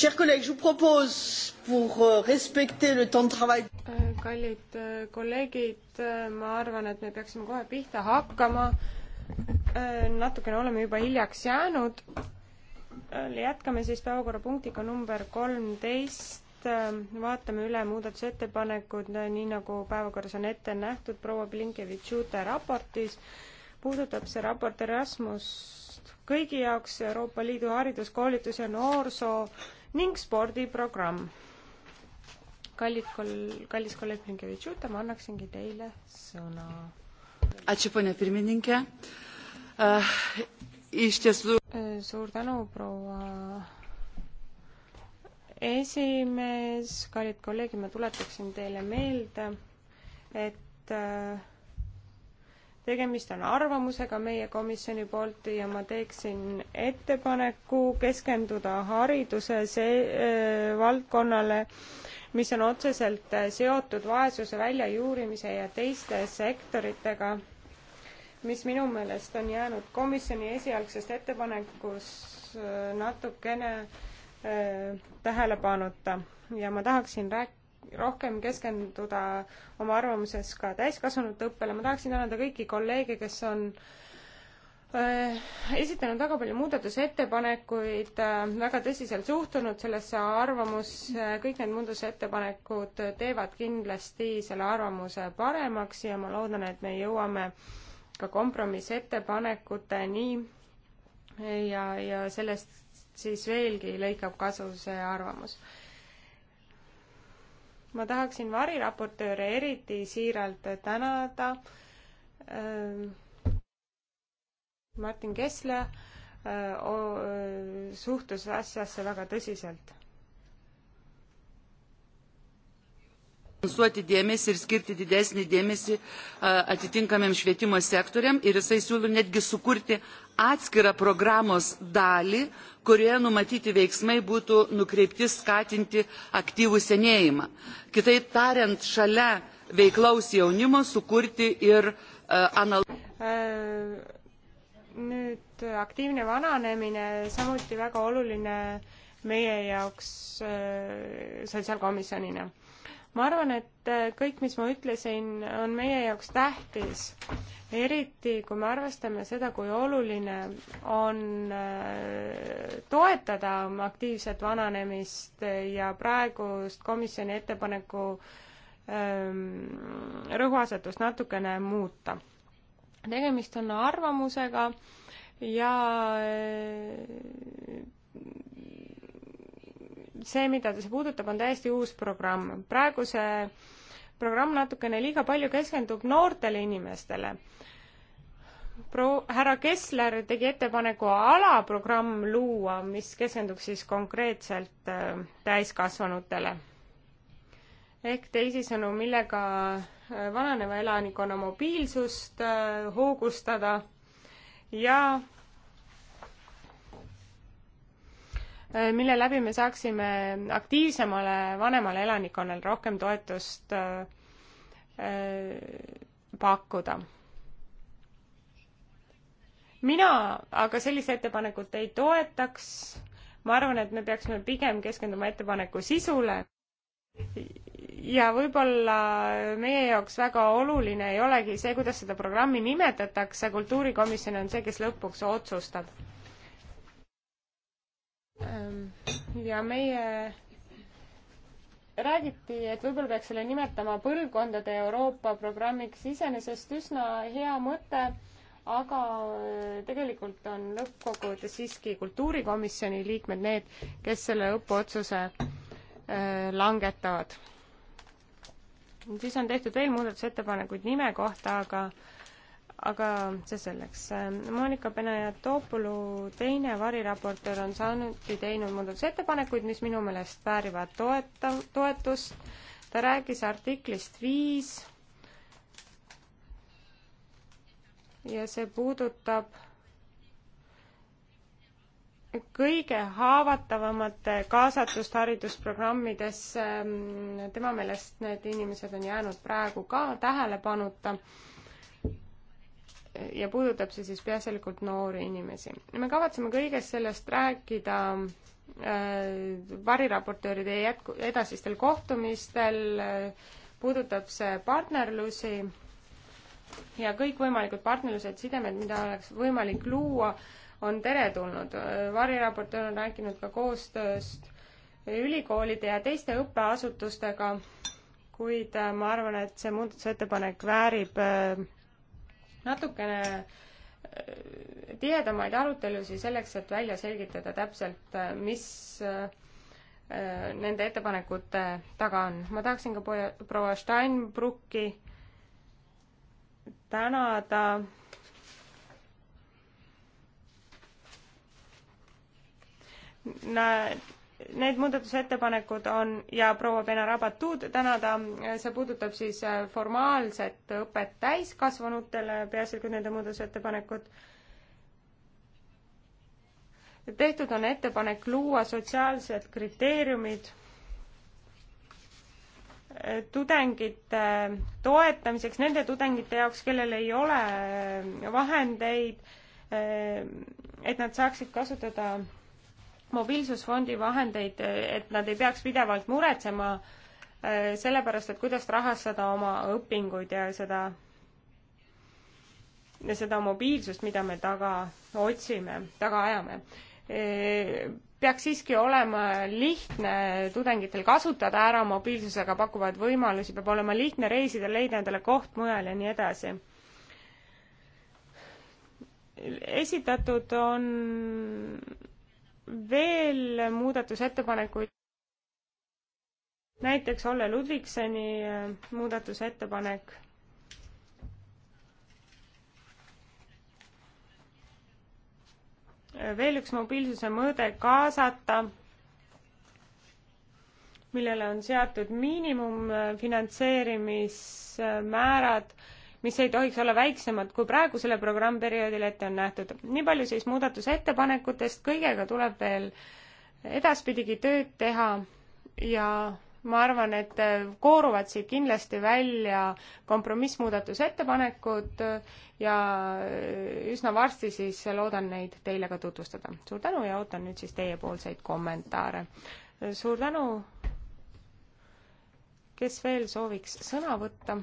Chers collègues, je vous propose, pour euh, respecter le temps de travail... Euh, kallid euh, kolleegid, ma arvan, et me peaksime kohe pihta hakkama. Äh, natukene oleme juba hiljaks jäänud. Äh, jätkame siis päevakorrapunktiga number 13. Äh, vaatame üle muudatusettepanekud, nii nagu päevakorras on ette nähtud proua Blinkevitsuute raportis. Puudutab see raport Erasmus kõigi jaoks Euroopa Liidu hariduskoolituse noorsoo ning spordiprogramm. kallid kol-, kallis kolleeg Blinkevitš-Jute, ma annaksingi teile sõna. Eh, eh, suur tänu, proua esimees, kallid kolleegid, ma tuletaksin teile meelde, et äh, tegemist on arvamusega meie komisjoni poolt ja ma teeksin ettepaneku keskenduda hariduse see, äh, valdkonnale, mis on otseselt seotud vaesuse väljajuurimise ja teiste sektoritega, mis minu meelest on jäänud komisjoni esialgsest ettepanekust natukene äh, tähelepanuta ja ma tahaksin rääk-, rohkem keskenduda oma arvamuses ka täiskasvanute õppele. ma tahaksin tänada kõiki kolleege, kes on äh, esitanud väga palju muudatusettepanekuid äh,, väga tõsiselt suhtunud sellesse arvamusse, kõik need muudatusettepanekud teevad kindlasti selle arvamuse paremaks ja ma loodan, et me jõuame ka kompromissettepanekuteni ja, ja sellest siis veelgi lõikab kasu see arvamus ma tahaksin variraportööre eriti siiralt tänada. Ähm, Martin Kessler äh, äh, suhtus asjasse väga tõsiselt. suoti dėmesį ir skirti didesnį dėmesį äh, atitinkamiem švietimo sektoriam ir jisai siūlo netgi sukurti atskirą programos dalį, kurioje numatyti veiksmai būtų nukreipti skatinti aktyvų senėjimą. Kitaip tariant, šalia veiklaus jaunimo sukurti ir uh, e, analogiją. E, nüüd aktiivne vananemine, samuti väga oluline meie jaoks uh, sotsiaalkomisjonina. ma arvan, et kõik, mis ma ütlesin, on meie jaoks tähtis uh, eriti kui me arvestame seda, kui oluline on äh, toetada aktiivset vananemist ja praegust komisjoni ettepaneku ähm, rõhuasetust natukene muuta. tegemist on arvamusega ja äh, see, mida see puudutab, on täiesti uus programm. praeguse programm natukene liiga palju keskendub noortele inimestele. Pro-, härra Kessler tegi ettepaneku alaprogramm luua, mis keskenduks siis konkreetselt äh, täiskasvanutele. ehk teisisõnu, millega äh, vananeva elanikkonna mobiilsust äh, hoogustada ja Äh, mille läbi me saaksime aktiivsemale vanemale elanikkonnale rohkem toetust äh, pakkuda. mina aga sellist ettepanekut ei toetaks. ma arvan, et me peaksime pigem keskenduma ettepaneku sisule ja võib-olla meie jaoks väga oluline ei olegi see, kuidas seda programmi nimetatakse, kultuurikomisjon on see, kes lõpuks otsustab Ähm, ja meie räägiti, et võib-olla peaks selle nimetama põlvkondade Euroopa programmiks, iseenesest üsna hea mõte, aga äh, tegelikult on lõppkokkuvõttes siiski kultuurikomisjoni liikmed need, kes selle õppeotsuse äh, langetavad. siis on tehtud veel muudatusettepanekuid nime kohta, aga aga see selleks. Monika Benajatopulu teine variraportöör on samuti teinud muudatusettepanekuid, mis minu meelest väärivad toeta-, toetust. ta rääkis artiklist viis ja see puudutab kõige haavatavamate kaasatust haridusprogrammidesse. tema meelest need inimesed on jäänud praegu ka tähelepanuta ja puudutab see siis peaasjalikult noori inimesi. me kavatseme kõigest sellest rääkida äh, variraportööride jätku, edasistel kohtumistel, äh, puudutab see partnerlusi ja kõikvõimalikud partnerlused, sidemed, mida oleks võimalik luua, on teretulnud. Äh, variraportöör on rääkinud ka koostööst ülikoolide ja teiste õppeasutustega, kuid ma arvan, et see muudatusettepanek väärib äh, natukene äh, tihedamaid arutelusi selleks, et välja selgitada täpselt, äh, mis äh, nende ettepanekute taga on. ma tahaksin ka proua Steinbrücki tänada Nad Need muudatusettepanekud on ja proua Benarabatud tänada, see puudutab siis äh, formaalset õpet täiskasvanutele, peaasjalikult nende muudatusettepanekud. tehtud on ettepanek luua sotsiaalsed kriteeriumid äh, tudengite toetamiseks, nende tudengite jaoks, kellel ei ole äh, vahendeid, et nad saaksid kasutada mobiilsusfondi vahendeid, et nad ei peaks pidevalt muretsema äh, sellepärast, et kuidas rahastada oma õpinguid ja seda, seda mobiilsust, mida me taga otsime, taga ajame. Äh, peaks siiski olema lihtne tudengitel kasutada ära mobiilsusega pakuvaid võimalusi, peab olema lihtne reisida, leida endale koht mujal ja nii edasi. esitatud on veel muudatusettepanekuid, näiteks Olle Ludvigseni äh, muudatusettepanek. Äh, veel üks mobiilsuse mõõde kaasata, millele on seatud miinimumfinantseerimismäärad mis ei tohiks olla väiksemad kui praegusele programmperioodile ette on nähtud. nii palju siis muudatusettepanekutest, kõigega tuleb veel edaspidigi tööd teha ja ma arvan, et kooruvad siit kindlasti välja kompromissmuudatusettepanekud ja üsna varsti siis loodan neid teile ka tutvustada. suur tänu ja ootan nüüd siis teiepoolseid kommentaare. suur tänu. kes veel sooviks sõna võtta?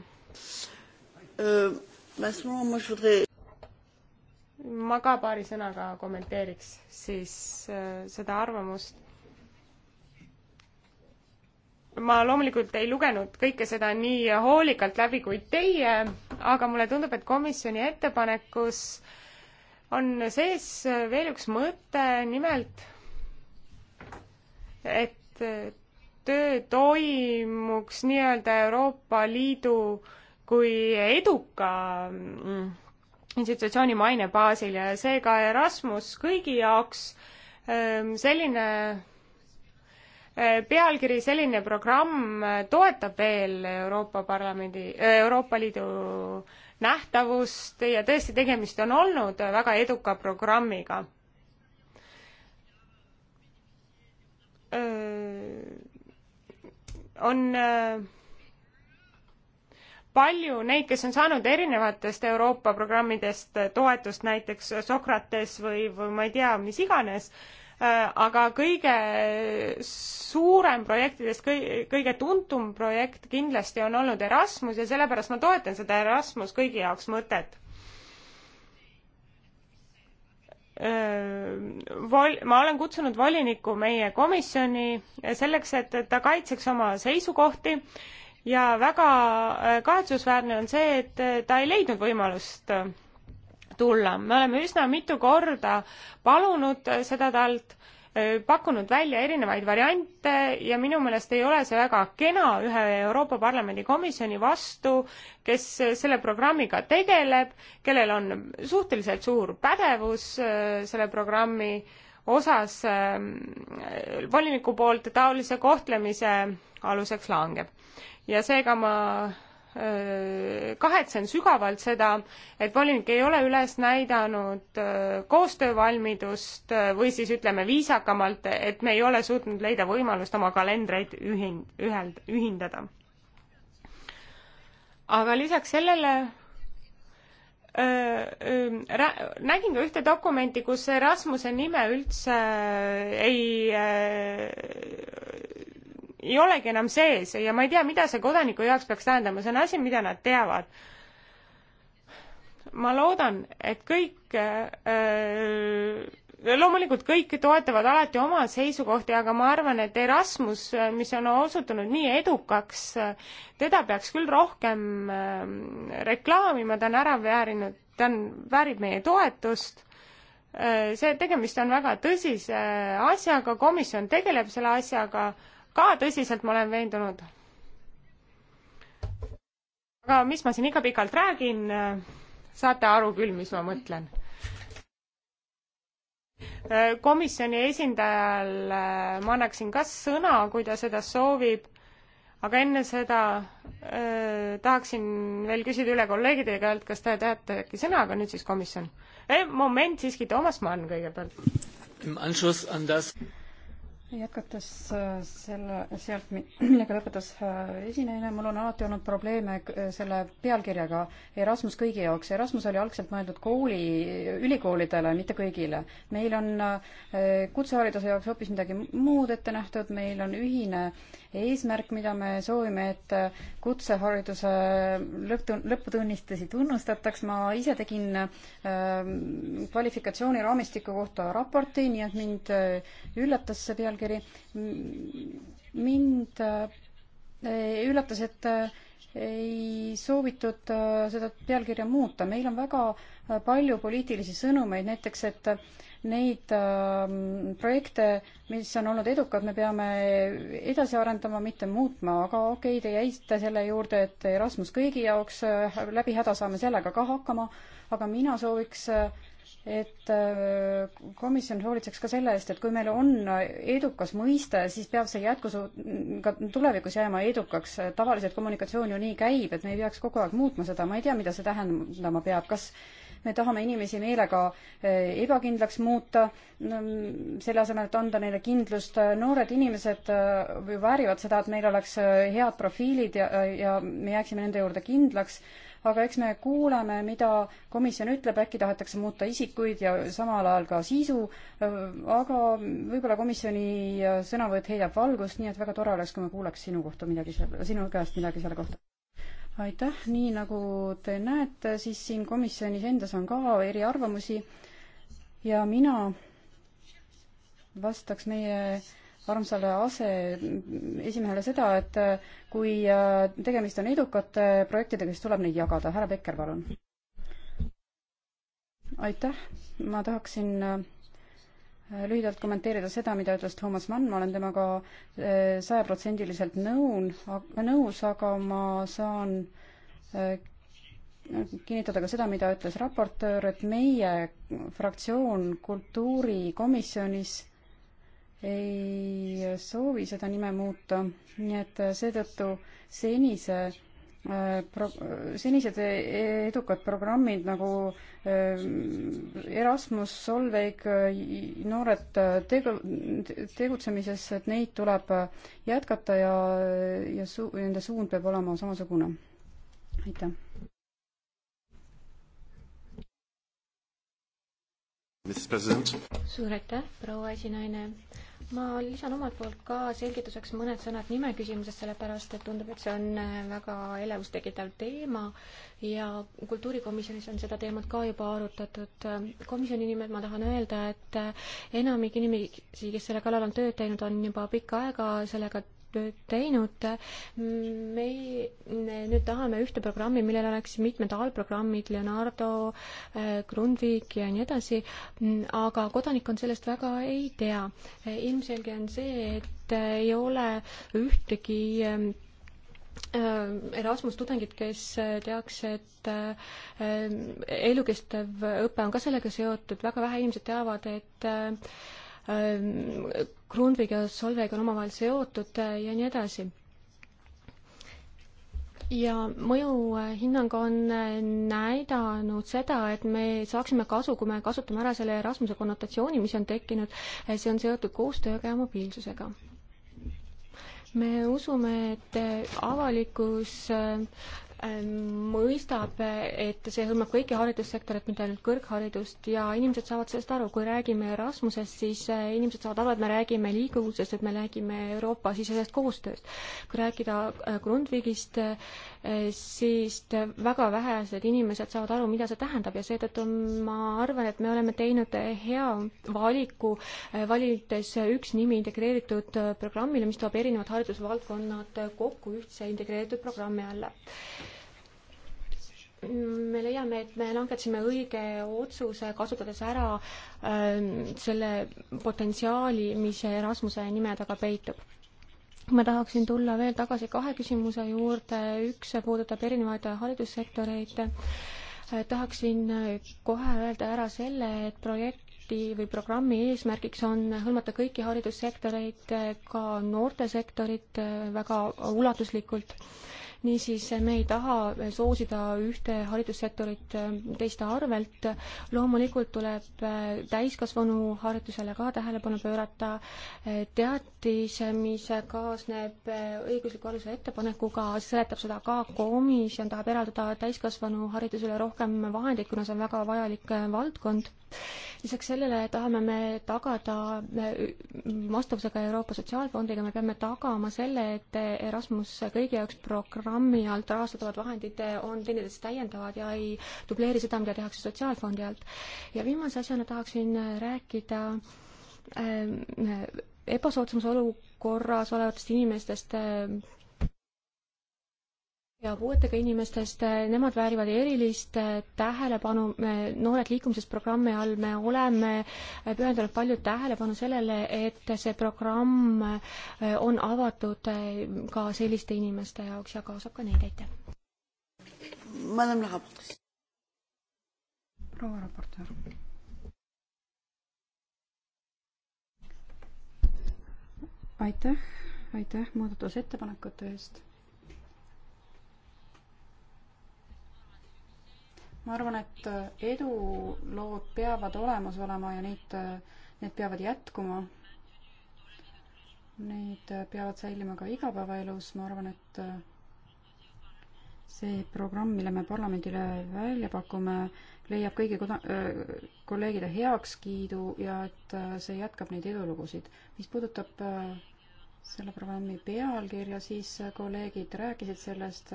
Euh, ma ka paari sõnaga kommenteeriks siis äh, seda arvamust. ma loomulikult ei lugenud kõike seda nii hoolikalt läbi kui teie, aga mulle tundub, et komisjoni ettepanekus on sees veel üks mõte, nimelt et töö toimuks nii-öelda Euroopa Liidu äh, kui eduka mm, institutsiooni maine baasil ja seega Erasmus kõigi jaoks ehm, selline eh, pealkiri, selline programm toetab veel Euroopa Parlamendi, eh, Euroopa Liidu nähtavust ja tõesti, tegemist on olnud väga eduka programmiga. on palju neid, kes on saanud erinevatest Euroopa programmidest toetust, näiteks Sokrates või, või ma ei tea, mis iganes, äh, aga kõige suurem projektidest, kõige tuntum projekt kindlasti on olnud Erasmus ja sellepärast ma toetan seda Erasmus kõigi jaoks mõtet äh, vol-, ma olen kutsunud voliniku meie komisjoni selleks, et ta kaitseks oma seisukohti ja väga äh, kahetsusväärne on see, et äh, ta ei leidnud võimalust äh, tulla. me oleme üsna mitu korda palunud seda talt, pakkunud välja erinevaid variante ja minu meelest ei ole see väga kena ühe Euroopa Parlamendi komisjoni vastu, kes selle programmiga tegeleb, kellel on suhteliselt suur pädevus selle programmi osas ähm, voliniku poolt taolise kohtlemise aluseks langeb ja seega ma kahetsen sügavalt seda, et volinik ei ole üles näidanud koostöövalmidust või siis ütleme viisakamalt, et me ei ole suutnud leida võimalust oma kalendreid ühin-, üheld-, ühindada. aga lisaks sellele Rä-, nägin ka ühte dokumenti, kus Rasmuse nime üldse ei ei olegi enam sees ja ma ei tea, mida see kodaniku jaoks peaks tähendama, see on asi, mida nad teavad. ma loodan, et kõik öö, äh, loomulikult kõik toetavad alati oma seisukohti, aga ma arvan, et Erasmus, mis on osutunud nii edukaks, teda peaks küll rohkem äh, reklaamima, ta on ära väärinud, ta on, väärib meie toetust. Äh, see, tegemist on väga tõsise asjaga, komisjon tegeleb selle asjaga ka tõsiselt, ma olen veendunud. aga mis ma siin ikka pikalt räägin, saate aru küll, mis ma mõtlen. komisjoni esindajal ma annaksin ka sõna, kui ta seda soovib, aga enne seda äh, tahaksin veel küsida üle kolleegide käelt, kas te teate äkki sõna, aga nüüd siis komisjon eh,. moment siiski, Toomas Mann kõigepealt jätkates äh, selle, sealt, millega lõpetas äh, esineja, mul on alati olnud probleeme äh, selle pealkirjaga Erasmus kõigi jaoks. Erasmus oli algselt mõeldud kooli, ülikoolidele, mitte kõigile. meil on kutsehariduse jaoks hoopis midagi muud ette nähtud, meil on ühine äh, eesmärk, mida me soovime, et kutsehariduse lõppu, lõputunnistusi tunnustataks. ma ise tegin äh, kvalifikatsiooniraamistiku kohta raporti, nii et mind äh, üllatas see pealkiri. mind äh, üllatas, et äh, ei soovitud äh, seda pealkirja muuta. meil on väga äh, palju poliitilisi sõnumeid, näiteks et äh, neid ähm, projekte, mis on olnud edukad, me peame edasi arendama, mitte muutma, aga okei okay,, te jäite selle juurde, et Erasmus kõigi jaoks, läbi häda saame sellega ka hakkama, aga mina sooviks äh, et äh, komisjon hoolitseks ka selle eest, et kui meil on edukas mõiste, siis peab see jätkusuut-, ka tulevikus jääma edukaks. tavaliselt kommunikatsioon ju nii käib, et me ei peaks kogu aeg muutma seda, ma ei tea, mida see tähendama peab, kas me tahame inimesi meelega äh, ebakindlaks muuta, mm, selle asemel, et anda neile kindlust. noored inimesed ju äh, väärivad seda, et meil oleks head profiilid ja, ja me jääksime nende juurde kindlaks aga eks me kuuleme, mida komisjon ütleb, äkki tahetakse muuta isikuid ja samal ajal ka sisu, aga võib-olla komisjoni sõnavõtt heidab valgust, nii et väga tore oleks, kui me kuuleks sinu kohta midagi, sinu käest midagi selle kohta aitäh, nii nagu te näete, siis siin komisjonis endas on ka eriarvamusi ja mina vastaks meie äh, armsale aseesimehele seda, et äh, kui äh, tegemist on edukate projektidega, siis tuleb neid jagada. härra Pekker, palun. aitäh, ma tahaksin äh, lühidalt kommenteerida seda, mida ütles Toomas Mann, ma olen temaga sajaprotsendiliselt nõun, nõus, aga ma saan kinnitada ka seda, mida ütles raportöör, et meie fraktsioon kultuurikomisjonis ei soovi seda nime muuta, nii et seetõttu senise äh, pro-, senised edukad programmid nagu äh, Erasmus, Solveig, noored tegu-, tegutsemises, et neid tuleb jätkata ja, ja su-, nende suund peab olema samasugune. aitäh. suur aitäh, proua esinaine ma lisan omalt poolt ka selgituseks mõned sõnad nime küsimusest, sellepärast et tundub, et see on äh, väga elevust tekitav teema ja kultuurikomisjonis on seda teemat ka juba arutatud. komisjoni nimel ma tahan öelda, et äh, enamik inimesi, kes selle kallal on tööd teinud, on juba pikka aega sellega tööd teinud. me nüüd tahame ühte programmi, millel oleks mitmed allprogrammid, Leonardo, eh, Grundvik ja nii edasi, aga kodanikkond sellest väga ei tea. ilmselge on see, et ei ole ühtegi eh, Erasmus tudengid, kes teaks, et eh, elukestev õpe on ka sellega seotud, väga vähe inimesed teavad, et Ähm, Grundvig ja Solveig on omavahel seotud äh, ja nii edasi. ja mõjuhinnang äh, on äh, näidanud seda, et me saaksime kasu, kui me kasutame ära selle Erasmuse konnotatsiooni, mis on tekkinud, see on seotud koostööga ja mobiilsusega me usume, et avalikus Ähm, mõistab, et see hõlmab kõiki haridussektoreid, mitte ainult kõrgharidust ja inimesed saavad sellest aru, kui räägime Erasmusest, siis äh, inimesed saavad aru, et me räägime liikuvusest, et me räägime Euroopa-sisesest koostööst. kui rääkida äh, Grundvigist, äh, siis väga vähesed inimesed saavad aru, mida see tähendab ja seetõttu ma arvan, et me oleme teinud hea valiku, valides üks nimi integreeritud programmile, mis toob erinevad haridusvaldkonnad kokku ühtse integreeritud programmi alla me leiame, et me langetasime õige otsuse, kasutades ära äh, selle potentsiaali, mis Erasmuse nime taga peitub. ma tahaksin tulla veel tagasi kahe küsimuse juurde, üks puudutab erinevaid haridussektoreid äh,. tahaksin kohe öelda ära selle, et projekt projekti või programmi eesmärgiks on hõlmata kõiki haridussektoreid, ka noortesektorit äh, väga ulatuslikult niisiis me ei taha soosida ühte haridussektorit äh, teiste arvelt. loomulikult tuleb äh, täiskasvanu haridusele ka tähelepanu pöörata. Äh, teatis, mis kaasneb õigusliku aluse ettepanekuga, seletab seda ka komisjon, tahab eraldada täiskasvanu haridusele rohkem vahendeid, kuna see on väga vajalik valdkond lisaks sellele tahame me tagada vastavusega Euroopa Sotsiaalfondiga, me peame tagama selle, et Erasmus kõigi jaoks programmi alt rahastatavad vahendid on teineteist täiendavad ja ei dubleeri seda, mida tehakse Sotsiaalfondi alt. ja viimase asjana tahaksin rääkida ähm, ebasoodsamas olukorras olevatest inimestest ja puuetega inimestest, äh, nemad väärivad erilist äh, tähelepanu, Noored liikumises programmi all me oleme äh, pühendanud palju tähelepanu sellele, et see programm on avatud ka selliste inimeste jaoks ja kaasab ka neid, aitäh. proua raportöör. aitäh, aitäh muudatusettepanekute eest ma arvan, et äh, edulood peavad olemas olema ja neid, äh, need peavad jätkuma. Need äh, peavad säilima ka igapäevaelus, ma arvan, et see programm, mille me parlamendile välja pakume, leiab kõigi koda-, kolleegide heakskiidu ja et see jätkab neid edulugusid. mis puudutab selle programmi pealkirja, siis kolleegid rääkisid sellest,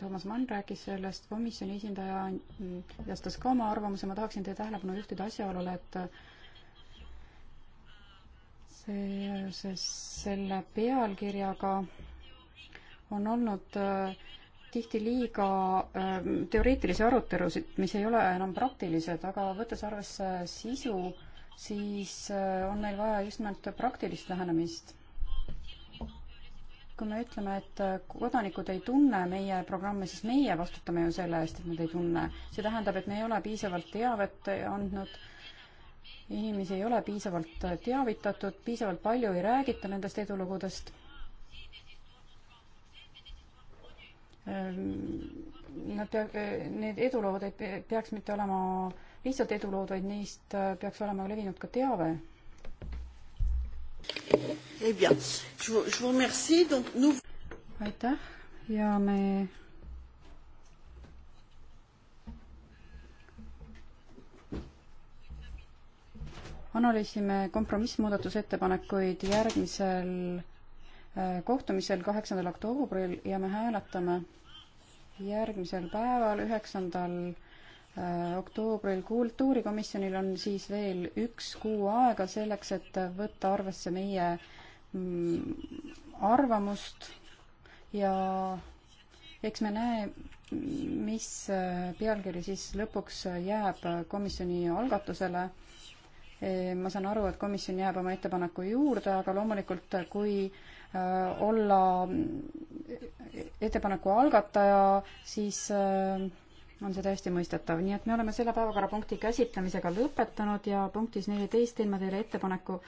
Toomas Mann rääkis sellest, komisjoni esindaja edastas ka oma arvamuse, ma tahaksin teie tähelepanu juhtida asjaolule, et seoses selle pealkirjaga on olnud äh, tihti liiga äh, teoreetilisi arutelusid, mis ei ole enam praktilised, aga võttes arvesse sisu, siis äh, on meil vaja just nimelt praktilist lähenemist kui me ütleme, et äh, kodanikud ei tunne meie programme, siis meie vastutame ju selle eest, et nad ei tunne. see tähendab, et me ei ole piisavalt teavet äh, andnud, inimesi ei ole piisavalt äh, teavitatud, piisavalt palju ei räägita nendest edulugudest. Ähm, nad pea-, need edulood ei peaks mitte olema lihtsalt edulood, vaid neist peaks olema levinud ka teave. Eh bien, je vous, je vous remercie. Donc, nous... aitäh ja me analüüsime kompromissmuudatusettepanekuid järgmisel eh, kohtumisel, kaheksandal oktoobril ja me hääletame järgmisel päeval, üheksandal eh, oktoobril kultuurikomisjonil on siis veel üks kuu aega selleks, et võtta arvesse meie äh, Mm, arvamust ja eks me näe, mis äh, pealkiri siis lõpuks äh, jääb äh, komisjoni algatusele. E, ma saan aru, et komisjon jääb oma ettepaneku juurde, aga loomulikult, kui olla ettepaneku algataja, siis on see täiesti mõistetav, nii et me oleme selle päevakorrapunkti käsitlemisega lõpetanud ja punktis neliteist teen ma teile ettepaneku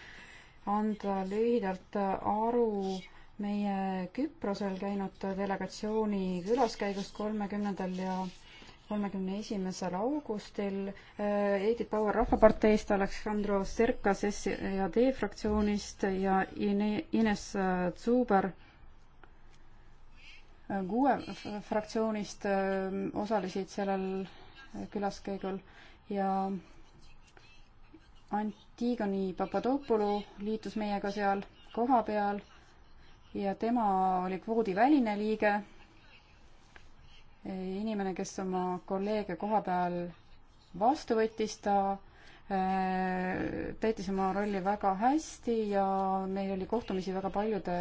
anda lühidalt aru meie Küprosel käinud delegatsiooni külaskäigust kolmekümnendal ja kolmekümne esimesel augustil. Edith Bauer Rahvaparteist, Aleksandro Serkas S ja D fraktsioonist ja Ines Zuber kuue fraktsioonist ähm, osalesid sellel külaskäigul ja Antigoni Papadopoulou liitus meiega seal kohapeal ja tema oli kvoodiväline liige, inimene, kes oma kolleege koha peal vastu võttis, ta äh, täitis oma rolli väga hästi ja meil oli kohtumisi väga paljude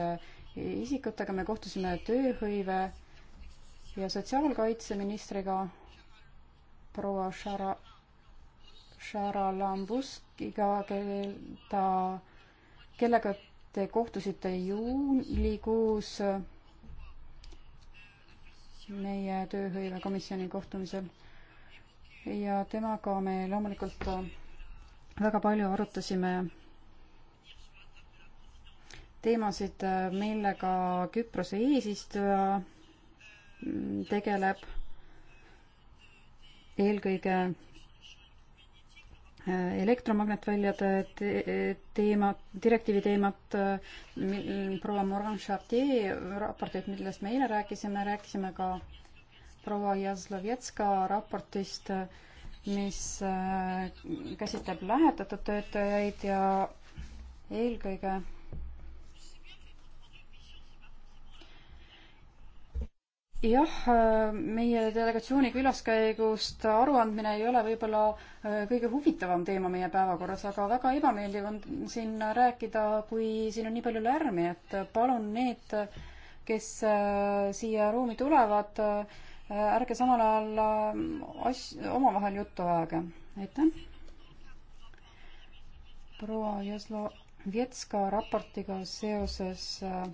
isikutega, me kohtusime tööhõive ja sotsiaalkaitseministriga proua Shara Shara Lambuskiga, kellel ta, kellega te kohtusite juulikuus meie tööhõivekomisjoni kohtumisel. ja temaga me loomulikult väga palju arutasime teemasid, millega Küprose eesistuja tegeleb eelkõige elektromagnetväljade teema, direktiivi teemat, proua Morin Chartier raportit, millest me eile rääkisime, rääkisime ka proua Jazlovetska raportist, mis äh, käsitleb lähetatud töötajaid ja eelkõige jah, äh, meie delegatsiooni külaskäigust aruandmine ei ole võib-olla äh, kõige huvitavam teema meie päevakorras, aga väga ebameeldiv on siin rääkida, kui siin on nii palju lärmi, et palun need, kes äh, siia ruumi tulevad, ärge samal ajal as-, omavahel juttu ajage. aitäh. proua Jaslo Vetska raportiga seoses äh,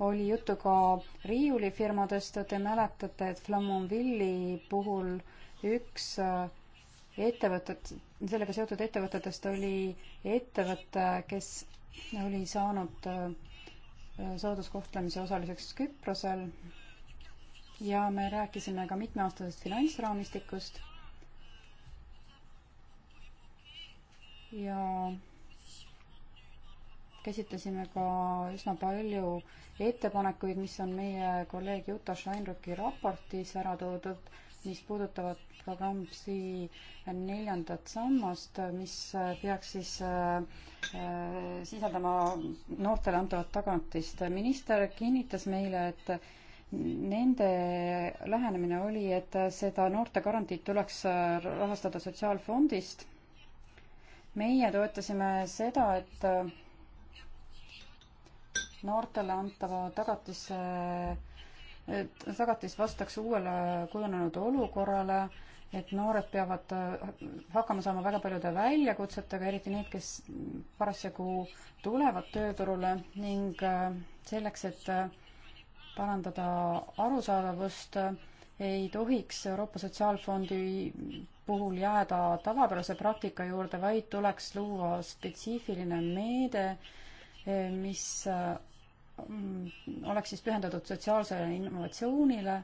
oli juttu ka riiulifirmadest, te mäletate, et Flamonvilli puhul üks äh, ettevõtet, sellega seotud ettevõtetest oli ettevõte, kes oli saanud äh, sooduskohtlemise osaliseks Küprosel ja me rääkisime ka mitmeaastasest finantsraamistikust ja käsitlesime ka üsna palju ettepanekuid, mis on meie kolleeg Juta Steinrücki raportis ära toodud, mis puudutavad programm Psi neljandat sammast, mis peaks siis äh, sisaldama noortele antavat tagatist. minister kinnitas meile, et nende lähenemine oli, et seda noortegarantiid tuleks rahastada sotsiaalfondist. meie toetasime seda, et noortele antava tagatise, tagatis vastaks uuele kujunenud olukorrale, et noored peavad hakkama saama väga paljude väljakutsetega, eriti need, kes parasjagu tulevad tööturule ning äh, selleks, et äh, parandada arusaadavust, ei tohiks Euroopa Sotsiaalfondi puhul jääda tavapärase praktika juurde, vaid tuleks luua spetsiifiline meede, mis äh, Mm, oleks siis pühendatud sotsiaalsele innovatsioonile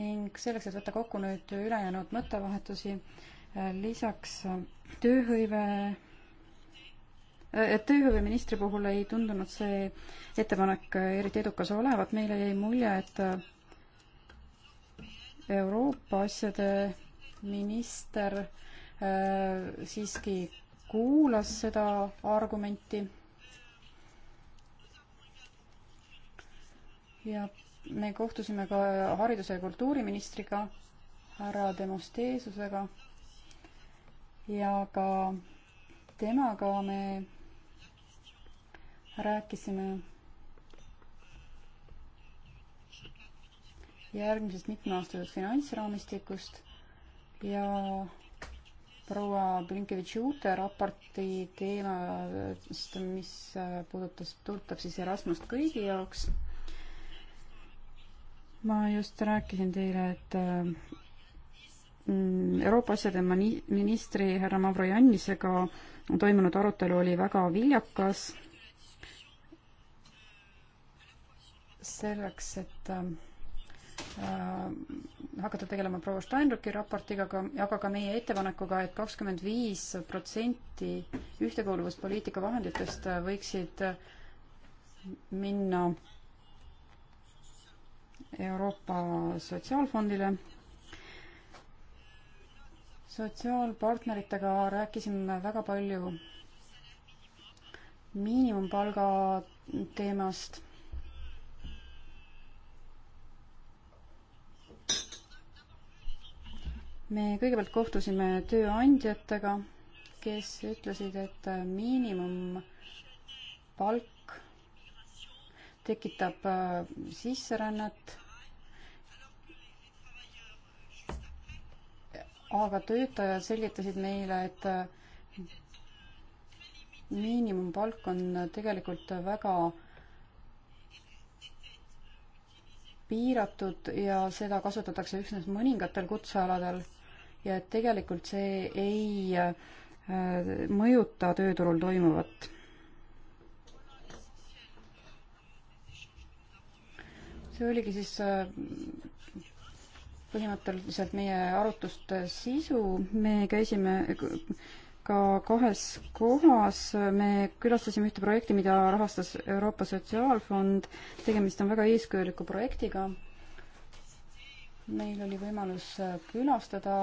ning selleks, et võtta kokku nüüd ülejäänud mõttevahetusi, äh, lisaks äh, tööhõive, äh, et tööhõiveministri puhul ei tundunud see ettepanek eriti edukas olevat, meile jäi mulje, et Euroopa asjade minister siiski kuulas seda argumenti ja me kohtusime ka hariduse ja kultuuriministriga, härra Demosteesusega ja ka temaga me rääkisime järgmisest mitmeaastasest finantsraamistikust ja proua Blinkevitš-Juute raporti teemast, mis puudutas, puudutab siis Erasmust kõigi jaoks ma just rääkisin teile, et mm, Euroopa asjade ministri härra Mavrojannisega toimunud arutelu oli väga viljakas. selleks, et äh, hakata tegelema proua Steinrücki raportiga, aga, aga ka meie ettepanekuga et, et kakskümmend viis protsenti ühtekuuluvuspoliitika vahenditest võiksid minna äh, Euroopa Sotsiaalfondile. sotsiaalpartneritega rääkisime väga palju miinimumpalga teemast. me kõigepealt kohtusime tööandjatega, kes ütlesid, et miinimumpalk tekitab äh, sisserännet aga töötajad selgitasid meile, et miinimumpalk on tegelikult väga piiratud ja seda kasutatakse üksnes mõningatel kutsealadel ja et tegelikult see ei äh, mõjuta tööturul toimuvat. see oligi siis äh, põhimõtteliselt meie arutuste sisu. me käisime ka kahes kohas, me külastasime ühte projekti, mida rahastas Euroopa Sotsiaalfond. tegemist on väga eeskujuliku projektiga. meil oli võimalus külastada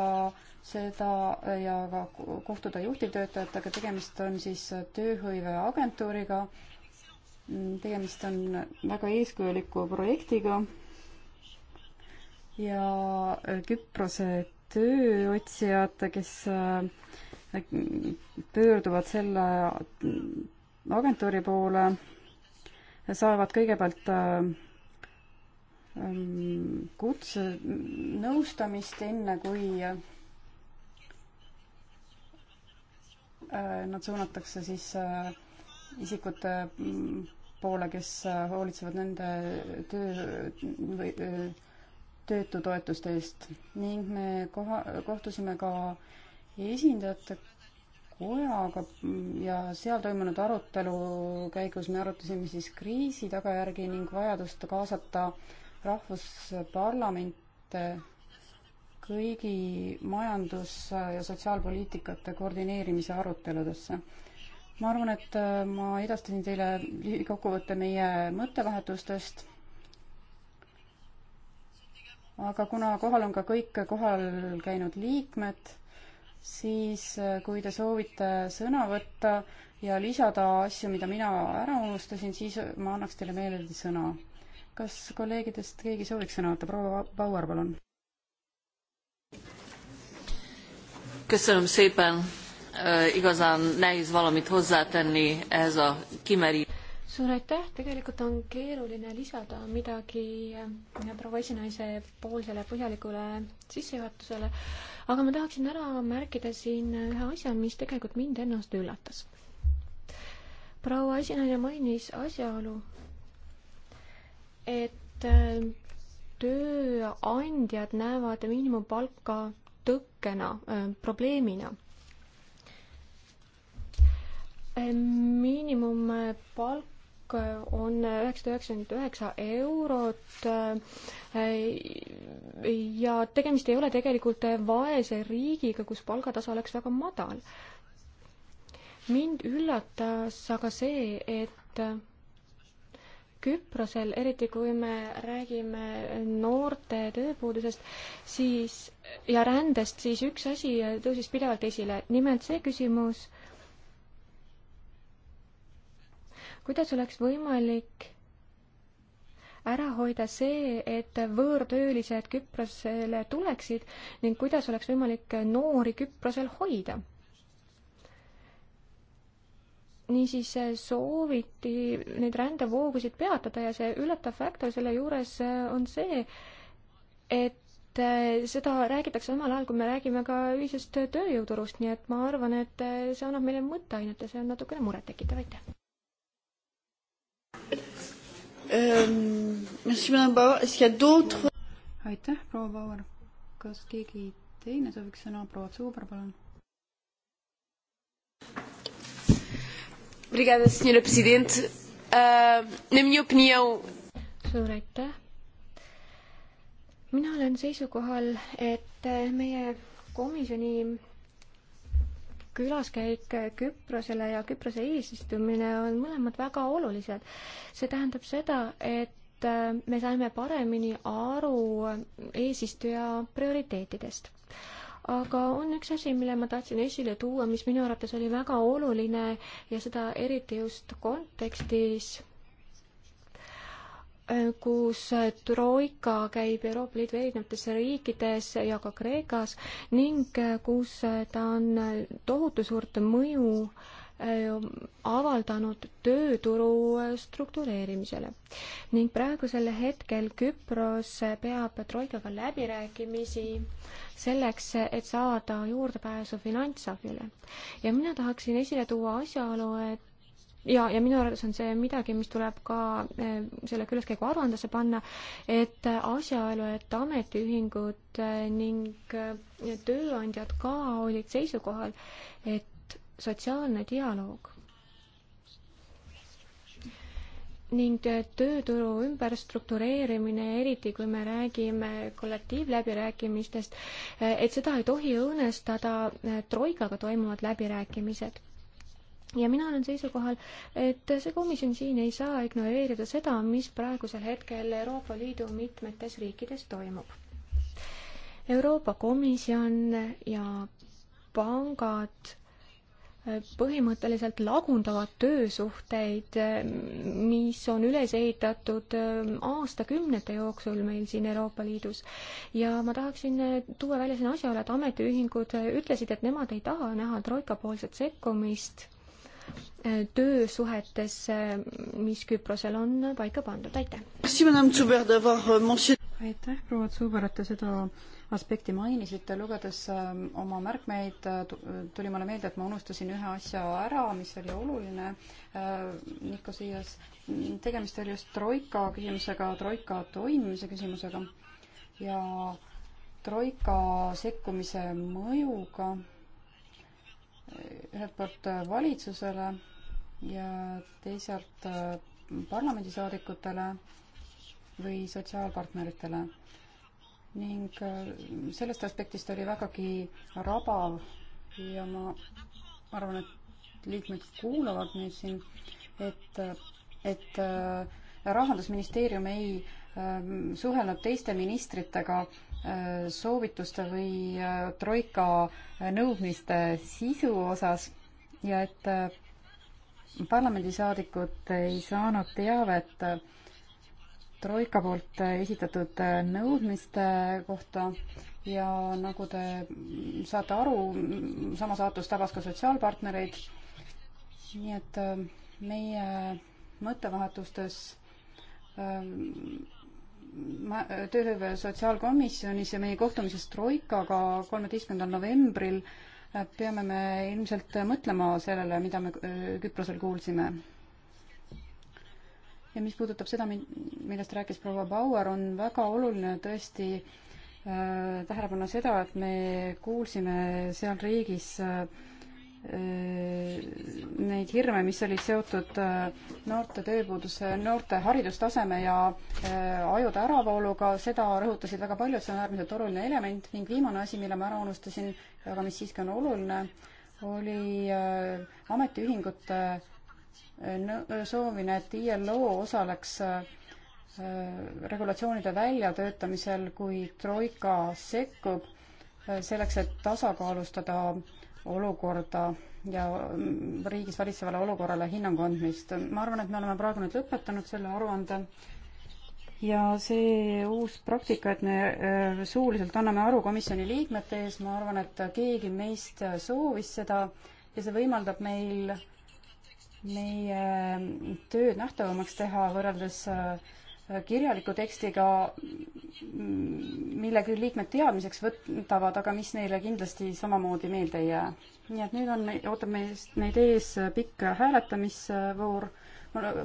seda ja ka kohtuda juhtivtöötajatega, tegemist on siis tööhõiveagentuuriga. tegemist on väga eeskujuliku projektiga ja äh, Küprose tööotsijad, kes äh, pöörduvad selle agentuuri poole, saavad kõigepealt äh, ähm, kutse nõustamist, enne kui nad suunatakse siis isikute mm, poole, kes hoolitsevad nende töö või töötutoetuste eest ning me koha, kohtusime ka esindajate kojaga ja seal toimunud arutelu käigus me arutasime siis kriisi tagajärgi ning vajadust kaasata rahvusparlamente kõigi majandus- ja sotsiaalpoliitikate koordineerimise aruteludesse. ma arvan, et äh, ma edastasin teile lühikokkuvõtte meie mõttevahetustest aga kuna kohal on ka kõik kohal käinud liikmed, siis äh, kui te soovite sõna võtta ja lisada asju, mida mina ära unustasin, siis ma annaks teile meeleldi sõna. kas kolleegidest keegi sooviks sõna võtta? proua Bauer, palun. köszönöm szépen, igazán nehéz valamit hozzátenni ehhez a kimeri- suur aitäh, tegelikult on keeruline lisada midagi äh, proua esinaise poolsele põhjalikule sissejuhatusele, aga ma tahaksin ära märkida siin ühe asja, mis tegelikult mind ennast üllatas. proua esinaine mainis asjaolu, et äh, tööandjad näevad miinimumpalka tõkkena, äh, probleemina miinimumpalk palk on üheksasada üheksakümmend üheksa eurot äh, ja tegemist ei ole tegelikult vaese riigiga, kus palgatase oleks väga madal. mind üllatas aga see, et Küprosel, eriti kui me räägime noorte tööpuudusest, siis ja rändest, siis üks asi tõusis pidevalt esile, nimelt see küsimus, kuidas oleks võimalik ära hoida see, et võõrtöölised Küprosele tuleksid ning kuidas oleks võimalik noori Küprosel hoida? niisiis sooviti neid rändevoogusid peatada ja see üllatav faktor selle juures on see, et seda räägitakse samal ajal, kui me räägime ka ühisest tööjõuturust, nii et ma arvan, et see annab meile mõtteainet ja see on natukene murettekitav, aitäh! Euh, aitäh, proua Bauer. kas keegi teine sooviks sõna? proua Zuber, palun. Obrigada, senhora Presidente. Uh, na minha opinião. Suur aitäh. mina olen seisukohal, et meie komisjoni külaskäik Küprosele ja Küprose eesistumine on mõlemad väga olulised. see tähendab seda, et äh, me saime paremini aru eesistuja prioriteetidest. aga on üks asi, mille ma tahtsin esile tuua, mis minu arvates oli väga oluline ja seda eriti just kontekstis, kus Troika käib Euroopa Liidu erinevates riikides ja ka Kreekas ning kus ta on tohutu suurt mõju eh, avaldanud tööturu struktureerimisele. ning praegusel hetkel Küpros peab Troikaga läbirääkimisi selleks, et saada juurdepääsu finantsabile. ja mina tahaksin esile tuua asjaolu, et ja, ja minu arvates on see midagi, mis tuleb ka eh, selle külaskäigu aruandesse panna, et asjaolu, et ametiühingud eh, ning eh, tööandjad ka olid seisukohal, et sotsiaalne dialoog ning tööturu ümberstruktureerimine, eriti kui me räägime kollektiivläbirääkimistest, et seda ei tohi õõnestada troikaga toimuvad läbirääkimised ja mina olen seisukohal, et see komisjon siin ei saa ignoreerida seda, mis praegusel hetkel Euroopa Liidu mitmetes riikides toimub. Euroopa Komisjon ja pangad põhimõtteliselt lagundavad töösuhteid, mis on üles ehitatud aastakümnete jooksul meil siin Euroopa Liidus. ja ma tahaksin tuua välja siin asjaolu, et ametiühingud ütlesid, et nemad ei taha näha troika poolset sekkumist töösuhetes, mis Küprosel on paika pandud, aitäh! Euh, aitäh, proua Zuber, et te seda aspekti mainisite, lugedes äh, oma märkmeid äh, tuli mulle meelde, et ma unustasin ühe asja ära, mis oli oluline äh, Nikosias. tegemist oli just troika küsimusega, troika toimimise küsimusega ja troika sekkumise mõjuga ühelt poolt äh, valitsusele ja teisalt äh, parlamendisaadikutele või sotsiaalpartneritele. ning äh, sellest aspektist oli vägagi rabav ja ma arvan, et liikmed kuulavad meid siin, et, et rahandusministeerium ei suhelnud teiste ministritega äh, Äh, soovituste või äh, troika nõudmiste sisu osas ja et äh, parlamendisaadikud ei saanud teavet troika poolt esitatud nõudmiste kohta ja nagu te saate aru, sama saatus tabas ka sotsiaalpartnereid. nii et meie mõttevahetustes tööhõive sotsiaalkomisjonis ja meie kohtumises Troikaga kolmeteistkümnendal novembril äh, peame me ilmselt mõtlema sellele, mida me äh, Küprosel kuulsime. ja mis puudutab seda, millest rääkis proua Bauer, on väga oluline tõesti äh, tähele panna seda, et me kuulsime seal riigis äh, Äh, neid hirme, mis olid seotud äh, noorte tööpuuduse, noorte haridustaseme ja äh, ajude äravooluga, seda rõhutasid väga paljud, see on äärmiselt oluline element ning viimane asi, mille ma ära unustasin, aga mis siiski on oluline, oli ametiühingute soovine, et ILO osaleks regulatsioonide väljatöötamisel, kui Troika sekkub selleks, et tasakaalustada äh, olukorda ja riigis valitsevale olukorrale hinnangu andmist. ma arvan, et me oleme praegu nüüd lõpetanud selle aruande ja see uus praktika, et me äh, suuliselt anname aru komisjoni liikmete ees, ma arvan, et keegi meist soovis seda ja see võimaldab meil meie tööd nähtavamaks teha võrreldes äh, kirjaliku tekstiga, mille küll liikmed teadmiseks võtavad, aga mis neile kindlasti samamoodi meelde ei jää. nii et nüüd on, ootab meid, neid ees pikk hääletamisvoor.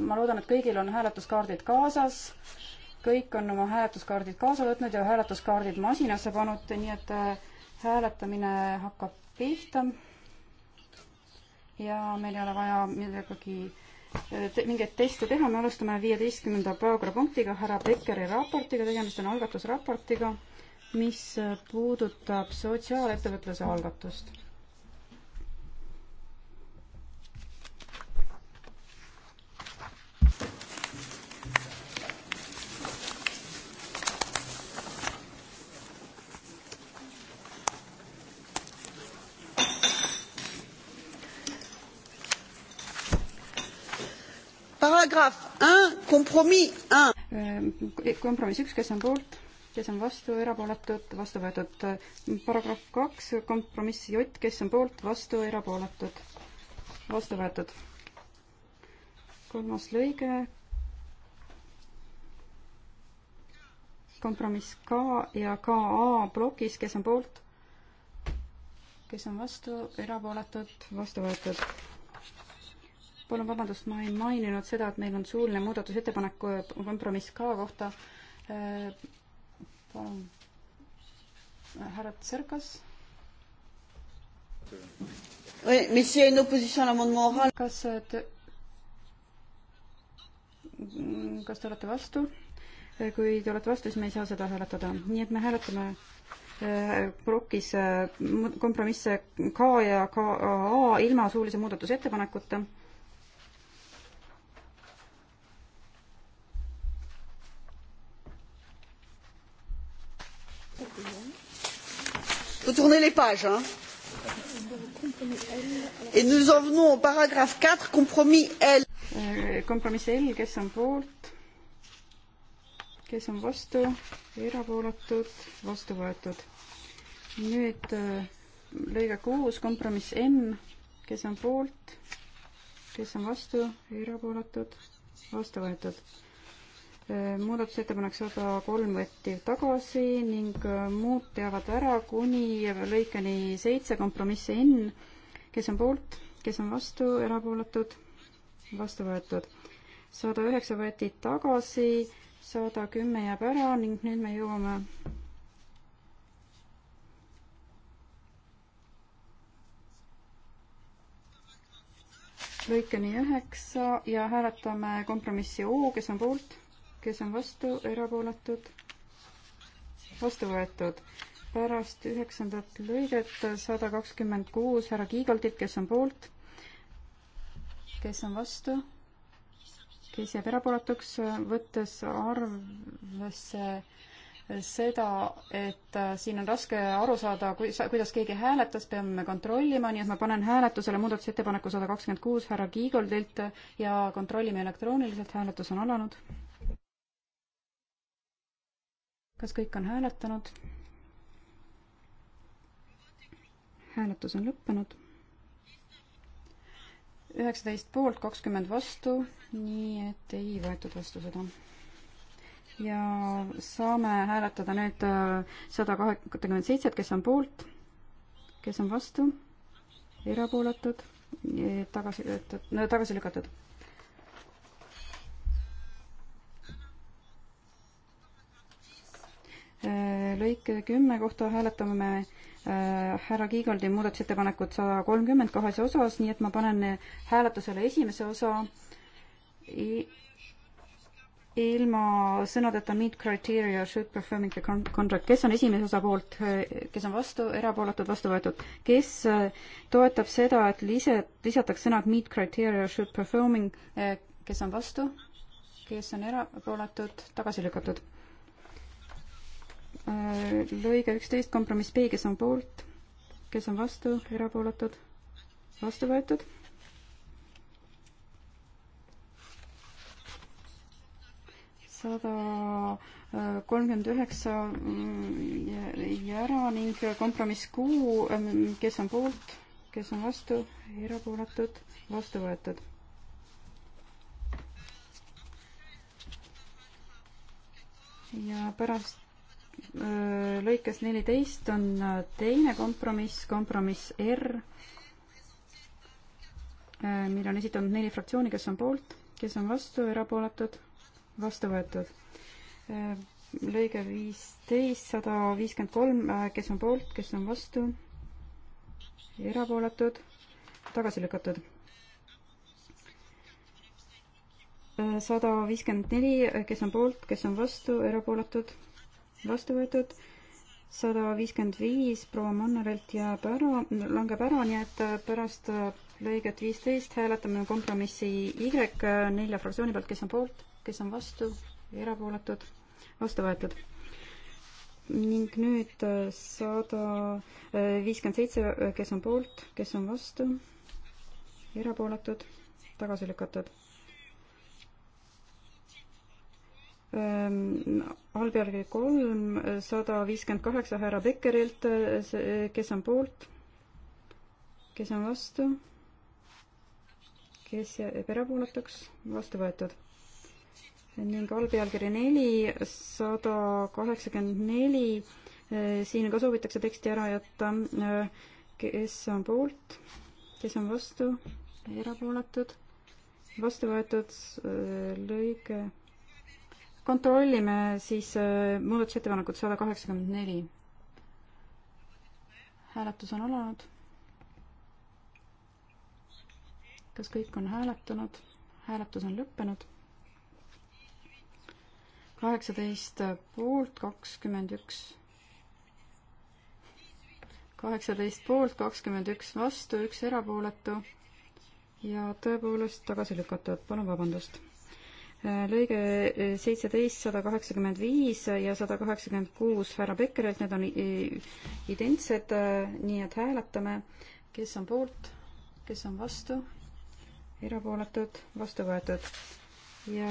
ma loodan, et kõigil on hääletuskaardid kaasas. kõik on oma hääletuskaardid kaasa võtnud ja hääletuskaardid masinasse pannud, nii et äh, hääletamine hakkab pihta. ja meil ei ole vaja millegagi te, mingeid teste teha, me alustame viieteistkümnenda päevakorrapunktiga, härra Beckeri raportiga, tegemist on algatusraportiga, mis puudutab sotsiaalettevõtluse algatust paragrahv un, kompromiss un. Äh, kompromiss üks, kes on poolt, kes on vastu, erapooletud, vastu võetud. paragrahv kaks, kompromiss J, kes on poolt, vastu, erapooletud, vastu võetud. kolmas lõige. kompromiss K ja KA plokis, kes on poolt, kes on vastu, erapooletud, vastu võetud palun vabandust, ma ei maininud seda, et meil on suuline muudatusettepanek kompromiss ka kohta. palun, härra Tserkas. kas te, kas te olete vastu? kui te olete vastu, siis me ei saa seda hääletada, nii et me hääletame äh, plokis äh, kompromisse K ja KA ilma suulise muudatusettepanekuta faut tourner les pages. Hein. Et nous en venons au paragraphe 4, compromis L. Kompromiss euh, L, kes on poolt, kes on vastu, erapooletud, vastu võetud. nüüd äh, lõige kuus, kompromiss N, kes on poolt, kes on vastu, erapooletud, vastu võetud Äh, muudatusettepanek sada kolm võeti tagasi ning äh, muud jäävad ära kuni lõikeni seitse kompromissi N, kes on poolt, kes on vastu, erapooletud, vastu võetud. sada üheksa võeti tagasi, sada kümme jääb ära ning nüüd me jõuame lõikeni üheksa ja hääletame kompromissi O, kes on poolt kes on vastu, erapooletud, vastu võetud. pärast üheksandat lõiget sada kakskümmend kuus härra Kiigoldilt, kes on poolt, kes on vastu, kes jääb erapooletuks, võttes arvesse seda, et äh, siin on raske aru saada, kuidas keegi hääletas, peame kontrollima, nii et ma panen hääletusele muudatusettepaneku sada kakskümmend kuus härra Kiigoldilt ja kontrollime elektrooniliselt, hääletus on alanud kas kõik on hääletanud? hääletus on lõppenud. üheksateist poolt, kakskümmend vastu, nii et ei võetud vastu seda ja saame hääletada nüüd äh, sada kahekümmend seitset, kes on poolt, kes on vastu, erapooletud, tagasi, tagasi lükatud Äh, lõike kümme kohta hääletame me äh, härra Kiigoldi muudatusettepanekut sada kolmkümmend kahes osas, nii et ma panen hääletusele esimese osa ilma sõnadeta meet criteria should performing the contract, kes on esimese osa poolt, äh, kes on vastu, erapooletud, vastu võetud, kes toetab seda, et lise, lisataks sõnad meet criteria should performing, kes on vastu, kes on erapooletud, tagasi lükatud lõige üksteist, kompromiss B, kes on poolt, kes on vastu, erapooletud, vastu võetud. sada äh, kolmkümmend üheksa mm, jäi ära ning kompromiss Q, mm, kes on poolt, kes on vastu, erapooletud, vastu võetud ja pärast Äh, lõikes neliteist on äh, teine kompromiss, kompromiss R, äh, mille on esitanud neli fraktsiooni, kes on poolt, kes on vastu, erapooletud, vastu võetud. lõige viisteist, sada viiskümmend kolm, kes on poolt, kes on vastu, erapooletud, tagasi lükatud. sada viiskümmend neli, kes on poolt, kes on vastu, erapooletud vastu võetud, sada viiskümmend viis proua Mannerilt jääb ära, langeb ära, nii et pärast lõiget viisteist hääletame kompromissi Y nelja fraktsiooni pealt, kes on poolt, kes on vastu, erapooletud, vastu võetud ning nüüd sada viiskümmend seitse, kes on poolt, kes on vastu, erapooletud, tagasi lükatud. Ehm, allpealkiri kolm, sada viiskümmend kaheksa härra Bekkerilt, kes on poolt, kes on vastu, kes jääb erapooletuks, vastu võetud. ning allpealkiri neli, sada kaheksakümmend neli, eh, siin ka soovitakse teksti ära jätta, eh, kes on poolt, kes on vastu, erapooletud, vastu võetud eh, lõige kontrollime siis äh, muudatusettepanekut sada kaheksakümmend neli. hääletus on alanud. kas kõik on hääletanud? hääletus on lõppenud. kaheksateist poolt, kakskümmend üks kaheksateist poolt, kakskümmend üks vastu, üks erapooletu ja tõepoolest tagasi lükatud, palun vabandust lõige seitseteist, sada kaheksakümmend viis ja sada kaheksakümmend kuus härra Bekkerilt, need on identsed, nii et hääletame, kes on poolt, kes on vastu, erapooletud, vastu võetud ja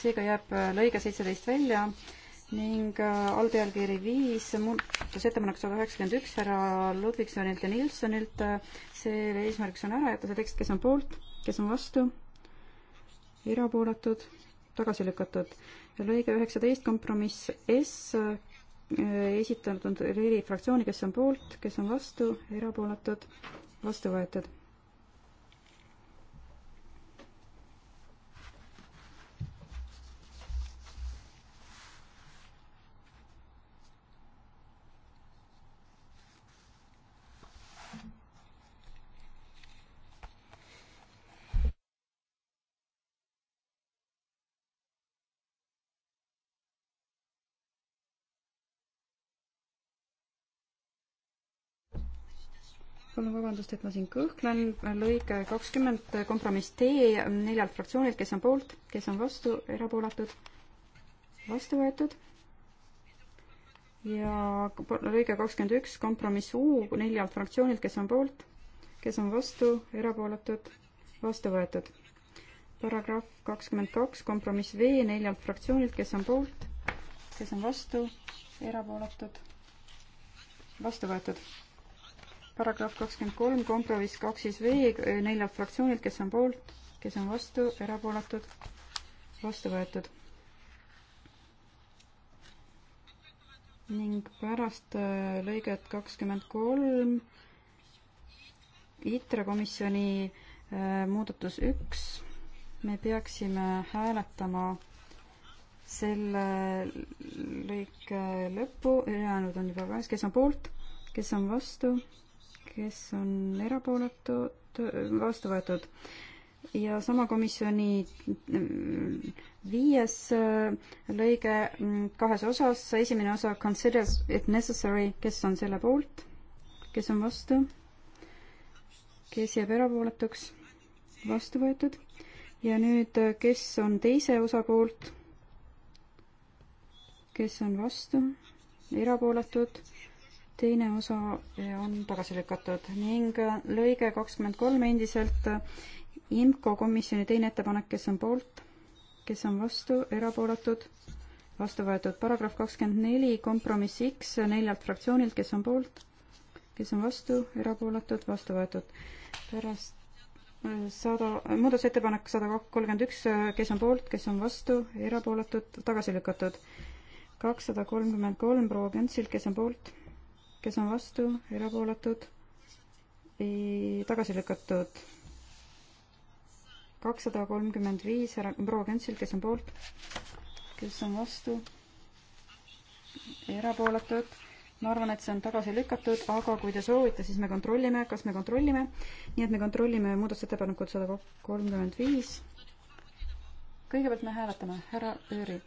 seega jääb lõige seitseteist välja ning allpealkiri viis muudatusettepanek sada üheksakümmend üks härra Ludvigsonilt ja Nilssonilt. selle eesmärgiks on ära jätta see tekst, kes on poolt, kes on vastu erapooletud, tagasi lükatud. lõige üheksateist kompromiss S, äh, esitanud on neli fraktsiooni, kes on poolt, kes on vastu, erapooletud, vastu võetud palun vabandust, et ma siin kõhklen, lõige kakskümmend, kompromiss D neljalt fraktsioonilt, kes on poolt, kes on vastu, erapooletud, vastu võetud. ja lõige kakskümmend üks, kompromiss U neljalt fraktsioonilt, kes on poolt, kes on vastu, erapooletud, vastu võetud. paragrahv kakskümmend kaks, kompromiss V neljalt fraktsioonilt, kes on poolt, kes on vastu, erapooletud, vastu võetud paragrahv kakskümmend kolm, kompromiss kaks siis V neljalt fraktsioonilt, kes on poolt, kes on vastu, erapooletud, vastu võetud. ning pärast äh, lõiget kakskümmend kolm ITRE komisjoni äh, muudatus üks, me peaksime hääletama selle lõike lõppu, ülejäänud on juba käes, kes on poolt, kes on vastu kes on erapooletud, vastu võetud. ja sama komisjoni mm, viies äh, lõige mm, kahes osas, esimene osa considers it necessary, kes on selle poolt, kes on vastu, kes jääb erapooletuks, vastu võetud. ja nüüd, äh, kes on teise osa poolt, kes on vastu, erapooletud teine osa eh, on tagasi lükatud ning eh, lõige kakskümmend kolm endiselt eh, IMCO komisjoni teine ettepanek, kes on poolt, kes on vastu, erapooletud, vastu võetud paragrahv kakskümmend neli, kompromiss X neljalt fraktsioonilt, kes on poolt, kes on vastu, erapooletud, vastu võetud. pärast sada, muudatusettepanek sada kolmkümmend üks, kes on poolt, kes on vastu, erapooletud, tagasi lükatud. kakssada kolmkümmend kolm proua Köntsilt, kes on poolt kes on vastu, erapooletud, tagasi lükatud. kakssada kolmkümmend viis härra proua Kentsil, kes on poolt, kes on vastu, erapooletud ma arvan, et see on tagasi lükatud, aga kui te soovite, siis me kontrollime, kas me kontrollime. nii et me kontrollime muudatusettepanekut sada kolmkümmend viis. kõigepealt me hääletame, härra Ööri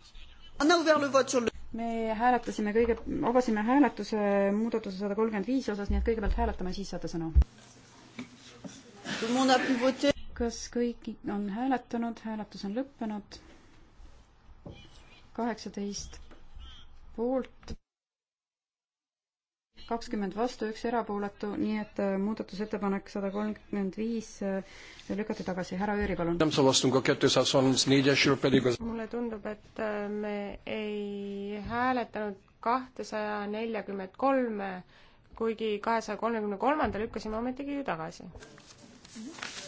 me hääletasime kõige, avasime hääletuse muudatuse sada kolmkümmend viis osas, nii et kõigepealt hääletame, siis saate sõna. kas kõik on hääletanud, hääletus on lõppenud? kaheksateist poolt kakskümmend vastu, üks erapooletu, nii et äh, muudatusettepanek sada kolmkümmend viis äh, lükati tagasi. härra Jüri, palun. mulle tundub, et äh, me ei hääletanud kahtesaja neljakümmet kolme, kuigi kahesaja kolmekümne kolmanda lükkasime ometigi ju tagasi mm. -hmm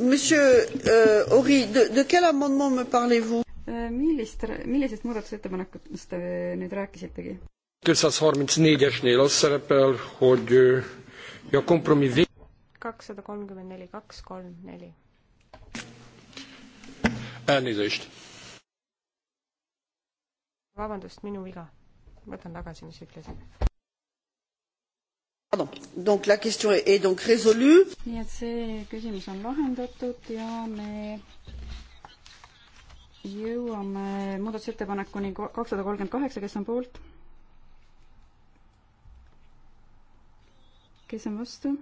Monsieur euh, Ori, de, de quel amendement me parlez-vous äh, millist, millisest muudatusettepanekutest te nüüd rääkisitegi? kakssada kolmkümmend neli, kaks, kolm, neli. Elnézést. vabandust, minu viga. võtan tagasi, mis ütlesin Pardon. Donc la question est donc résolue. nii et see küsimus on lahendatud ja me jõuame muudatusettepanekuni kakssada kolmkümmend kaheksa, kes on poolt? kes on vastu?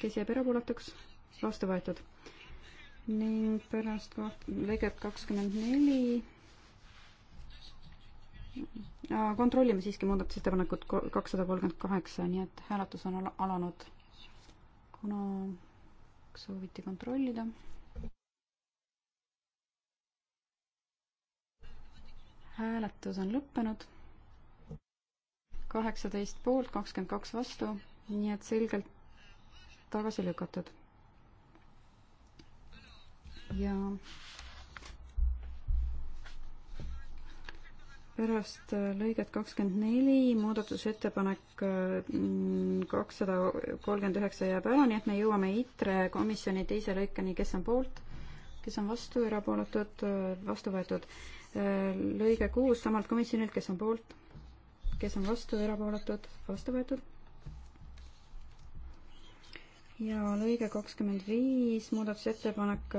kes jääb erapooletuks? vastu võetud. ning pärast lõiget kakskümmend neli Äh, kontrollime siiski muudatusettepanekut kakssada kolmkümmend kaheksa, nii et hääletus on al alanud. kuna sooviti kontrollida. hääletus on lõppenud. kaheksateist poolt, kakskümmend kaks vastu, nii et selgelt tagasi lükatud. ja pärast äh, lõiget kakskümmend neli muudatusettepanek äh, kakssada kolmkümmend üheksa jääb ära, nii et me jõuame ITRE komisjoni teise lõikeni, kes on poolt, kes on vastu, erapooletud, äh, vastu võetud. lõige kuus samalt komisjonilt, kes on poolt, kes on vastu, erapooletud, vastu võetud. ja lõige kakskümmend viis muudatusettepanek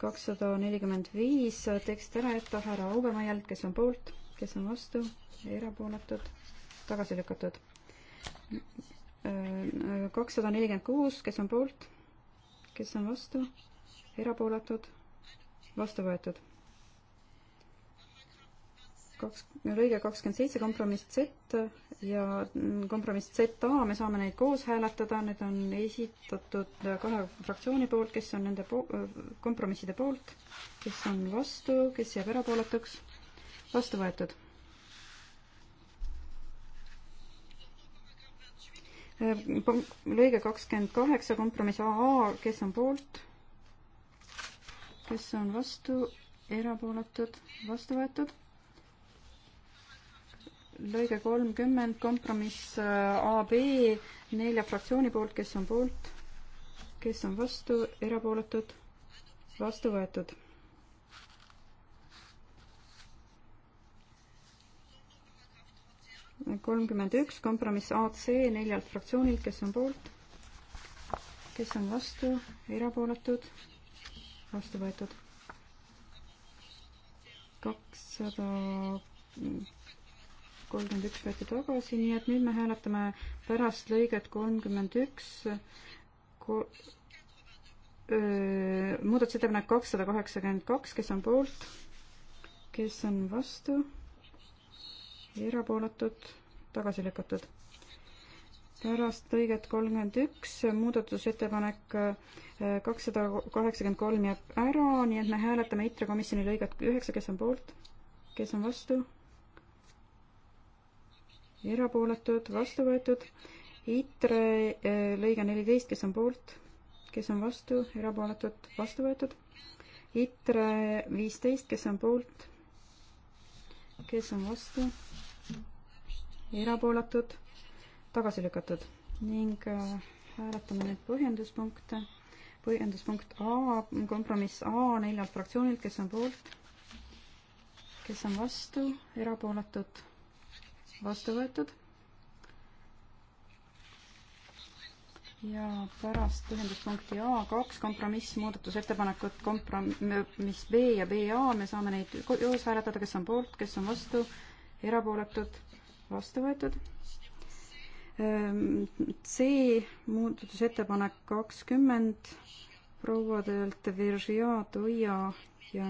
kakssada nelikümmend viis, tekst ära jätta härra Augemaialt, kes on poolt kes on vastu, erapooletud, tagasi lükatud. kakssada nelikümmend kuus, kes on poolt, kes on vastu, erapooletud, vastu võetud. kaks, lõige kakskümmend seitse, kompromiss Z ja kompromiss ZA, me saame neid koos hääletada, need on esitatud kahe fraktsiooni poolt, kes on nende po-, kompromisside poolt, kes on vastu, kes jääb erapooletuks vastu võetud. Äh, lõige kakskümmend kaheksa, kompromiss AA, kes on poolt? kes on vastu, erapooletud, vastu võetud? lõige kolmkümmend, kompromiss äh, AB nelja fraktsiooni poolt, kes on poolt, kes on vastu, erapooletud, vastu võetud. kolmkümmend üks, kompromiss AC neljalt fraktsioonilt, kes on poolt, kes on vastu, erapooletud, vastu võetud. kakssada kolmkümmend üks võeti tagasi, nii et nüüd me hääletame pärast lõiget kolmkümmend üks muudatusettepanek kakssada kaheksakümmend kaks, kes on poolt, kes on vastu erapooletud, tagasi lükatud. pärast lõiget kolmkümmend üks muudatusettepanek äh, kakssada kaheksakümmend kolm jääb ära, nii et me hääletame ITRE komisjoni lõiget üheksa, kes on poolt, kes on vastu, erapooletud, vastu võetud. ITRE äh, lõige neliteist, kes on poolt, kes on vastu, erapooletud, vastu võetud. ITRE viisteist, kes on poolt, kes on vastu erapooletud, tagasi lükatud ning äh, hääletame nüüd põhjenduspunkte. põhjenduspunkt A, kompromiss A neljalt fraktsioonilt, kes on poolt, kes on vastu, erapooletud, vastu võetud ja pärast ühenduspunkti A kaks kompromiss, muudatusettepanekut kompromiss B ja BA, me saame neid koos hääletada, kes on poolt, kes on vastu, erapooletud, vastu võetud. Ehm, C muudatusettepanek kakskümmend prouadelt Veržia, Toia ja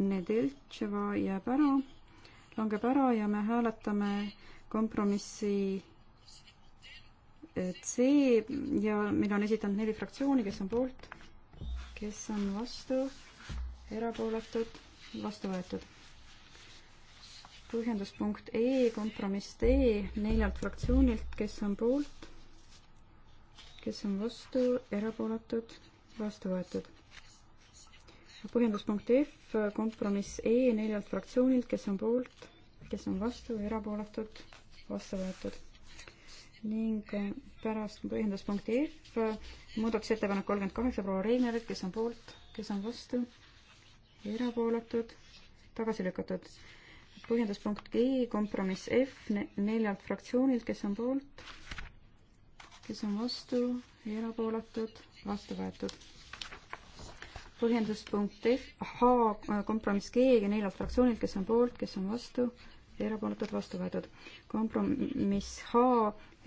Nedeltševa jääb ära, langeb ära ja me hääletame kompromissi eh, C ja meil on esitanud neli fraktsiooni, kes on poolt, kes on vastu, erapooletud, vastu võetud põhjenduspunkt E, kompromiss D neljalt fraktsioonilt, kes on poolt, kes on vastu, erapooletud, vastu võetud. põhjenduspunkt F, kompromiss E neljalt fraktsioonilt, kes on poolt, kes on vastu, erapooletud, vastu võetud ning eh, pärast põhjenduspunkti F muudatusettepanek kolmkümmend kaheksa proua Reinerit, kes on poolt, kes on vastu, erapooletud, tagasi lükatud põhjenduspunkt G, kompromiss F neljalt fraktsioonilt, kes on poolt, kes on vastu, erapooletud, vastu võetud. põhjenduspunkt F, H, kompromiss G neljalt fraktsioonilt, kes on poolt, kes on vastu, erapooletud, vastu võetud. kompromiss H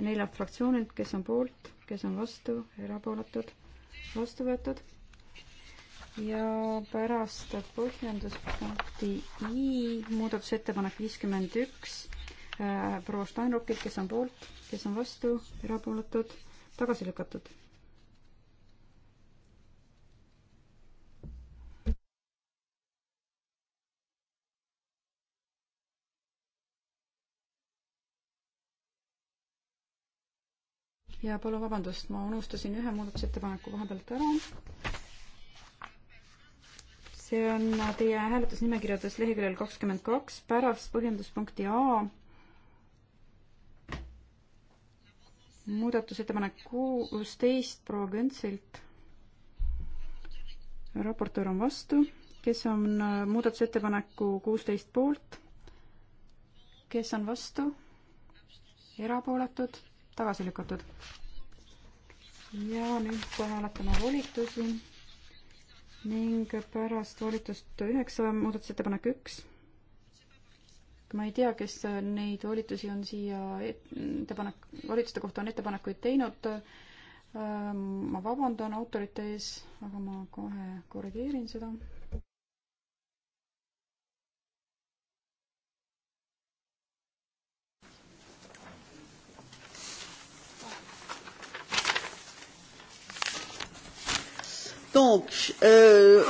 neljalt fraktsioonilt, kes on poolt, kes on vastu, erapooletud, vastu võetud ja pärast põhjenduspunkti I muudatusettepanek viiskümmend üks äh, proua Steinrockilt, kes on poolt, kes on vastu, erapooletud, tagasi lükatud. ja palun vabandust, ma unustasin ühe muudatusettepaneku vahepealt ära see on teie hääletusnimekirjades leheküljel kakskümmend kaks pärast põhjenduspunkti A. muudatusettepanek kuusteist proua Köntsilt. raportöör on vastu, kes on äh, muudatusettepaneku kuusteist poolt, kes on vastu, erapooletud, tagasi lükatud. ja nüüd hääletame volitusi ning pärast volitust üheksa muudatusettepanek üks. ma ei tea, kes neid volitusi on siia ettepanek, volituste kohta on ettepanekuid teinud. Äh, ma vabandan autorite ees, aga ma kohe korrigeerin seda Euh,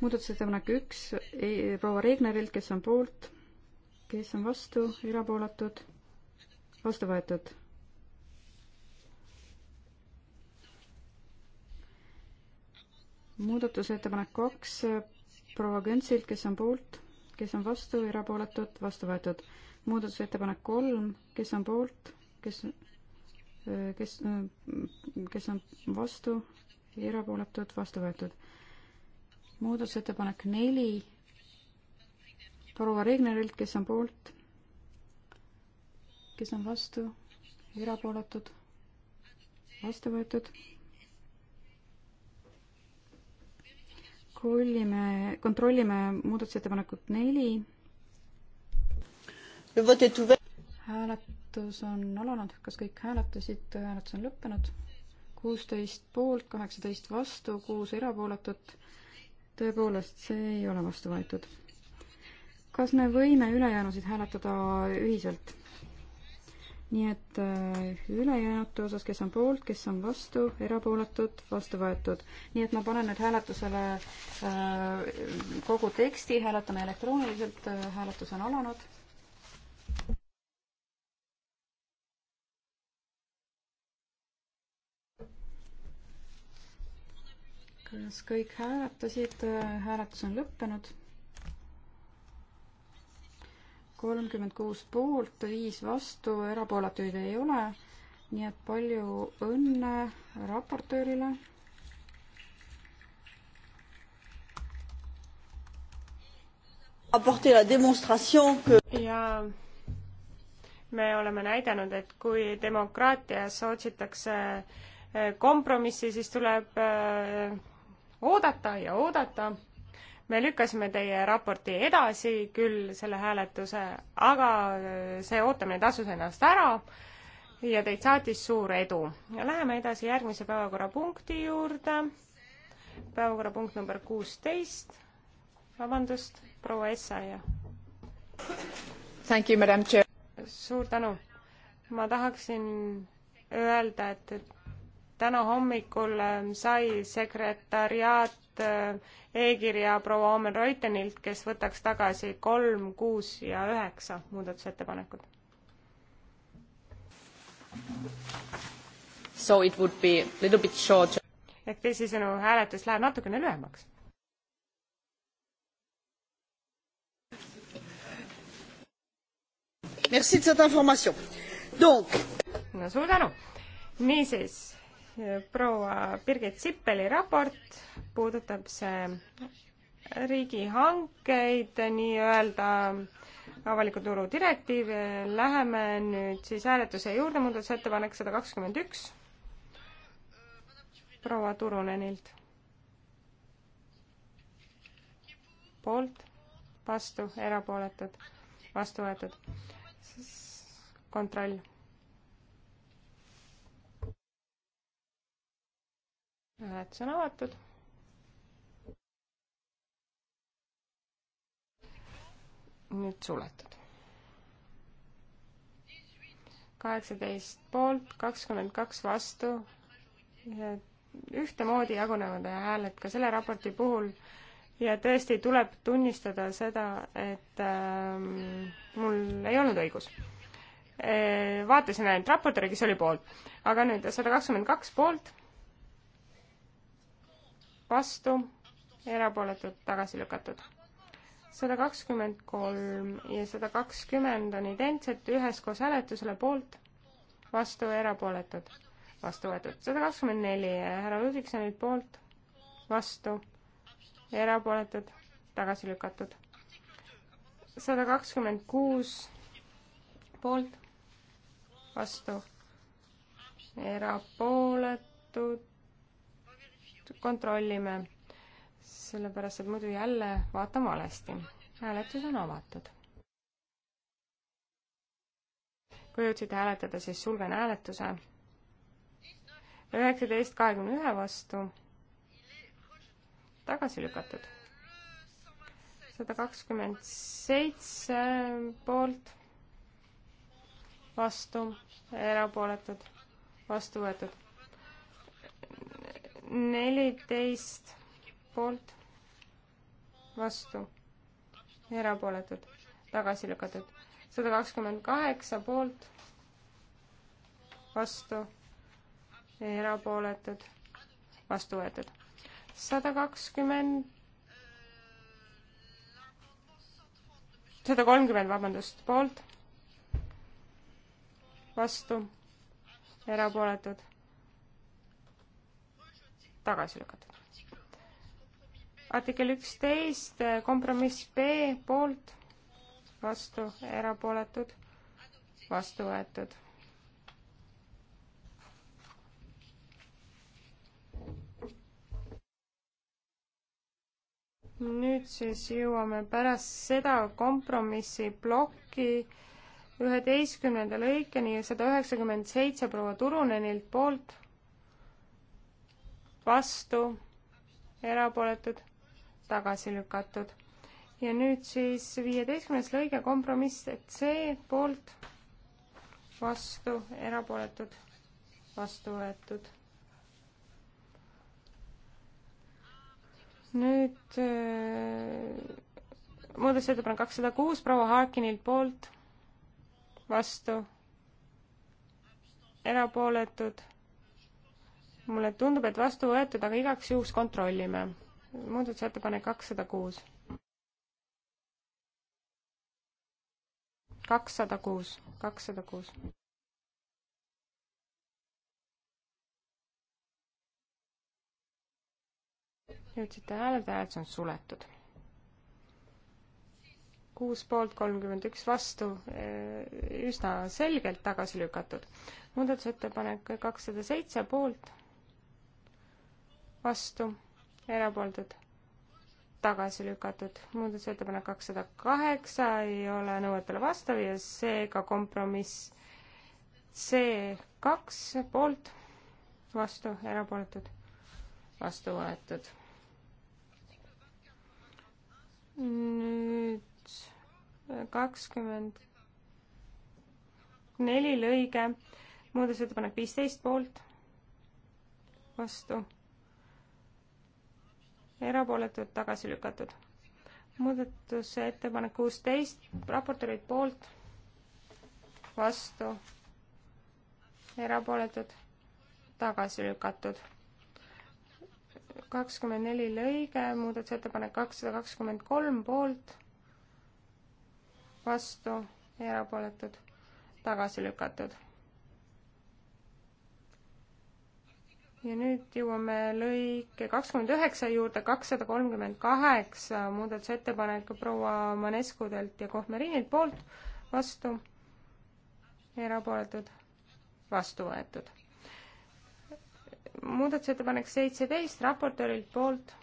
muudatusettepanek üks proua Regnerilt, kes on poolt, kes on vastu, erapooletud, vastu võetud. muudatusettepanek kaks proua Köntsilt, kes on poolt, kes on vastu, erapooletud, vastu võetud. muudatusettepanek kolm, kes on poolt, kes, kes, kes on vastu, erapooletud, vastu võetud. muudatusettepanek neli proua Regnerilt, kes on poolt, kes on vastu, erapooletud, vastu võetud. kollime, kontrollime muudatusettepanekut neli. hääletus on alanud, kas kõik hääletasid, hääletus on lõppenud kuusteist poolt, kaheksateist vastu, kuus erapooletut. tõepoolest, see ei ole vastu võetud. kas me võime ülejäänusid hääletada ühiselt? nii et äh, ülejäänute osas, kes on poolt, kes on vastu, erapooletud, vastu võetud. nii et ma panen nüüd hääletusele äh, kogu teksti, hääletame elektrooniliselt, äh, hääletus on alanud kas kõik hääletasid, hääletus on lõppenud. kolmkümmend kuus poolt, viis vastu, erapooletuid ei ole. nii et palju õnne raportöörile. ja me oleme näidanud, et kui demokraatias otsitakse kompromissi, siis tuleb äh, oodata ja oodata. me lükkasime teie raporti edasi küll selle hääletuse, aga äh, see ootamine tasus ennast ära ja teid saatis suur edu. ja läheme edasi järgmise päevakorrapunkti juurde. päevakorrapunkt number kuusteist. vabandust, proua Essaja. Thank you, madam chair. suur tänu. ma tahaksin öelda, et, et täna hommikul ähm, sai sekretariaat äh, e-kirja proua Omen Reutenilt, kes võtaks tagasi kolm, kuus ja üheksa muudatusettepanekut. So it would be little bit short. ehk teisisõnu, hääletus läheb natukene lühemaks. Merci de cette information. Donc. no suur tänu. niisiis proua Birgit Sippeli raport, puudutab see riigihankeid nii-öelda avaliku turu direktiiv. Läheme nüüd siis hääletuse juurde, muudatusettepanek sada kakskümmend üks proua Turunenilt. poolt, vastu, erapooletud, vastu võetud. kontroll hääletus on avatud. nüüd suletud. kaheksateist poolt, kakskümmend kaks vastu. ühtemoodi jagunevad hääled ka selle raporti puhul ja tõesti tuleb tunnistada seda, et ähm, mul ei olnud õigus e,. vaatasin ainult raportööri, kes oli poolt, aga nüüd sada kakskümmend kaks poolt, vastu, erapooletud, tagasi lükatud. sada kakskümmend kolm ja sada kakskümmend on identsed, üheskoos hääletusele poolt, vastu, erapooletud, vastu võetud. sada kakskümmend neli, härra Ludvigsonilt poolt, vastu, erapooletud, tagasi lükatud. sada kakskümmend kuus poolt, vastu, erapooletud, hääletust kontrollime, sellepärast et muidu jälle vaatan valesti. hääletus on avatud. kui jõudsite hääletada, siis sulgen hääletuse. üheksateist kahekümne ühe vastu. tagasi lükatud. sada kakskümmend seitse poolt, vastu, erapooletud, vastu võetud neliteist poolt, vastu, erapooletud, tagasi lükatud. sada kakskümmend kaheksa poolt, vastu, erapooletud, vastu võetud. sada kakskümmend, sada kolmkümmend, vabandust, poolt, vastu, erapooletud, tagasi lükatud. artikkel üksteist, kompromiss B poolt, vastu, erapooletud, vastu võetud. nüüd siis jõuame pärast seda kompromissi plokki üheteistkümnenda lõikeni ja sada üheksakümmend seitse proua Turunenilt poolt vastu, erapooletud, tagasi lükatud. ja nüüd siis viieteistkümnes lõige kompromiss C poolt, vastu, erapooletud, vastu võetud. nüüd äh, muudatusettepanek kakssada kuus proua Harkinilt poolt, vastu, erapooletud mulle tundub, et vastu võetud, aga igaks juhuks kontrollime. muudatusettepanek kakssada kuus. kakssada kuus, kakssada kuus. jõudsite hääletada, hääled on suletud. kuus poolt, kolmkümmend üks vastu, eh, üsna selgelt tagasi lükatud. muudatusettepanek kakssada seitse poolt vastu, erapooletud, tagasi lükatud. muudatusettepanek kakssada kaheksa ei ole nõuetele vastav ja seega kompromiss C kaks poolt, vastu, erapooletud, vastu võetud. nüüd kakskümmend neli lõige, muudatusettepanek viisteist poolt, vastu erapooletud, tagasi lükatud. muudatusettepanek kuusteist, raportöörid poolt, vastu, erapooletud, tagasi lükatud. kakskümmend neli lõige, muudatusettepanek kakssada kakskümmend kolm poolt, vastu, erapooletud, tagasi lükatud ja nüüd jõuame lõike kakskümmend üheksa juurde, kakssada kolmkümmend kaheksa muudatusettepanek proua Maneskudelt ja Kohmerinilt poolt, vastu, erapooletud, vastu võetud. muudatusettepanek seitseteist raportöörilt poolt,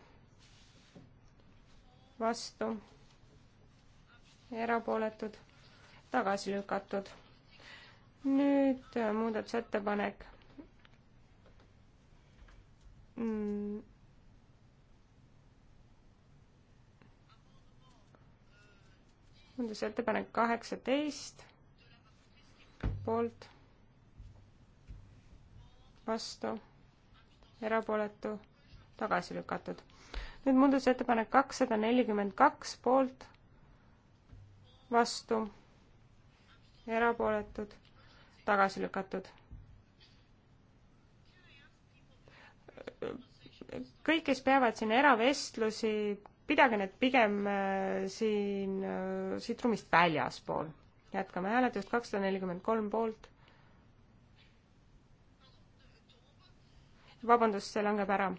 vastu, erapooletud, tagasi lükatud. nüüd muudatusettepanek mm.. muudatusettepanek kaheksateist, poolt, vastu, erapooletu, tagasi lükatud. nüüd muudatusettepanek kakssada nelikümmend kaks, poolt, vastu, erapooletud, tagasi lükatud kõik, kes peavad siin eravestlusi, pidage need pigem äh, siin, äh, siit ruumist väljaspool. jätkame hääletust, kakssada nelikümmend kolm poolt. vabandust, see langeb ära.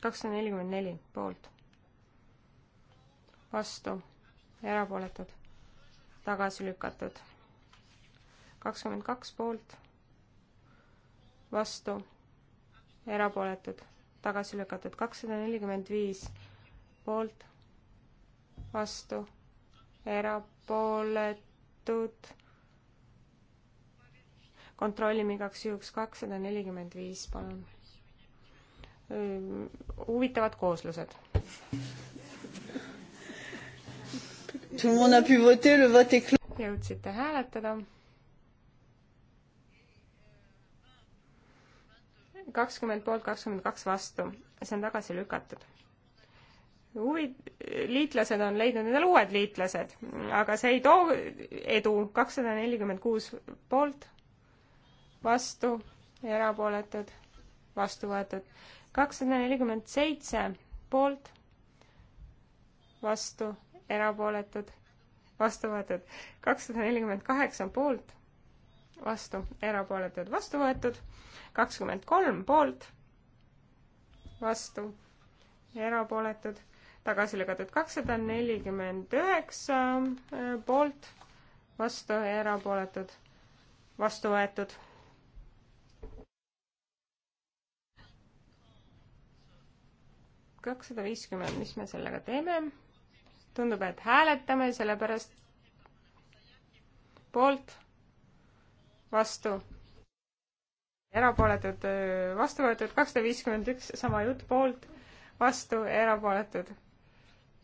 kakssada nelikümmend neli poolt. vastu, erapooletud, tagasi lükatud kakskümmend kaks poolt, vastu, erapooletud, tagasi lükatud, kakssada nelikümmend viis poolt, vastu, erapooletud, kontrollime igaks juhuks kakssada nelikümmend viis, palun. huvitavad kooslused. jõudsite hääletada kakskümmend poolt, kakskümmend kaks vastu. see on tagasi lükatud. huvi, liitlased on leidnud endale uued liitlased, aga see ei too edu. kakssada nelikümmend kuus poolt, vastu, erapooletud, vastu võetud. kakssada nelikümmend seitse poolt, vastu, erapooletud, vastu võetud. kakssada nelikümmend kaheksa poolt, vastu, erapooletud, vastu võetud, kakskümmend kolm poolt, vastu, erapooletud, tagasi lükatud kakssada nelikümmend üheksa äh, poolt, vastu, erapooletud, vastu võetud. kakssada viiskümmend, mis me sellega teeme? tundub, et hääletame, sellepärast poolt vastu, erapooletud, vastu võetud kakssada viiskümmend üks, sama jutt poolt, vastu, erapooletud,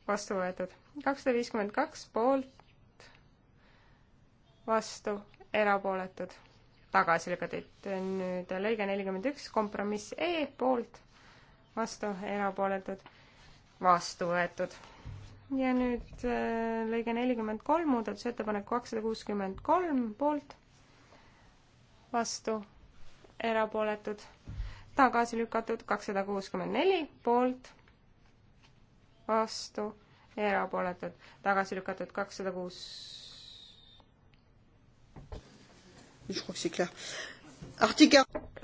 vastu võetud kakssada viiskümmend kaks poolt, vastu, erapooletud, tagasi lükatud. nüüd lõige nelikümmend üks, kompromiss E poolt, vastu, erapooletud, vastu võetud. ja nüüd äh, lõige nelikümmend kolm, muudatusettepanek kakssada kuuskümmend kolm poolt vastu, erapooletud, tagasi lükatud kakssada kuuskümmend neli, poolt, vastu, erapooletud, tagasi lükatud kakssada kuus.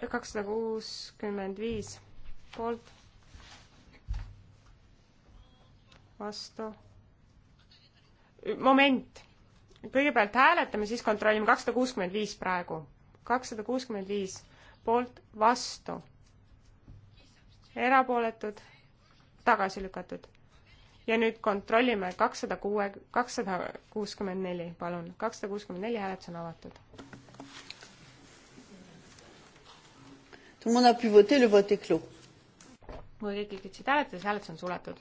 kakssada kuuskümmend viis, poolt, vastu, moment kõigepealt hääletame, siis kontrollime kakssada kuuskümmend viis praegu kakssada kuuskümmend viis poolt, vastu, erapooletud, tagasi lükatud. ja nüüd kontrollime kakssada kuue, kakssada kuuskümmend neli, palun, kakssada kuuskümmend neli hääletus on avatud. Tout le monde a pu voter, le vote est clos kui kõik klikitsid hääletada, siis hääletus on suletud.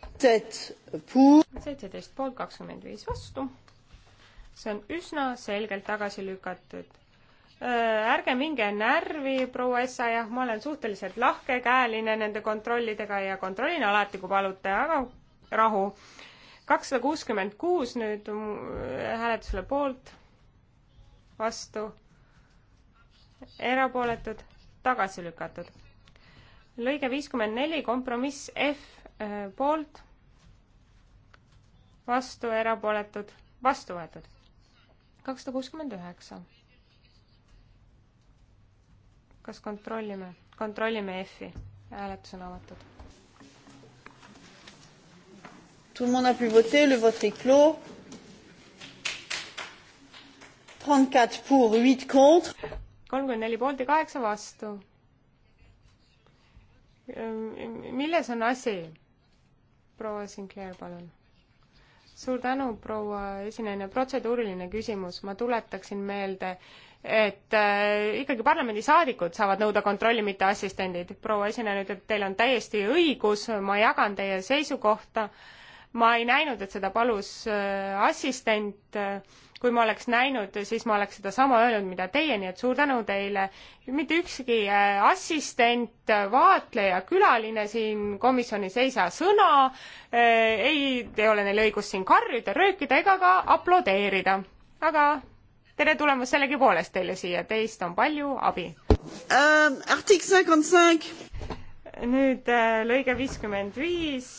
seitseteist poolt, kakskümmend viis vastu. see on üsna selgelt tagasi lükatud. Äh, ärge minge närvi, proua Essa, jah, ma olen suhteliselt lahkekäeline nende kontrollidega ja kontrollin alati, kui palute, aga rahu. kakssada kuuskümmend kuus nüüd mm, hääletusele poolt, vastu, erapooletud, tagasi lükatud. lõige viiskümmend neli, kompromiss F äh, poolt, vastu, erapooletud, vastu võetud. kakssada kuuskümmend üheksa kas kontrollime? kontrollime F-i. hääletus on avatud. Tout le monde a pu voter, le vote est clos. 34 pour, 8 contre. 34 poolt ja 8 vastu. Ehm, milles on asi? proua Sinclair, palun. suur tänu, proua esineja. protseduuriline küsimus. ma tuletaksin meelde äh, et äh, ikkagi parlamendisaadikud saavad nõuda kontrolli, mitte assistendid. proua esineja nüüd, et teil on täiesti õigus, ma jagan teie seisukohta. ma ei näinud, et seda palus äh, assistent. kui ma oleks näinud, siis ma oleks sedasama öelnud, mida teie, nii et suur tänu teile. mitte ükski äh, assistent, äh, vaatleja, külaline siin komisjonis ei saa sõna äh,, ei, ei ole neil õigust siin karjuda, röökida ega ka aplodeerida. aga tere tulemast sellegipoolest teile siia, teist on palju abi ähm,. artik cinquante cinq. nüüd äh, lõige viiskümmend viis.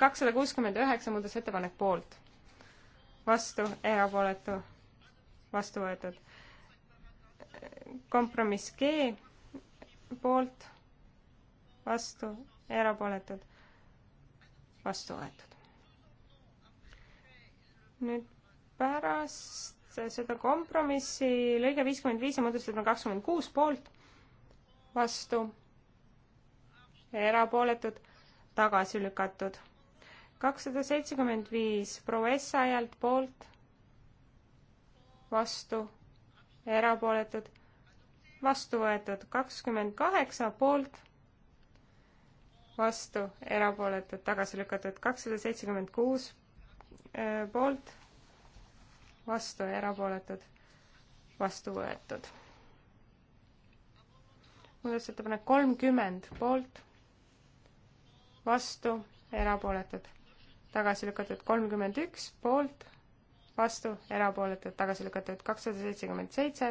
kakssada kuuskümmend üheksa muudatusettepanek poolt, vastu, erapooletu, vastu võetud. kompromiss G poolt, vastu, erapooletud, vastu võetud nüüd pärast seda kompromissi lõige viiskümmend viis ja muudatusettepanek kakskümmend kuus poolt, vastu, erapooletud, tagasi lükatud. kakssada seitsekümmend viis proua Essayalt poolt, vastu, erapooletud, vastu võetud kakskümmend kaheksa poolt, vastu, erapooletud, tagasi lükatud kakssada seitsekümmend kuus Äh, poolt, vastu ja erapooletud, vastu võetud. muudatusettepanek kolmkümmend poolt, vastu, erapooletud, tagasi lükatud kolmkümmend üks poolt, vastu, erapooletud, tagasi lükatud kakssada seitsekümmend seitse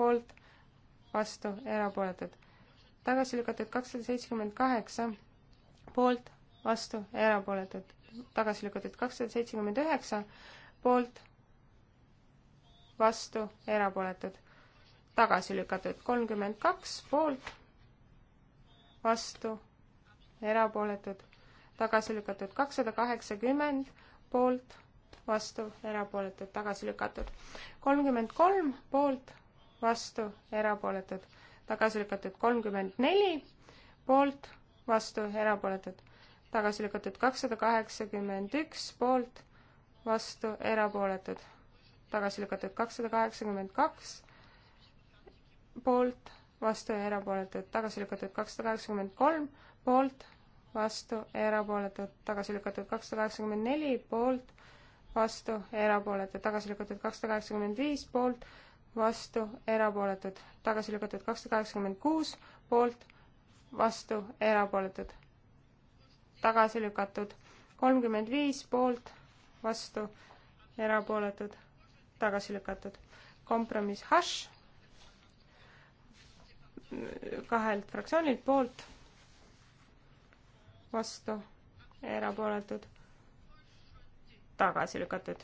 poolt, vastu, erapooletud, tagasi lükatud kakssada seitsekümmend kaheksa poolt, vastu, erapooletud tagasi lükatud kakssada seitsekümmend üheksa poolt, vastu, erapooletud, tagasi lükatud kolmkümmend kaks poolt, vastu, erapooletud, tagasi lükatud kakssada kaheksakümmend poolt, vastu, erapooletud, tagasi lükatud kolmkümmend kolm poolt, vastu, erapooletud, tagasi lükatud kolmkümmend neli poolt, vastu, erapooletud tagasi lükatud kakssada kaheksakümmend üks poolt, vastu erapooletud, tagasi lükatud kakssada kaheksakümmend kaks poolt, vastu ja erapooletud, tagasi lükatud kakssada kaheksakümmend kolm poolt, vastu, erapooletud, tagasi lükatud kakssada kaheksakümmend neli poolt, vastu, erapooletud, tagasi lükatud kakssada kaheksakümmend viis poolt, vastu, erapooletud, tagasi lükatud kakssada kaheksakümmend kuus poolt, vastu, erapooletud tagasi lükatud. kolmkümmend viis poolt, vastu, erapooletud, tagasi lükatud. kompromiss hash kahelt fraktsioonilt poolt, vastu, erapooletud, tagasi lükatud.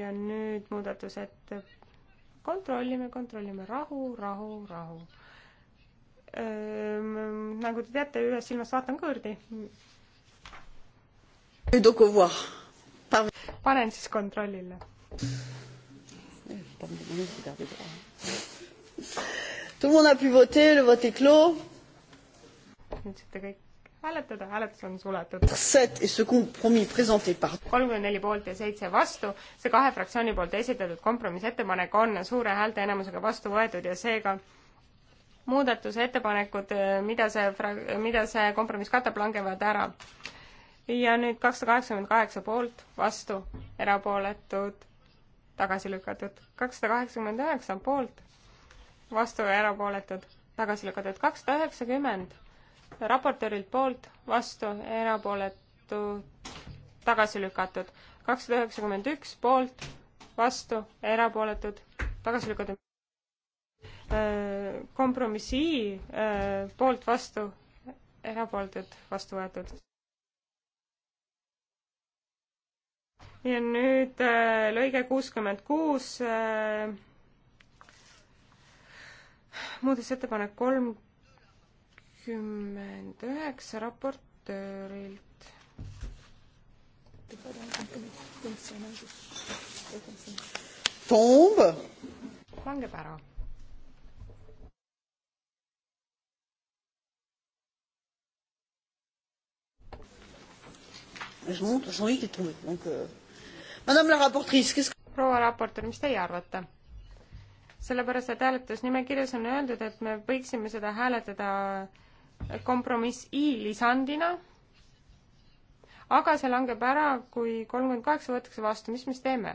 ja nüüd muudatused. kontrollime, kontrollime, rahu, rahu, rahu nagu te teate, ühest silmast vaatan kõõrdi, panen siis kontrollile. nüüd saate kõik hääletada, hääletus on suletud. kolmkümmend neli poolt ja seitse vastu. see kahe fraktsiooni poolt esitatud kompromissettepanek on suure häälteenamusega vastu võetud ja seega muudatusettepanekud, eh, mida see, mida see kompromiss katab, langevad ära ja nüüd kakssada kaheksakümmend kaheksa poolt, vastu, erapooletud, tagasi lükatud. kakssada kaheksakümmend üheksa poolt, vastu ja erapooletud, tagasi lükatud. kakssada üheksakümmend raportöörilt poolt, vastu, erapooletud, tagasi lükatud. kakssada üheksakümmend üks poolt, vastu, erapooletud, tagasi lükatud. kompromissi äh, poolt, vastu, erapooletud, vastu võetud ja nüüd äh, lõige kuuskümmend kuus, äh, muudatusettepanek kolmkümmend üheksa raportöörilt. tombe. langeb ära. Je montre, Jean-Yves est tombé, donc euh, proua raportöör, mis teie arvate? sellepärast, et hääletusnimekirjas on öeldud, et me võiksime seda hääletada kompromiss I lisandina, aga see langeb ära, kui kolmkümmend kaheksa võetakse vastu, mis me siis teeme?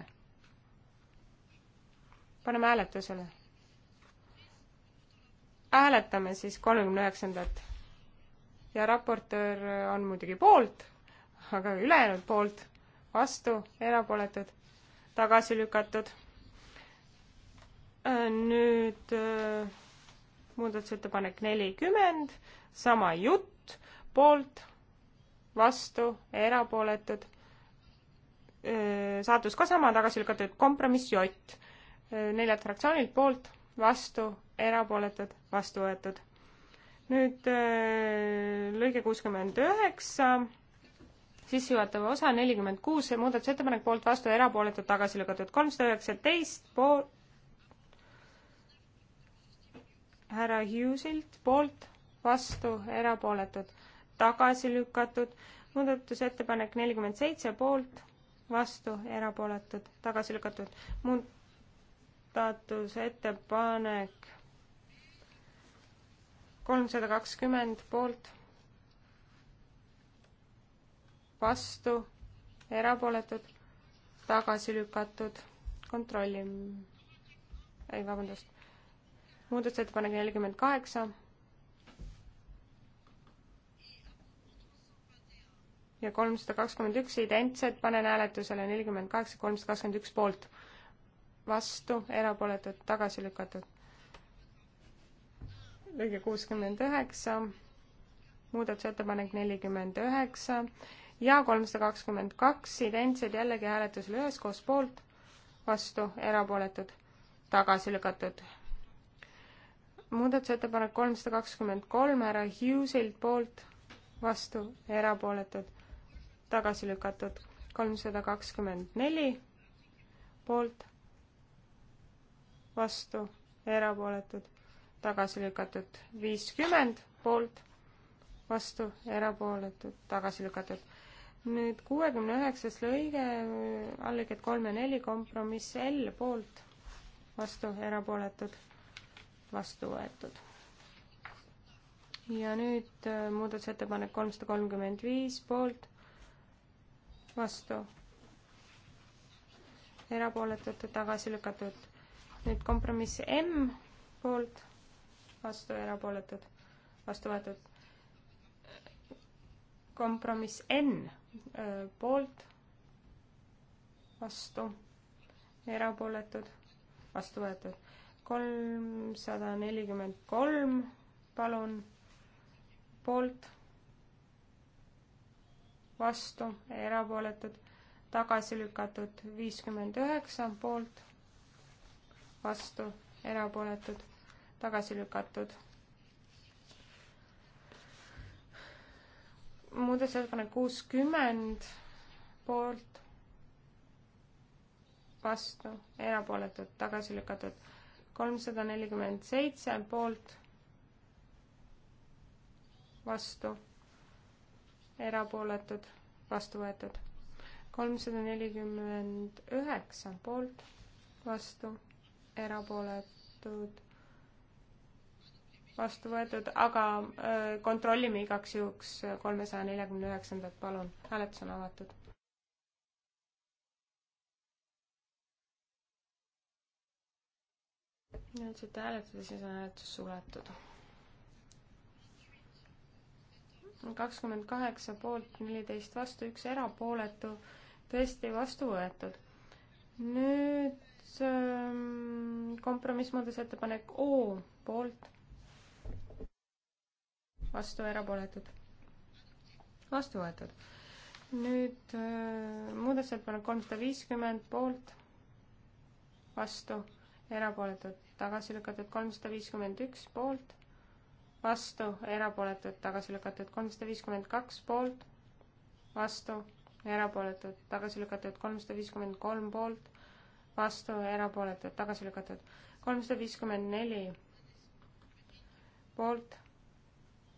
paneme hääletusele. hääletame siis kolmekümne üheksandat. ja raportöör on muidugi poolt, aga ülejäänud poolt vastu, erapooletud, tagasi lükatud. Äh, nüüd äh, muudatusettepanek nelikümmend, sama jutt, poolt, vastu, erapooletud. Äh, saatus ka sama, tagasi lükatud, kompromiss J. neljalt fraktsioonilt poolt, vastu, erapooletud, vastu võetud. nüüd lõige kuuskümmend üheksa sissejuhatav osa nelikümmend kuus, see muudatusettepanek poolt vastu, erapooletud tagasi lükatud kolmsada üheksateist, pool, härra Hughesilt poolt, vastu, erapooletud, tagasi lükatud, muudatusettepanek nelikümmend seitse poolt, vastu, erapooletud, tagasi lükatud, muudatusettepanek kolmsada kakskümmend poolt vastu, erapooletud, tagasi lükatud, kontrolli, ei vabandust, muudatusettepanek nelikümmend kaheksa ja kolmsada kakskümmend üks identsed, panen hääletusele nelikümmend kaheksa, kolmsada kakskümmend üks poolt. vastu, erapooletud, tagasi lükatud. lõige kuuskümmend üheksa, muudatusettepanek nelikümmend üheksa ja kolmsada kakskümmend kaks identsed jällegi hääletusele üheskoos poolt, vastu, erapooletud, tagasi lükatud. muudatusettepanek kolmsada kakskümmend kolm härra Hughesilt poolt, vastu, erapooletud, tagasi lükatud. kolmsada kakskümmend neli poolt, vastu, erapooletud, tagasi lükatud. viiskümmend poolt, vastu, erapooletud, tagasi lükatud nüüd kuuekümne üheksas lõige, allõiged kolm ja neli, kompromiss L poolt, vastu, erapooletud, vastu võetud. ja nüüd äh, muudatusettepanek kolmsada kolmkümmend viis poolt, vastu, erapooletud, tagasi lükatud. nüüd kompromiss M poolt, vastu, erapooletud, vastu võetud. kompromiss N Äh, poolt, vastu, erapooletud, vastu võetud. kolmsada nelikümmend kolm, palun, poolt, vastu, erapooletud, tagasi lükatud, viiskümmend üheksa, poolt, vastu, erapooletud, tagasi lükatud muudatusettepanek kuuskümmend poolt, vastu, erapooletud, tagasi lükatud. kolmsada nelikümmend seitse poolt, vastu, erapooletud, vastu võetud. kolmsada nelikümmend üheksa poolt, vastu, erapooletud, vastu võetud, aga äh, kontrollime igaks juhuks kolmesaja neljakümne üheksandat, palun, hääletus on avatud. nüüd saate hääletada, siis on hääletus suletud. kakskümmend kaheksa poolt, neliteist vastu, üks erapooletu, tõesti vastu võetud. nüüd ähm, kompromissmuudusettepanek O poolt vastu, erapooletud, vastu võetud. nüüd äh, muudatusettepanek kolmsada viiskümmend poolt, vastu, erapooletud, tagasi lükatud kolmsada viiskümmend üks poolt, vastu, erapooletud, tagasi lükatud kolmsada viiskümmend kaks poolt, vastu, erapooletud, tagasi lükatud kolmsada viiskümmend kolm poolt, vastu, erapooletud, tagasi lükatud kolmsada viiskümmend neli poolt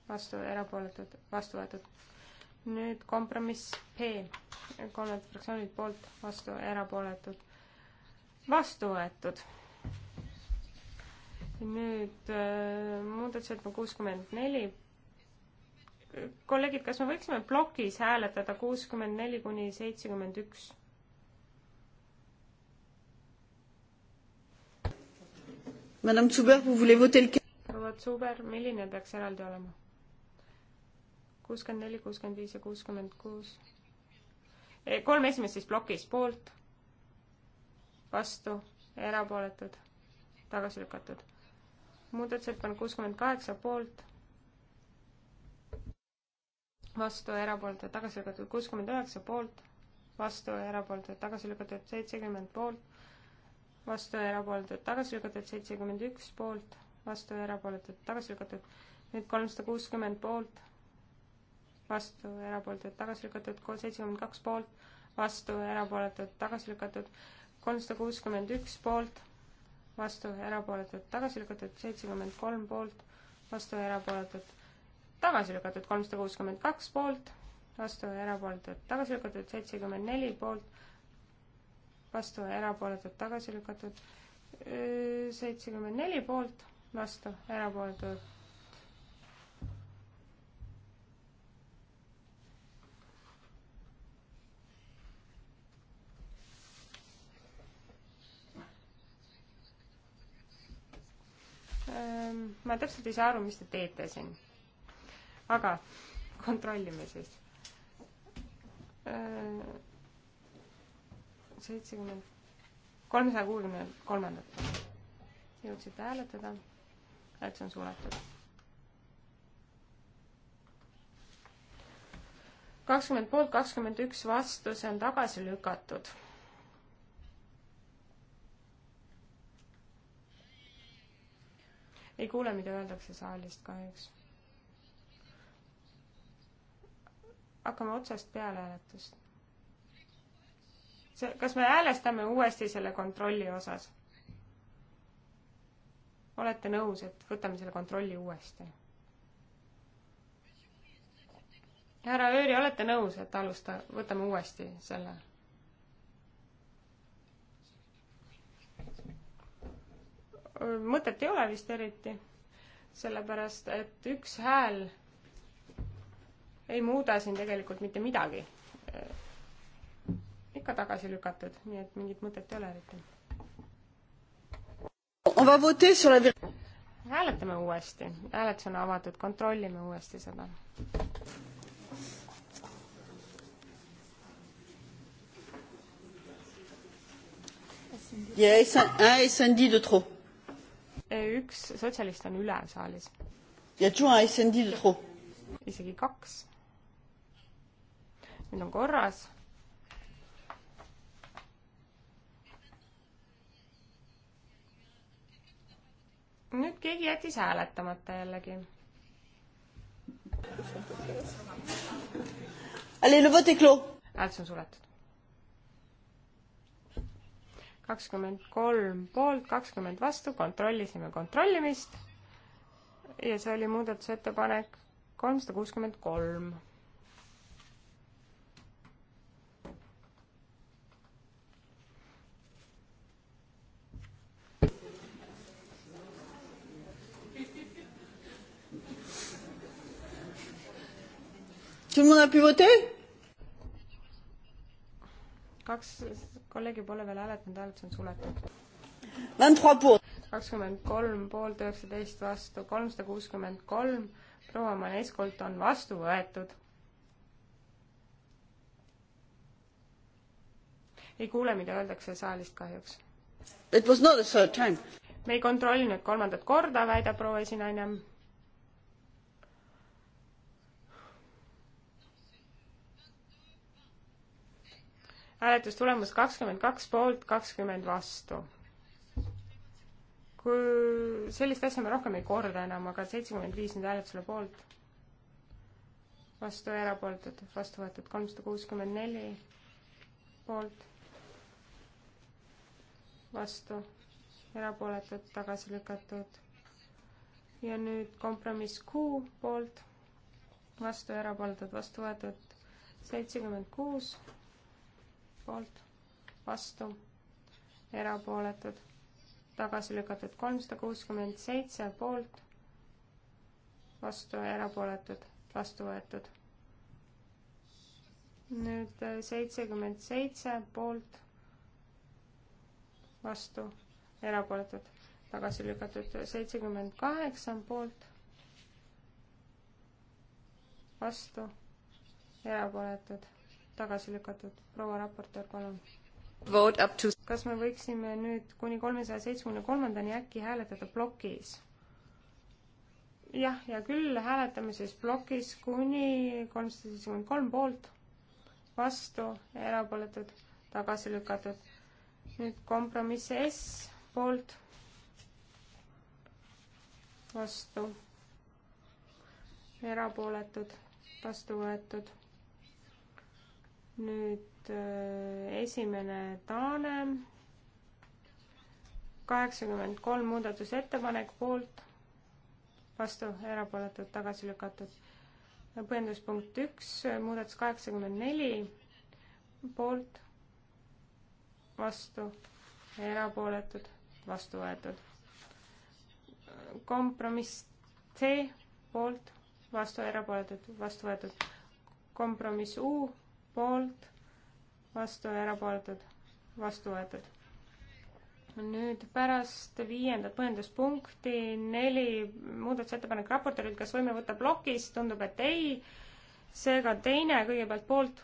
vastu, erapooletud, vastu võetud. nüüd kompromiss P, kolmed fraktsioonid poolt, vastu, erapooletud, vastu võetud. nüüd äh, muudatusettepanek kuuskümmend neli. kolleegid, kas me võiksime plokis hääletada kuuskümmend neli kuni seitsekümmend üks? Madame Zuber, vous voulez voter le proua Zuber, milline peaks eraldi olema? kuuskümmend neli, kuuskümmend viis ja kuuskümmend kuus. E, kolm esimest siis plokis poolt, vastu, erapooletud, tagasi lükatud. muudatusettepanek kuuskümmend kaheksa poolt, vastu, erapooletud, tagasi lükatud, kuuskümmend üheksa poolt, vastu, erapooletud, tagasi lükatud, seitsekümmend poolt, vastu, erapooletud, tagasi lükatud, seitsekümmend üks poolt, vastu, erapooletud, tagasi lükatud, nüüd kolmsada kuuskümmend poolt vastu, erapooletud, tagasi lükatud, kolm seitsekümmend kaks poolt, vastu, erapooletud, tagasi lükatud, kolmsada kuuskümmend üks poolt, vastu, erapooletud, tagasi lükatud, seitsekümmend kolm poolt, vastu, erapooletud, tagasi lükatud, kolmsada kuuskümmend kaks poolt, vastu, erapooletud, tagasi lükatud, seitsekümmend neli poolt, vastu, erapooletud, tagasi lükatud, seitsekümmend neli poolt, vastu, erapooletud ma täpselt ei saa aru, mis te teete siin. aga kontrollime siis. Äh, seitsekümmend, kolmesaja kuuekümne kolmandat. jõudsite hääletada. hääletus on suletud. kakskümmend poolt, kakskümmend üks vastu, see on tagasi lükatud ei kuule, mida öeldakse saalist kahjuks. hakkame otsast peale hääletust. see, kas me häälestame uuesti selle kontrolli osas? olete nõus, et võtame selle kontrolli uuesti? härra Ööri, olete nõus, et alusta, võtame uuesti selle? mõtet ei ole vist eriti, sellepärast et üks hääl ei muuda siin tegelikult mitte midagi. ikka tagasi lükatud, nii et mingit mõtet ei ole eriti. hääletame uuesti, hääletus on avatud, kontrollime uuesti seda. Il y a un SND ah, de trop. E üks sotsialist on üle saalis. isegi kaks. nüüd on korras. nüüd keegi jättis hääletamata jällegi. hääletus on suletud kakskümmend kolm poolt, kakskümmend vastu, kontrollisime kontrollimist ja see oli muudatusettepanek kolmsada kuuskümmend kolm. Tout le monde a pu voter kaks, kolleegi pole veel hääletanud, hääletus on suletud. kakskümmend kolm poolt, üheksateist vastu, kolmsada kuuskümmend kolm. proua Maneskolt on vastu võetud. ei kuule, mida öeldakse saalist kahjuks. me ei kontrollinud kolmandat korda, väidab proua esinaine hääletustulemus kakskümmend kaks poolt, kakskümmend vastu. kui sellist asja me rohkem ei korda enam, aga seitsekümmend viis nüüd hääletusele poolt, vastu ja erapooletud, vastu võetud kolmsada kuuskümmend neli poolt, vastu, erapooletud, tagasi lükatud. ja nüüd kompromiss Q poolt, vastu ja erapooletud, vastu võetud seitsekümmend kuus poolt, vastu, erapooletud, tagasi lükatud kolmsada kuuskümmend seitse poolt, vastu ja erapooletud, vastu võetud. nüüd äh, seitsekümmend seitse poolt, vastu, erapooletud, tagasi lükatud, seitsekümmend kaheksa poolt, vastu, erapooletud tagasi lükatud. proua raportöör, palun. To... kas me võiksime nüüd kuni kolmesaja seitsmekümne kolmandani äkki hääletada plokis? jah, hea küll, hääletame siis plokis kuni kolmsada seitsekümmend kolm poolt, vastu, erapooletud, tagasi lükatud. nüüd kompromiss S poolt, vastu, erapooletud, vastu võetud nüüd äh, esimene Taane, kaheksakümmend kolm muudatusettepanek poolt, vastu, erapooletud, tagasi lükatud. põhjenduspunkt üks, muudatus kaheksakümmend neli, poolt, vastu, erapooletud, vastu võetud. kompromiss C, poolt, vastu, erapooletud, vastu võetud. kompromiss U poolt, vastu ja erapooletud, vastu võetud. nüüd pärast viiendat põhjenduspunkti neli muudatusettepanek raportöörilt, kas võime võtta plokis, tundub, et ei. seega teine kõigepealt poolt,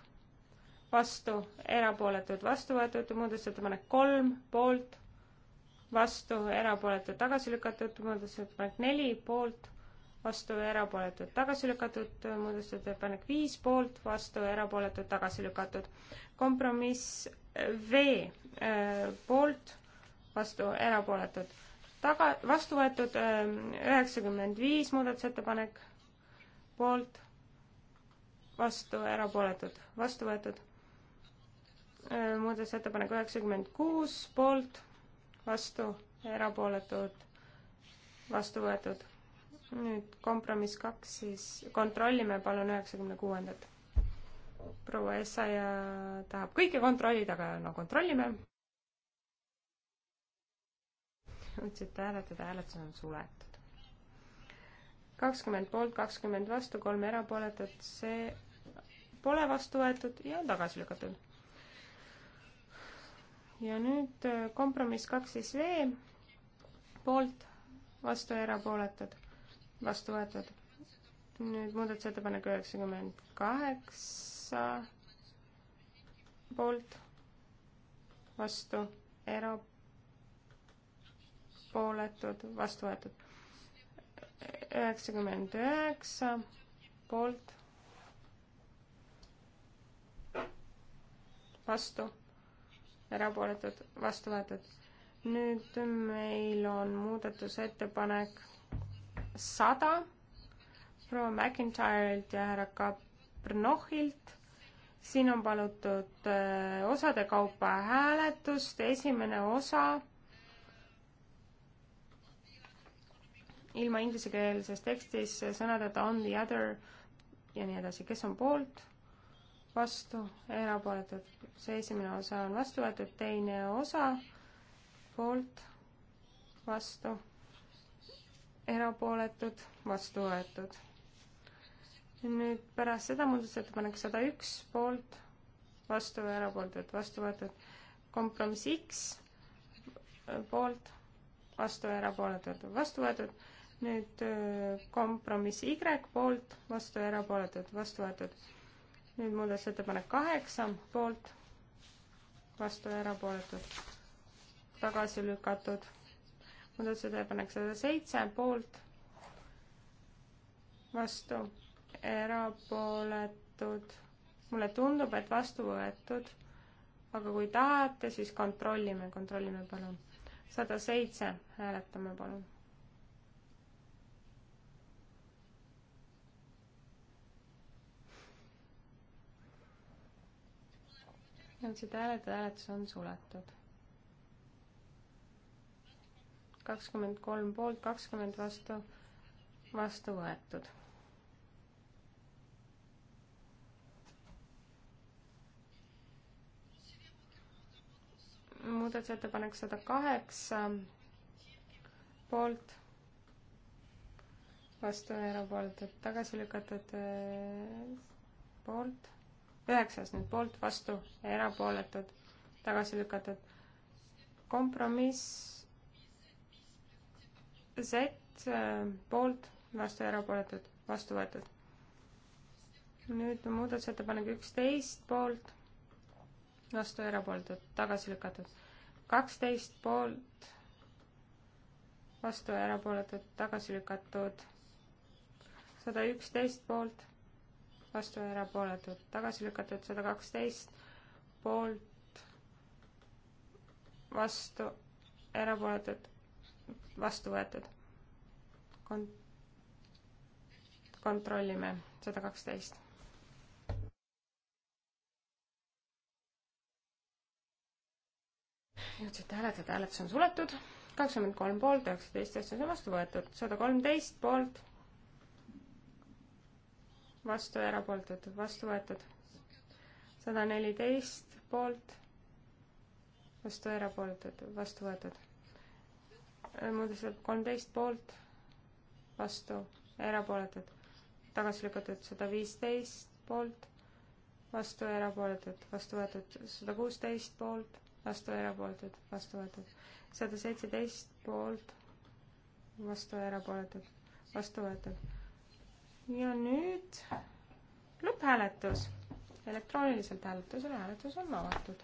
vastu, erapooletud, vastu võetud, muudatusettepanek kolm, poolt, vastu, erapooletud, tagasi lükatud, muudatusettepanek neli, poolt vastu ja erapooletud tagasi lükatud, muudatusettepanek viis poolt, vastu ja erapooletud tagasi lükatud. kompromiss V äh, poolt, vastu, erapooletud taga, vastu võetud äh, üheksakümmend viis muudatusettepanek poolt, vastu, erapooletud, vastu võetud. Äh, muudatusettepanek üheksakümmend kuus poolt, vastu, erapooletud, vastu võetud nüüd kompromiss kaks, siis kontrollime palun üheksakümne kuuendat. proua Essaja tahab kõike kontrollida, aga no kontrollime. otsite hääletada, hääletus on suletud. kakskümmend poolt, kakskümmend vastu, kolm erapooletut, see pole vastu võetud ja on tagasi lükatud. ja nüüd kompromiss kaks siis V, poolt, vastu, erapooletud vastu võetud. nüüd muudatusettepanek üheksakümmend kaheksa poolt, vastu, erapooletud, vastu võetud. üheksakümmend üheksa poolt, vastu, erapooletud, vastu võetud. nüüd meil on muudatusettepanek sada proua McIntyre'ilt ja härra Kabrnohilt. siin on palutud äh, osade kaupa hääletust, esimene osa ilma inglisekeelses tekstis äh, sõnadeta on the other ja nii edasi, kes on poolt, vastu, erapooletud. see esimene osa on vastu võetud, teine osa poolt, vastu erapooletud, vastu võetud. nüüd pärast seda muudatusettepanek sada üks poolt, vastu ja erapooletud, vastu võetud. kompromiss X poolt, vastu ja erapooletud, vastu võetud. nüüd äh, kompromiss Y poolt, vastu ja erapooletud, vastu võetud. nüüd muudatusettepanek kaheksa poolt, vastu ja erapooletud, tagasi lükatud muudatusettepanek sada seitse poolt, vastu, erapooletud. mulle tundub, et vastu võetud, aga kui tahate, siis kontrollime, kontrollime palun. sada seitse, hääletame palun. jõudsid hääletada, hääletus on suletud kakskümmend kolm poolt, kakskümmend vastu, vastu võetud. muudatusettepanek sada kaheksa poolt, vastu ja erapooletud, tagasi lükatud eh, poolt, üheksas nüüd poolt, vastu ja erapooletud, tagasi lükatud. kompromiss Z äh, poolt, vastu erapooletud, vastu võetud. nüüd muudatusettepanek üksteist poolt, vastu erapooletud, tagasi lükatud. kaksteist poolt, vastu erapooletud, tagasi lükatud. sada üksteist poolt, vastu erapooletud, tagasi lükatud, sada kaksteist poolt, vastu erapooletud, vastu võetud. Kon-, kontrollime sada kaksteist. jõudsite hääletada, hääletus on suletud, kakskümmend kolm poolt, üheksateist asja on vastu võetud, sada kolmteist poolt, vastu ja erapooletud, vastu võetud, sada neliteist poolt, vastu ja erapooletud, vastu võetud muudatusettepanek kolmteist poolt, vastu, erapooletud, tagasi lükatud sada viisteist poolt, vastu, erapooletud, vastu võetud sada kuusteist poolt, vastu, erapooletud, vastu võetud sada seitseteist poolt, vastu, erapooletud, vastu võetud. ja nüüd lõpphääletus. elektrooniliselt hääletusele hääletus on avatud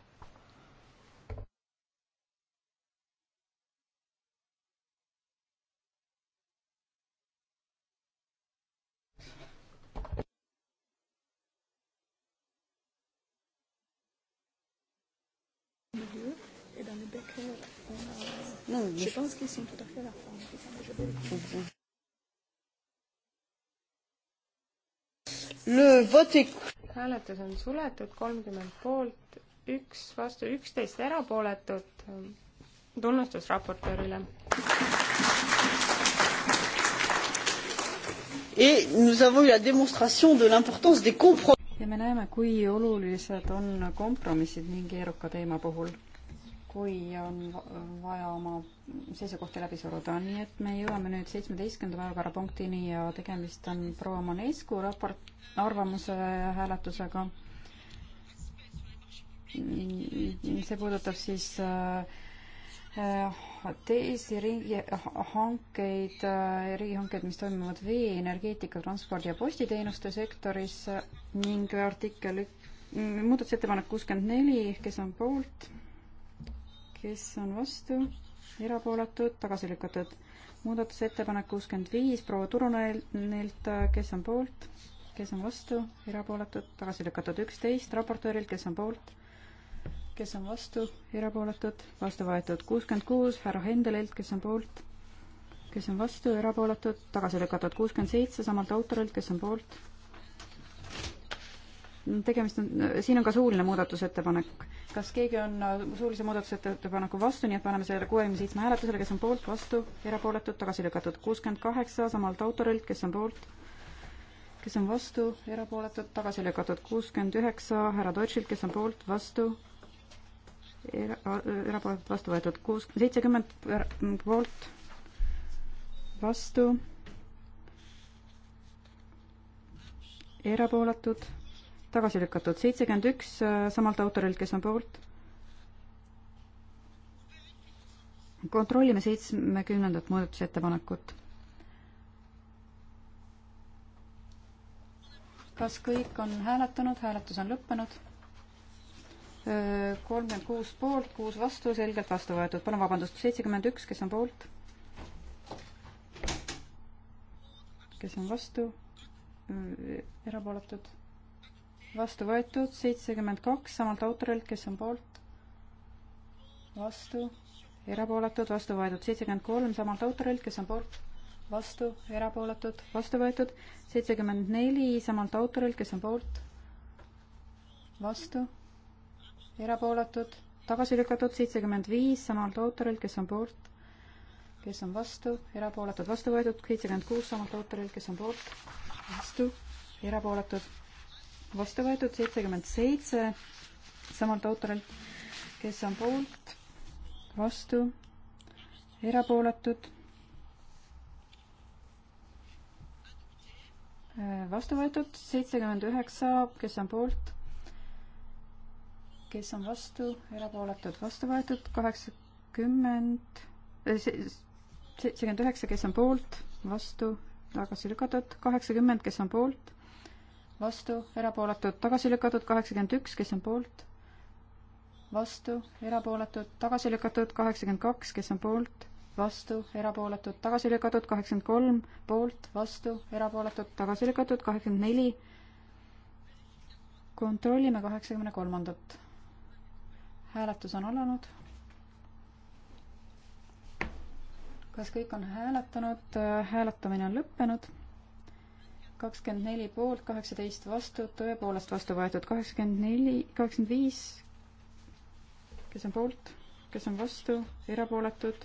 Non, je, je pense qu'ils sont tout à fait là. Le vote est... hääletus on suletud, kolmkümmend poolt, üks vastu, üksteist erapooletut. tunnustus raportöörile. Et nous avons eu la démonstration de l'importance des compromis. ja me näeme, kui olulised on kompromissid mingi eruka teema puhul kui on vaja oma seisukohti läbi suruda. nii et me jõuame nüüd seitsmeteistkümnenda päevakorrapunktini ja tegemist on proua Manescu raport, arvamuse hääletusega. see puudutab siis äh, äh, teisi riigihankeid, äh, riigihankeid, mis toimuvad vee, energeetika, transpordi ja postiteenuste sektoris ning artikkel, muudatusettepanek kuuskümmend neli, kes on poolt kes on vastu, erapooletud, tagasi lükatud. muudatusettepanek kuuskümmend viis proua Turunenilt, kes on poolt, kes on vastu, erapooletud, tagasi lükatud üksteist raportöörilt, kes on poolt, kes on vastu, erapooletud, vastu võetud kuuskümmend kuus härra Hendelilt, kes on poolt, kes on vastu, erapooletud, tagasi lükatud kuuskümmend seitse samalt autorilt, kes on poolt tegemist on, siin on ka suuline muudatusettepanek. kas keegi on suulise muudatusettepaneku vastu, nii et paneme selle kuuekümne seitsme hääletusele, kes on poolt, vastu, erapooletud, tagasi lükatud. kuuskümmend kaheksa samalt autorilt, kes on poolt, kes on vastu, erapooletud, tagasi lükatud. kuuskümmend üheksa härra Deutschilt, kes on poolt, vastu, era-, erapooletud, vastu võetud. kuus, seitsekümmend poolt, vastu erapooletud tagasi lükatud, seitsekümmend üks äh, samalt autorilt, kes on poolt. kontrollime seitsmekümnendat muudatusettepanekut. kas kõik on hääletanud, hääletus on lõppenud? Äh, kolmkümmend kuus poolt, kuus vastu, selgelt vastu võetud, palun vabandust, seitsekümmend üks, kes on poolt? kes on vastu? Äh, erapooletud vastu võetud, seitsekümmend kaks samalt autorilt, kes on poolt, vastu, erapooletud, vastu võetud, seitsekümmend kolm samalt autorilt, kes on poolt, vastu, erapooletud, vastu võetud, seitsekümmend neli samalt autorilt, kes on poolt, vastu, erapooletud, tagasi lükatud, seitsekümmend viis samalt autorilt, kes on poolt, kes on vastu, erapooletud, vastu võetud, seitsekümmend kuus samalt autorilt, kes on poolt, vastu, erapooletud vastu võetud seitsekümmend seitse samalt autorilt, kes on poolt, vastu, erapooletud, vastu võetud seitsekümmend üheksa, kes on poolt, kes on vastu, erapooletud, vastu võetud kaheksakümmend, eh, seitsekümmend üheksa, kes on poolt, vastu, tagasi lükatud, kaheksakümmend, kes on poolt vastu, erapooletud, tagasi lükatud, kaheksakümmend üks, kes on poolt, vastu, erapooletud, tagasi lükatud, kaheksakümmend kaks, kes on poolt, vastu, erapooletud, tagasi lükatud, kaheksakümmend kolm, poolt, vastu, erapooletud, tagasi lükatud, kaheksakümmend neli. kontrollime kaheksakümne kolmandat. hääletus on alanud kas kõik on hääletanud, hääletamine on lõppenud kakskümmend neli poolt, kaheksateist vastu, tõepoolest vastu võetud kaheksakümmend neli, kaheksakümmend viis, kes on poolt, kes on vastu, erapooletud,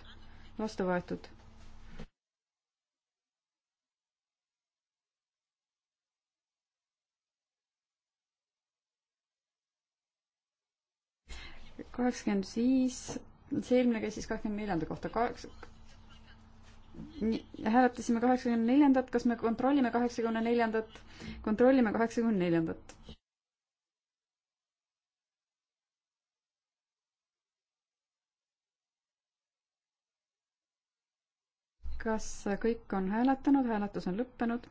vastu võetud. kaheksakümmend viis, see eelmine käis siis kahekümne neljanda kohta, kaheksa, hääletasime kaheksakümne neljandat, kas me kontrollime kaheksakümne neljandat? kontrollime kaheksakümne neljandat. kas kõik on hääletanud, hääletus on lõppenud.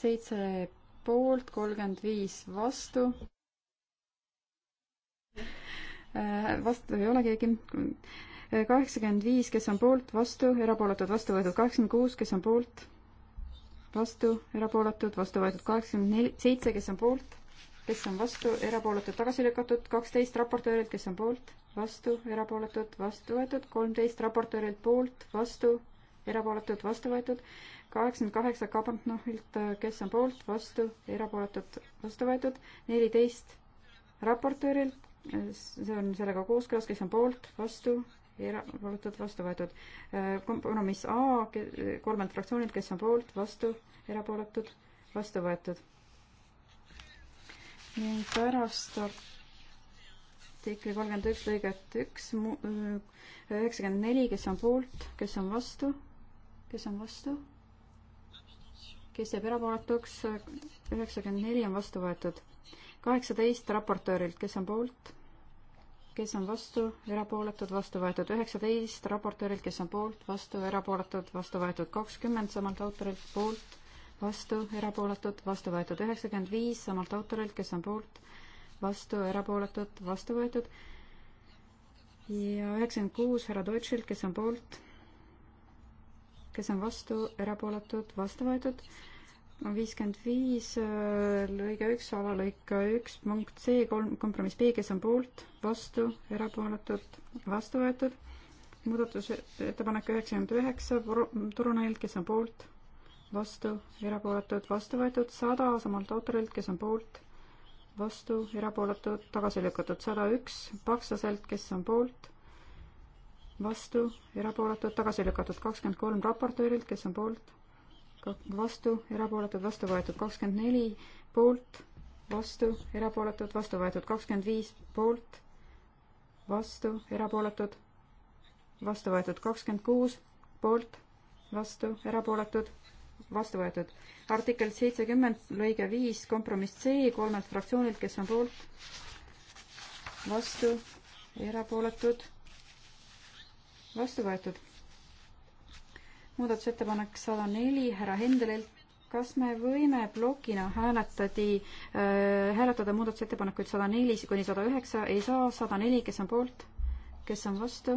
seitse poolt, kolmkümmend viis vastu. Äh, vastu ei ole keegi kaheksakümmend viis, kes on poolt, vastu, erapooletud, vastu võetud kaheksakümmend kuus, kes on poolt, vastu, erapooletud, vastu võetud kaheksakümmend neli, seitse, kes on poolt, kes on vastu, erapooletud, tagasi lükatud, kaksteist raportöörilt, kes on poolt, vastu, erapooletud, vastu võetud, kolmteist raportöörilt poolt, vastu, erapooletud, vastu võetud, kaheksakümmend kaheksa Kabantnohilt, kes on poolt, vastu, erapooletud, vastu võetud, neliteist raportöörilt, see on sellega kooskõlas, kes on poolt, vastu, erapooletud, vastu võetud. Äh, kompromiss A kolmelt fraktsioonilt, kes on poolt, vastu, erapooletud, vastu võetud. ning pärast artikli kolmkümmend üks lõiget üks, äh, üheksakümmend neli, kes on poolt, kes on vastu, kes on vastu, kes jääb erapooletuks, üheksakümmend neli on vastu võetud. kaheksateist raportöörilt, kes on poolt kes on vastu, erapooletud, vastu võetud üheksateist, raportöörilt, kes on poolt, vastu, erapooletud, vastu võetud kakskümmend, samalt autorilt, poolt, vastu, erapooletud, vastu võetud üheksakümmend viis, samalt autorilt, kes on poolt, vastu, erapooletud, vastu võetud ja üheksakümmend kuus härra Deutschilt, kes on poolt, kes on vastu, erapooletud, vastu võetud viiskümmend viis äh, lõige üks alalõik üks punkt C kolm kompromiss B, kes on poolt, vastu, erapooletud, vastu võetud. muudatusettepanek üheksakümmend üheksa, Turunailt, kes on poolt, vastu, erapooletud, vastu võetud, sada samalt autorilt, kes on poolt, vastu, erapooletud, tagasi lükatud, sada üks Paksaselt, kes on poolt, vastu, erapooletud, tagasi lükatud, kakskümmend kolm raportöörilt, kes on poolt vastu, erapooletud, vastu võetud kakskümmend neli, poolt, vastu, erapooletud, vastu võetud kakskümmend viis, poolt, vastu, erapooletud, vastu võetud kakskümmend kuus, poolt, vastu, erapooletud, vastu võetud. artikkel seitsekümmend lõige viis, kompromiss C kolmelt fraktsioonilt, kes on poolt, vastu, erapooletud, vastu võetud muudatusettepanek sada neli härra Hendelelt. kas me võime plokina hääletati äh,, hääletada muudatusettepanekuid sada neli kuni sada üheksa, ei saa, sada neli, kes on poolt, kes on vastu,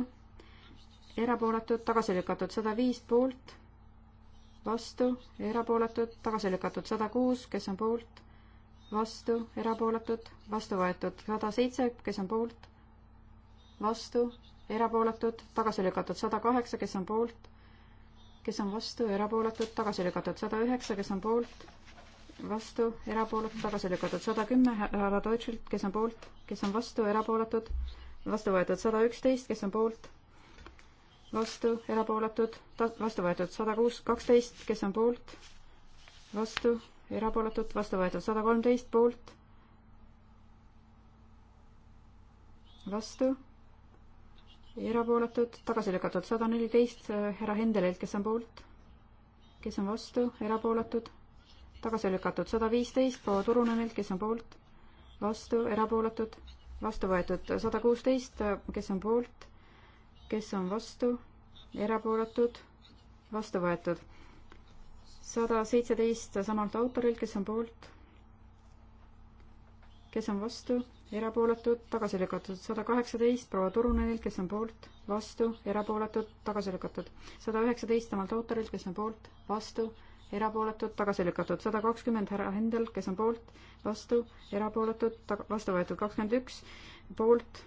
erapooletud, tagasi lükatud, sada viis poolt, vastu, erapooletud, tagasi lükatud, sada kuus, kes on poolt, vastu, erapooletud, vastu võetud, sada seitse, kes on poolt, vastu, erapooletud, tagasi lükatud, sada kaheksa, kes on poolt kes on vastu, erapooletud, tagasi lükatud sada üheksa, kes on poolt, vastu, erapooletud, tagasi lükatud sada kümme härra Deutschilt, kes on poolt, kes on vastu, erapooletud, vastu võetud sada üksteist, kes on poolt, vastu, erapooletud, vastu võetud sada kuus, kaksteist, kes on poolt, vastu, erapooletud, vastu võetud sada kolmteist, poolt, vastu erapooletud, tagasi lükatud sada neliteist äh, härra Hendelilt, kes on poolt, kes on vastu, erapooletud, tagasi lükatud sada viisteist proua Turunenilt, kes on poolt, vastu, erapooletud, vastu võetud sada kuusteist, äh, kes on poolt, kes on vastu, erapooletud, vastu võetud sada seitseteist äh, samalt autorilt, kes on poolt, kes on vastu, erapooletud, tagasi lükatud, sada kaheksateist proua Turunenilt, kes on poolt, vastu, erapooletud, tagasi lükatud, sada üheksateist samalt autorilt, kes on poolt, vastu, erapooletud, tagasi lükatud, sada kakskümmend härra Hendel, kes on poolt, vastu, erapooletud, vastu võetud, kakskümmend üks, poolt,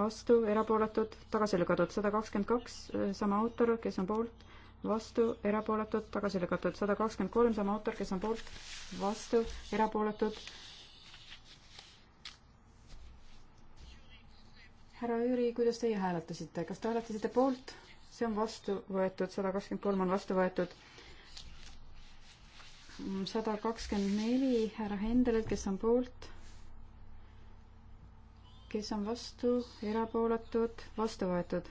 vastu, erapooletud, tagasi lükatud, sada kakskümmend kaks, äh, sama autor, kes on poolt, vastu, erapooletud, tagasi lükatud, sada kakskümmend kolm, sama autor, kes on poolt, vastu, erapooletud, härra Jüri, kuidas teie hääletasite, kas te hääletasite poolt? see on vastu võetud, sada kakskümmend kolm on vastu võetud. Mm, sada kakskümmend neli härra Hendrelt, kes on poolt? kes on vastu, erapooletud, vastu võetud.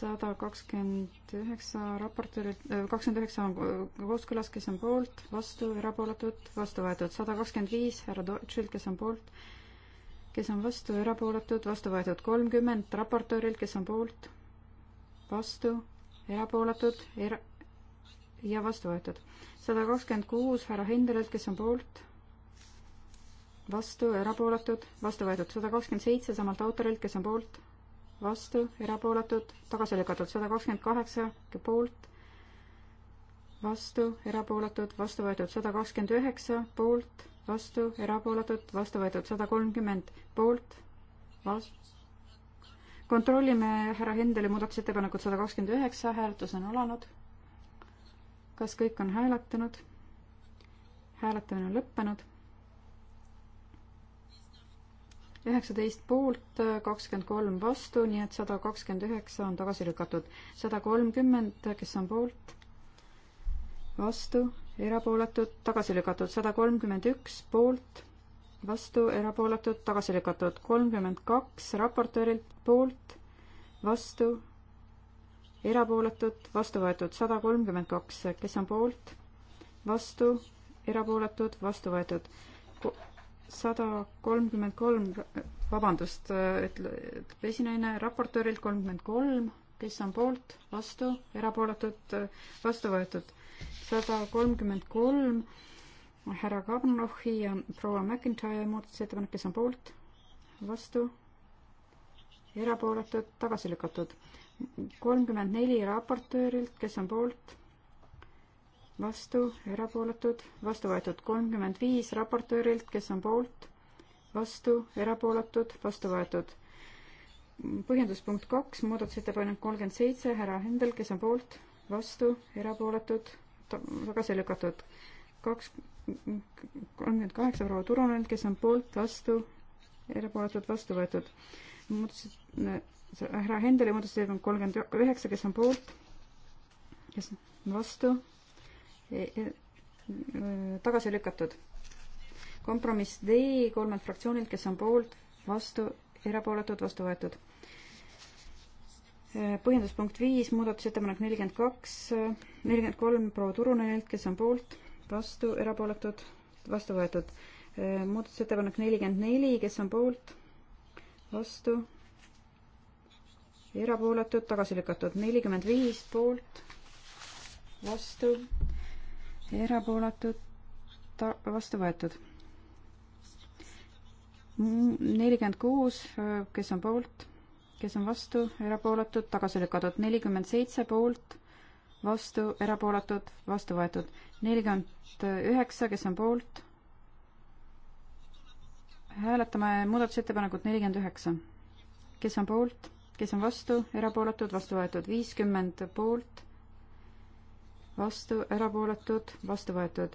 sada kakskümmend üheksa raportöörilt, äh, kakskümmend üheksa on kooskõlas, kes on poolt, vastu, erapooletud, vastu võetud. sada kakskümmend viis härra Deutschilt, kes on poolt kes on vastu, erapooletud, vastu võetud kolmkümmend raportöörilt, kes on poolt, vastu, erapooletud, era- ja vastu võetud. sada kakskümmend kuus härra Hindrelt, kes on poolt, vastu, erapooletud, vastu võetud. sada kakskümmend seitse samalt autorilt, kes on poolt, vastu, erapooletud, tagasi lükatud. sada kakskümmend kaheksa poolt, vastu, erapooletud, vastu võetud. sada kakskümmend üheksa poolt vastu, erapooletud, vastu võetud sada kolmkümmend poolt, vastu. kontrollime härra Hendeli muudatusettepanekut sada kakskümmend üheksa, hääletus on alanud. kas kõik on hääletanud? hääletamine on lõppenud. üheksateist poolt, kakskümmend kolm vastu, nii et sada kakskümmend üheksa on tagasi lükatud. sada kolmkümmend, kes on poolt? vastu erapooletud, tagasi lükatud sada kolmkümmend üks poolt, vastu erapooletud, tagasi lükatud kolmkümmend kaks raportöörilt poolt, vastu erapooletud, vastu võetud sada kolmkümmend kaks, kes on poolt, vastu erapooletud, vastu võetud sada kolmkümmend kolm, vabandust, ütleb esinaine raportöörilt kolmkümmend kolm, kes on poolt, vastu, erapooletud, vastu võetud sada kolmkümmend kolm härra Kavnohhi ja proua McIntyre muudatusettepanek, kes on poolt, vastu, erapooletud, tagasi lükatud. kolmkümmend neli raportöörilt, kes on poolt, vastu, erapooletud, vastu võetud. kolmkümmend viis raportöörilt, kes on poolt, vastu, erapooletud, vastu võetud. põhjenduspunkt kaks, muudatusettepanek kolmkümmend seitse, härra Hendel, kes on poolt, vastu, erapooletud tagasi lükatud. kaks, kolmkümmend kaheksa proua Turunen, kes on poolt, vastu, erapooletult vastu võetud. muudatused, härra Hendeli muudatusettepanek kolmkümmend üheksa, kes on poolt, kes on vastu e, e, tagasi lükatud. kompromiss D kolmelt fraktsioonilt, kes on poolt, vastu, erapooletult vastu võetud põhjenduspunkt viis, muudatusettepanek nelikümmend kaks, nelikümmend kolm proua Turunenilt, kes on poolt, vastu, erapooletud, vastu võetud. muudatusettepanek nelikümmend neli, kes on poolt, vastu, erapooletud, tagasi lükatud. nelikümmend viis poolt, vastu, erapooletud, ta-, vastu võetud nelikümmend kuus, kes on poolt, kes on vastu, erapooletud, tagasi lükatud, nelikümmend seitse poolt, vastu, erapooletud, vastu võetud, nelikümmend üheksa, kes on poolt. hääletame muudatusettepanekut nelikümmend üheksa, kes on poolt, kes on vastu, erapooletud, vastu võetud, viiskümmend poolt, vastu, erapooletud, vastu võetud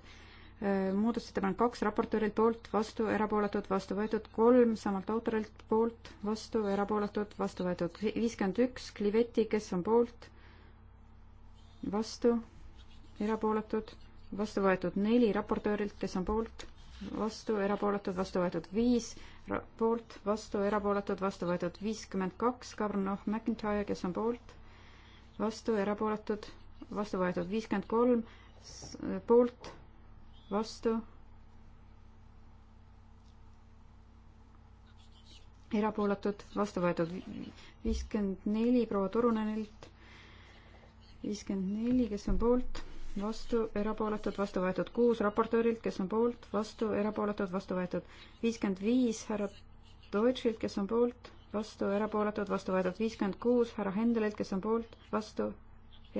muudatusettepanek kaks raportöörilt poolt, vastu, erapooletud, vastu võetud, kolm samalt autorilt poolt, vastu, erapooletud, vastu võetud, viiskümmend üks, Kliveti, kes on poolt, vastu, erapooletud, vastu võetud, neli raportöörilt, kes on poolt, vastu, erapooletud, vastu võetud, viis poolt, vastu, erapooletud, vastu võetud, viiskümmend kaks, Kabrnov, McIntyre, kes on poolt, vastu, erapooletud, vastu võetud, viiskümmend kolm, poolt vastu. erapooletud, vastu võetud viiskümmend neli proua Turunenilt, viiskümmend neli, kes on poolt vastu, erapooletud, vastu võetud kuus raportöörilt, kes on poolt, vastu, erapooletud, vastu võetud viiskümmend viis härra Deutschilt, kes on poolt, vastu, erapooletud, vastu võetud viiskümmend kuus härra Hendelilt, kes on poolt, vastu,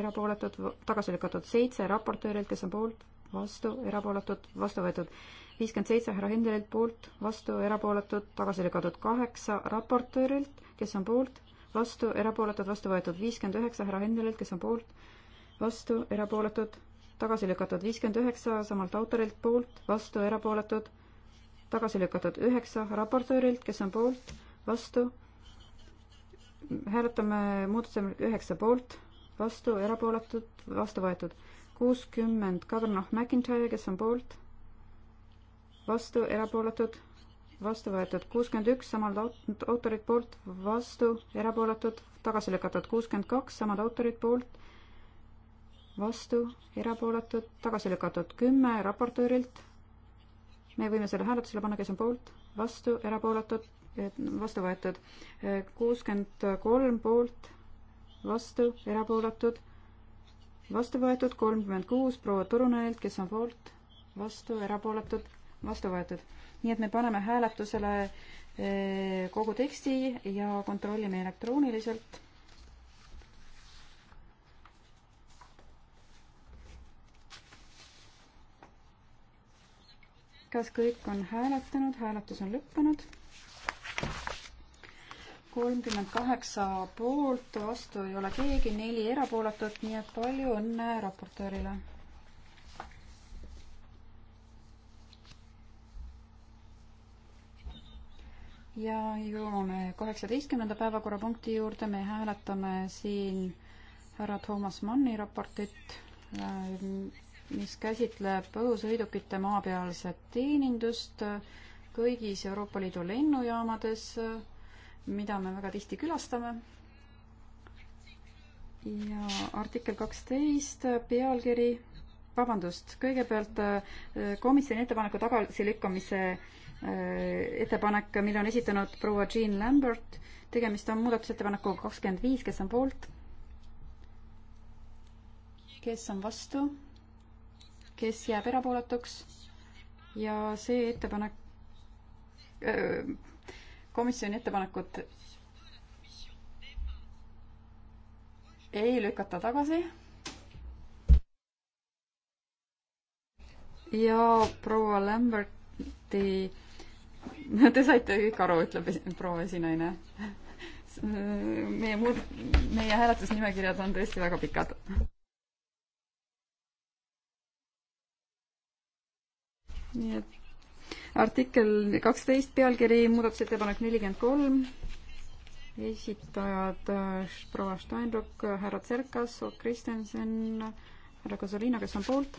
erapooletud, tagasi lükatud seitse raportöörilt, kes on poolt, vastu, erapooletud, vastu võetud. viiskümmend seitse härra Hendelilt poolt, vastu, erapooletud, tagasi lükatud. kaheksa raportöörilt, kes on poolt, vastu, erapooletud, vastu võetud. viiskümmend üheksa härra Hendelilt, kes on poolt, vastu, erapooletud, tagasi lükatud. viiskümmend üheksa samalt autorilt poolt, vastu, erapooletud, tagasi lükatud. üheksa raportöörilt, kes on poolt, vastu, hääletame muudatusel üheksa poolt, vastu, erapooletud, vastu võetud kuuskümmend Kavernoh McIntyre, kes on poolt, vastu, erapooletud, vastu võetud kuuskümmend üks, samad autorid poolt, vastu, erapooletud, tagasi lükatud kuuskümmend kaks, samad autorid poolt, vastu, erapooletud, tagasi lükatud kümme raportöörilt. me võime selle hääletusele panna, kes on poolt, vastu, erapooletud, vastu võetud kuuskümmend kolm poolt, vastu, erapooletud vastu võetud, kolmkümmend kuus proua Turunenilt, kes on poolt, vastu, erapooletud, vastu võetud. nii et me paneme hääletusele eh, kogu teksti ja kontrollime elektrooniliselt. kas kõik on hääletanud, hääletus on lõppenud kolmkümmend kaheksa poolt, vastu ei ole keegi, neli erapooletut, nii et palju õnne raportöörile. ja jõuame kaheksateistkümnenda päevakorrapunkti juurde, me hääletame siin härra Toomas Manni raportit, mis käsitleb õhusõidukite maapealset teenindust kõigis Euroopa Liidu lennujaamades mida me väga tihti külastame. ja artikkel kaksteist pealkiri, vabandust, kõigepealt äh, komisjoni ettepaneku tagasilükkamise äh, ettepanek, mille on esitanud proua Jean Lambert. tegemist on muudatusettepanekuga kakskümmend viis, kes on poolt? kes on vastu? kes jääb erapooletuks? ja see ettepanek öö, äh, komisjoni ettepanekut ei lükata tagasi. ja proua Lamberti, no te saite kõik aru, ütleb proua esinaine. meie muud, meie hääletusnimekirjad on tõesti väga pikad. nii et artikkel kaksteist pealkiri, muudatusettepanek nelikümmend kolm, esitajad äh, proua Steinruck, äh, härra Tserkas, Ott Kristensen, härra Kasolina, kes on poolt,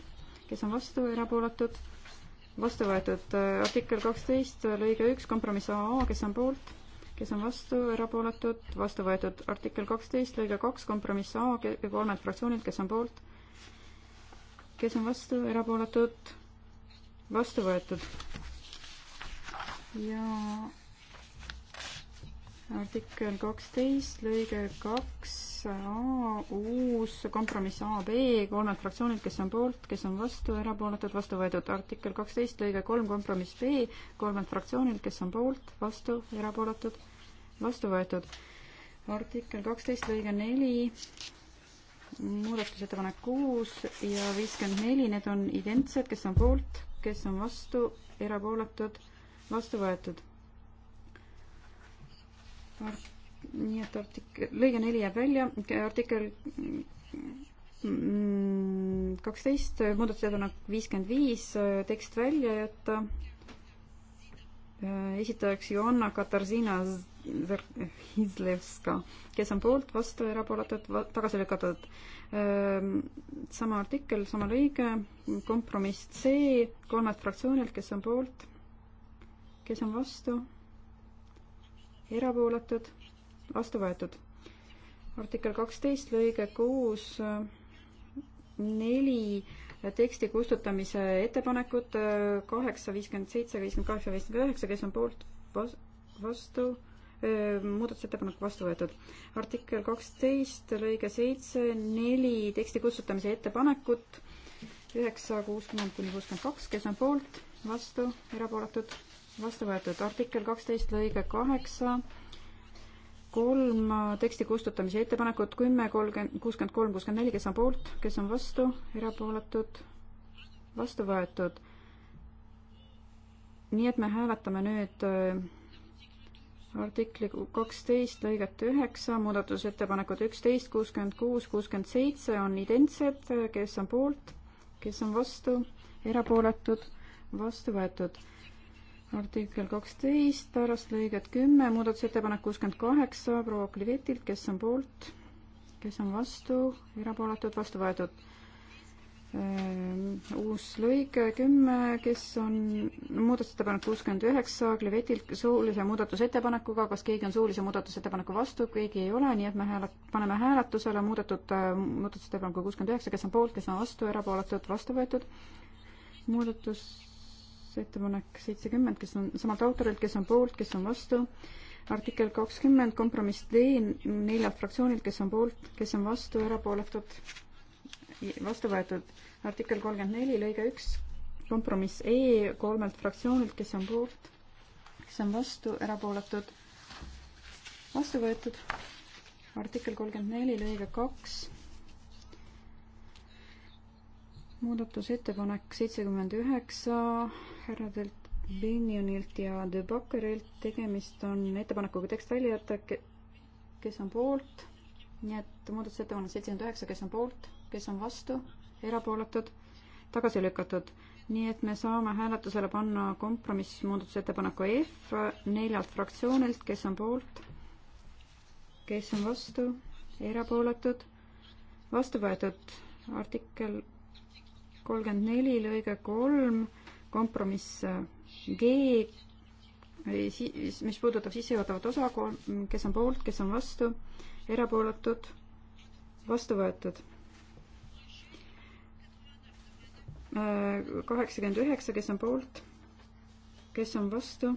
kes on vastu, erapooletud, vastu võetud äh, artikkel kaksteist lõige üks, kompromiss AA, kes on poolt kes on vastu, erapooletud, vastu võetud artikkel kaksteist, lõige kaks, kompromiss A kolmelt fraktsioonilt, kes on poolt, kes on vastu, erapooletud, vastu võetud ja artikkel kaksteist, lõige kaks A, uus kompromiss AB, kolmelt fraktsioonilt, kes on poolt, kes on vastu, erapooletud, vastu võetud. artikkel kaksteist, lõige kolm, kompromiss B, kolmelt fraktsioonilt, kes on poolt, vastu, erapooletud, vastu võetud. artikkel kaksteist, lõige neli, muudatusettepanek kuus ja viiskümmend neli, need on identsed, kes on poolt, kes on vastu, erapooletud vastu võetud. nii et artik-, lõige neli jääb välja, artikkel mm, kaksteist, muudatusettepanek viiskümmend viis, tekst välja jätta. Äh, esitajaks Joanna Katarzina Hislevska, kes on poolt, vastu, erapooletud, tagasi lükatud. Ähm, sama artikkel, sama lõige, kompromiss C kolmelt fraktsioonilt, kes on poolt kes on vastu? erapooletud, vastu võetud. artikkel kaksteist lõige kuus neli teksti kustutamise ettepanekut kaheksa, viiskümmend seitse, viiskümmend kaheksa, viiskümmend üheksa, kes on poolt, vastu, muudatusettepanek vastu võetud. artikkel kaksteist lõige seitse, neli teksti kustutamise ettepanekut, üheksa, kuuskümmend kuni kuuskümmend kaks, kes on poolt, vastu, erapooletud, vastu võetud artikkel kaksteist lõige kaheksa, kolm teksti kustutamise ettepanekut, kümme, kolmkümmend, kuuskümmend kolm, kuuskümmend neli, kes on poolt, kes on vastu, erapooletud, vastu võetud. nii et me hääletame nüüd äh, artikli kaksteist lõiget üheksa, muudatusettepanekud üksteist, kuuskümmend kuus, kuuskümmend seitse on identsed, kes on poolt, kes on vastu, erapooletud, vastu võetud artikkel kaksteist, pärast lõiget kümme, muudatusettepanek kuuskümmend kaheksa proua Klivetilt, kes on poolt, kes on vastu, erapooletud, vastu võetud. Ehm, uus lõige kümme, kes on, muudatusettepanek kuuskümmend üheksa, Klivetilt suulise muudatusettepanekuga, kas keegi on suulise muudatusettepaneku vastu, keegi ei ole, nii et me hääle-, paneme hääletusele muudetud äh, muudatusettepaneku kuuskümmend üheksa, kes on poolt, kes on vastu, erapooletud, vastu võetud. muudatus muudatusettepanek seitsekümmend, kes on samalt autorilt, kes on poolt, kes on vastu. artikkel kakskümmend, kompromiss D neljalt fraktsioonilt, kes on poolt, kes on vastu, erapooletud, vastu võetud. artikkel kolmkümmend neli, lõige üks, kompromiss E kolmelt fraktsioonilt, kes on poolt, kes on vastu, erapooletud, vastu võetud. artikkel kolmkümmend neli, lõige kaks muudatusettepanek seitsekümmend üheksa härradelt Benjonilt ja De Bakkerilt, tegemist on ettepanekuga tekst välja jätta, kes on poolt, nii et muudatusettepanek seitsekümmend üheksa, kes on poolt, kes on vastu, erapooletud, tagasi lükatud. nii et me saame hääletusele panna kompromissmuudatusettepaneku F neljalt fraktsioonilt, kes on poolt, kes on vastu, erapooletud, vastu võetud artikkel kolmkümmend neli lõige kolm, kompromiss G, mis puudutab sissejuhatavat osa, kes on poolt, kes on vastu, erapooletud, vastu võetud. kaheksakümmend üheksa, kes on poolt, kes on vastu,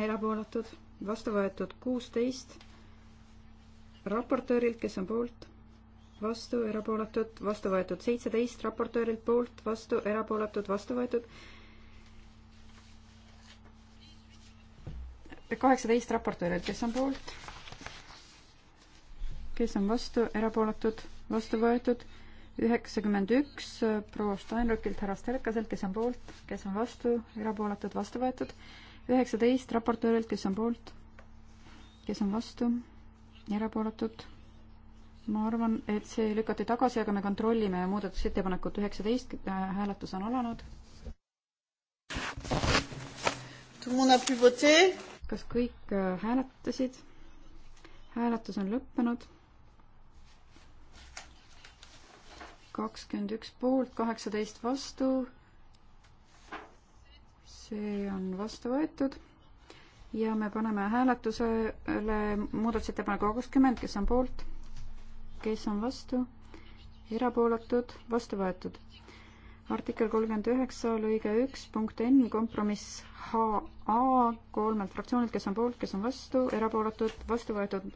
erapooletud, vastu võetud kuusteist, raportöörilt, kes on poolt vastu, erapooletud, vastu võetud seitseteist raportöörilt poolt, vastu, erapooletud, vastu võetud. kaheksateist raportöörilt, kes on poolt? kes on vastu, erapooletud, vastu võetud? üheksakümmend üks proua Steinrückilt, härra Sterkaselt, kes on poolt, kes on vastu, erapooletud, vastu võetud. üheksateist raportöörilt, kes on poolt, kes on vastu, erapooletud ma arvan, et see lükati tagasi, aga me kontrollime muudatusettepanekut üheksateist, hääletus on alanud. kas kõik äh, hääletasid? hääletus on lõppenud. kakskümmend üks poolt, kaheksateist vastu. see on vastu võetud ja me paneme hääletusele muudatusettepaneku kakskümmend, kes on poolt kes on vastu, erapooletud, vastu võetud. artikkel kolmkümmend üheksa lõige üks punkt N kompromiss HA kolmelt fraktsioonilt, kes on poolt, kes on vastu, erapooletud, vastu võetud.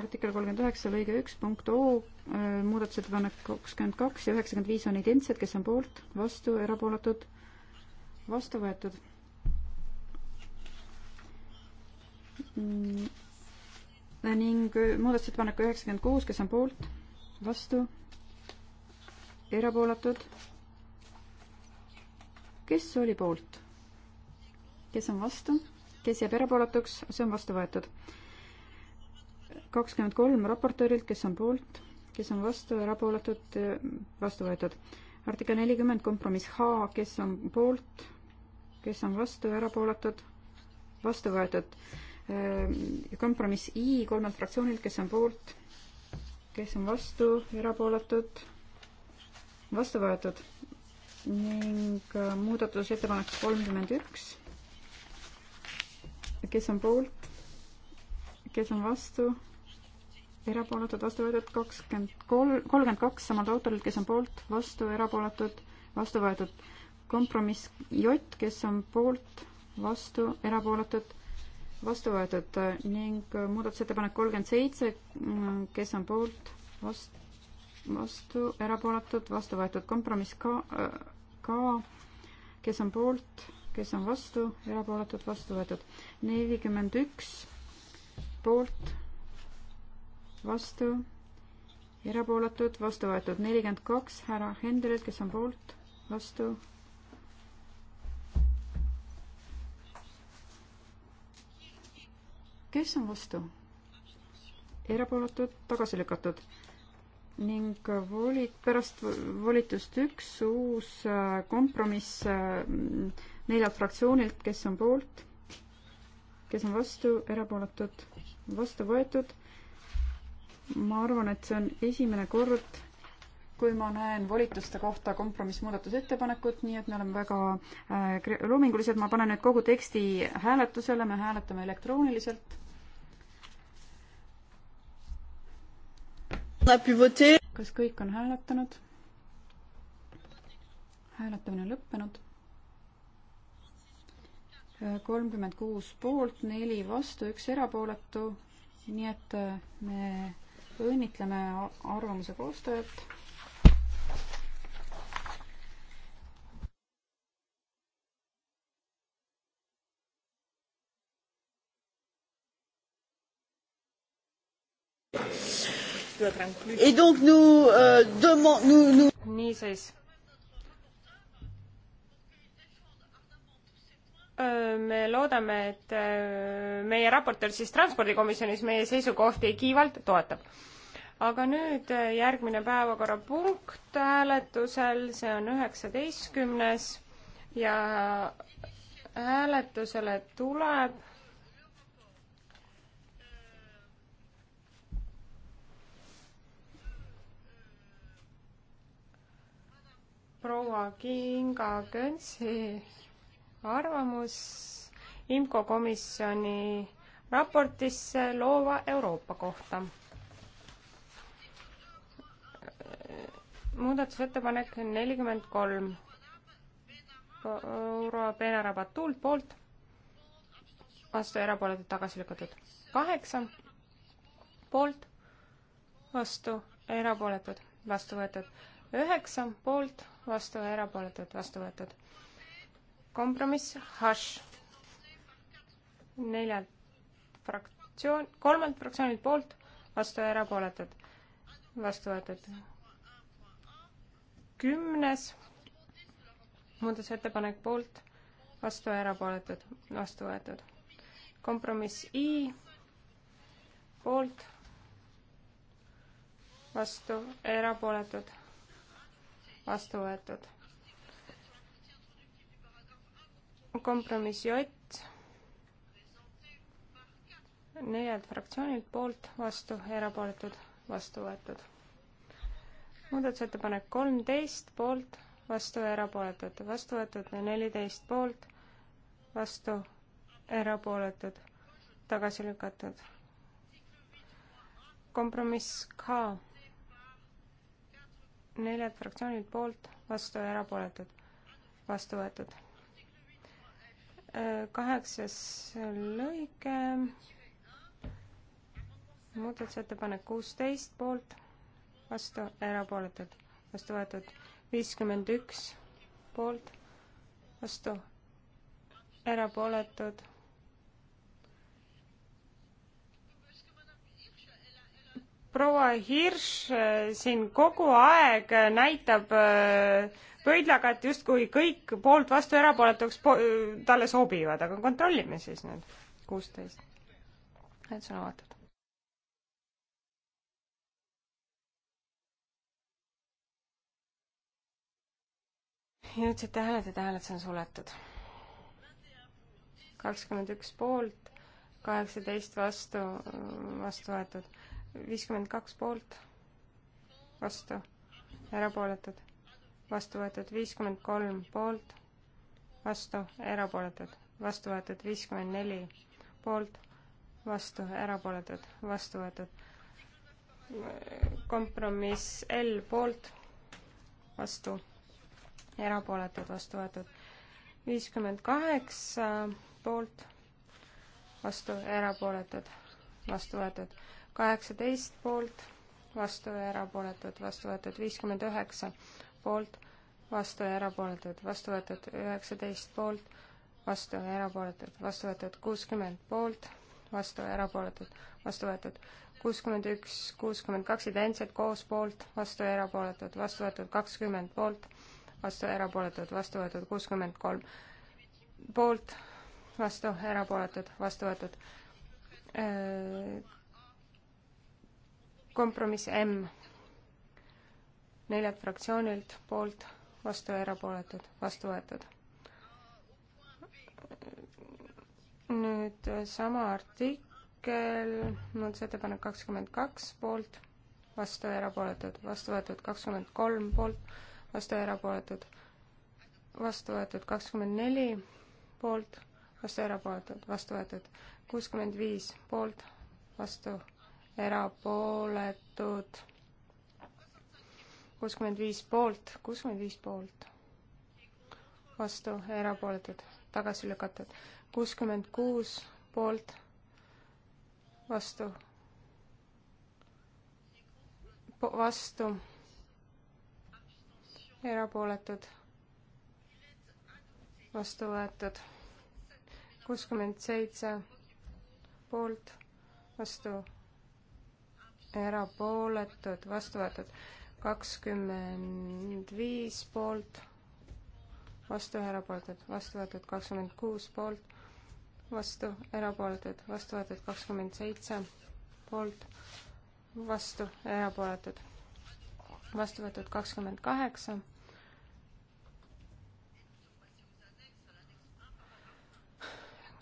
artikkel kolmkümmend üheksa lõige üks punkt O äh, muudatusettepanek kakskümmend kaks ja üheksakümmend viis on identsed, kes on poolt, vastu, erapooletud, vastu võetud mm, ning äh, muudatusettepanek üheksakümmend kuus, kes on poolt, vastu, erapooletud. kes oli poolt? kes on vastu? kes jääb erapooletuks, see on vastu võetud. kakskümmend kolm raportöörilt, kes on poolt, kes on vastu, erapooletud, vastu võetud. artikkel nelikümmend, kompromiss H, kes on poolt, kes on vastu, erapooletud, vastu võetud Ehm, kompromiss I kolmelt fraktsioonilt, kes on poolt, kes on vastu, erapooletud, vastu võetud ning äh, muudatusettepanek kolmkümmend üks, kes on poolt, kes on vastu, erapooletud, vastu võetud kakskümmend kolm, kolmkümmend kaks samalt autorilt, kes on poolt, vastu, erapooletud, vastu võetud. kompromiss J, kes on poolt, vastu, erapooletud, vastu võetud ning muudatusettepanek kolmkümmend seitse, kes on poolt, vastu, vastu, erapooletud, vastu võetud kompromiss ka, ka, kes on poolt, kes on vastu, erapooletud, vastu võetud. nelikümmend üks poolt, vastu, erapooletud, vastu võetud. nelikümmend kaks härra Hendrel, kes on poolt, vastu, kes on vastu? erapooletud, tagasi lükatud ning voli-, pärast volitust üks uus äh, kompromiss äh, neljalt fraktsioonilt, kes on poolt, kes on vastu, erapooletud, vastu võetud. ma arvan, et see on esimene kord kui ma näen volituste kohta kompromissmuudatusettepanekut, nii et me oleme väga äh, loomingulised, ma panen nüüd kogu teksti hääletusele, me hääletame elektrooniliselt. kas kõik on hääletanud? hääletamine on lõppenud. Äh, kolmkümmend kuus poolt, neli vastu, üks erapooletu. nii et äh, me õnnitleme arvamuse koostajat Et donc nous euh, demandons... Nous, nous... Niisiis. me loodame, et meie raportöör siis transpordikomisjonis meie seisukohti kiivalt toetab. aga nüüd järgmine päevakorrapunkt hääletusel, see on üheksateistkümnes ja hääletusele tuleb proua Kinga Könsi arvamus IMCO komisjoni raportisse loova Euroopa kohta. muudatusettepanek nelikümmend kolm. proua Peenarabatult poolt, vastu erapooletud tagasi lükatud. kaheksa poolt, vastu erapooletud, vastu võetud üheksa poolt, vastu, erapooletud, vastu võetud. kompromiss hash. neljalt fraktsioon, kolmelt fraktsioonilt poolt, vastu, erapooletud, vastu võetud. kümnes muudatusettepanek poolt, vastu, erapooletud, vastu võetud. kompromiss I poolt, vastu, erapooletud vastu võetud. kompromiss J neljalt fraktsioonilt poolt, vastu, erapooletud, vastu võetud. muudatusettepanek kolmteist poolt, vastu, erapooletud, vastu võetud ja neliteist poolt, vastu, erapooletud, tagasi lükatud. kompromiss K neljad fraktsioonid poolt, vastu ja erapooletud, vastu võetud. Äh, kaheksas lõige, muudatusettepanek kuusteist poolt, vastu, erapooletud, vastu võetud, viiskümmend üks poolt, vastu, erapooletud, proua Hirš äh, siin kogu aeg äh, näitab võidlaga, äh, et justkui kõik poolt vastu erapooletuks po talle sobivad, aga kontrollime siis nüüd. kuusteist. Need sõna vaatad. jõudsite hääled ja täheletus on suletud. kakskümmend üks poolt, kaheksateist vastu, vastu võetud viiskümmend kaks poolt, vastu, erapooletud, vastu võetud viiskümmend kolm poolt, vastu, erapooletud, vastu võetud viiskümmend neli poolt, vastu, erapooletud, vastu võetud. kompromiss L poolt, vastu, erapooletud, vastu võetud. viiskümmend kaheksa poolt, vastu, erapooletud, vastu võetud kaheksateist poolt, vastu ja erapooletud, vastu võetud viiskümmend üheksa poolt, vastu ja erapooletud, vastu võetud üheksateist poolt, vastu ja erapooletud, vastu võetud kuuskümmend poolt, vastu ja erapooletud, vastu võetud kuuskümmend üks, kuuskümmend kaks identset koos poolt, vastu ja erapooletud, vastu võetud kakskümmend poolt, vastu ja erapooletud, vastu võetud kuuskümmend kolm poolt, vastu, erapooletud, vastu võetud kompromiss M neljalt fraktsioonilt poolt, vastu ja erapooletud, vastu võetud. nüüd sama artikkel, muudatusettepanek kakskümmend kaks poolt, vastu ja erapooletud, vastu võetud kakskümmend kolm poolt, vastu ja erapooletud, vastu võetud kakskümmend neli poolt, vastu ja erapooletud, vastu võetud kuuskümmend viis poolt, vastu erapooletud kuuskümmend viis poolt, kuuskümmend viis poolt, vastu, erapooletud, tagasi lükatud, kuuskümmend kuus poolt, vastu po, vastu, erapooletud, vastu võetud, kuuskümmend seitse poolt, vastu erapooletud, vastu võetud kakskümmend viis poolt, vastu erapooletud, vastu võetud kakskümmend kuus poolt, vastu erapooletud, vastu võetud kakskümmend seitse poolt, vastu erapooletud, vastu võetud kakskümmend kaheksa,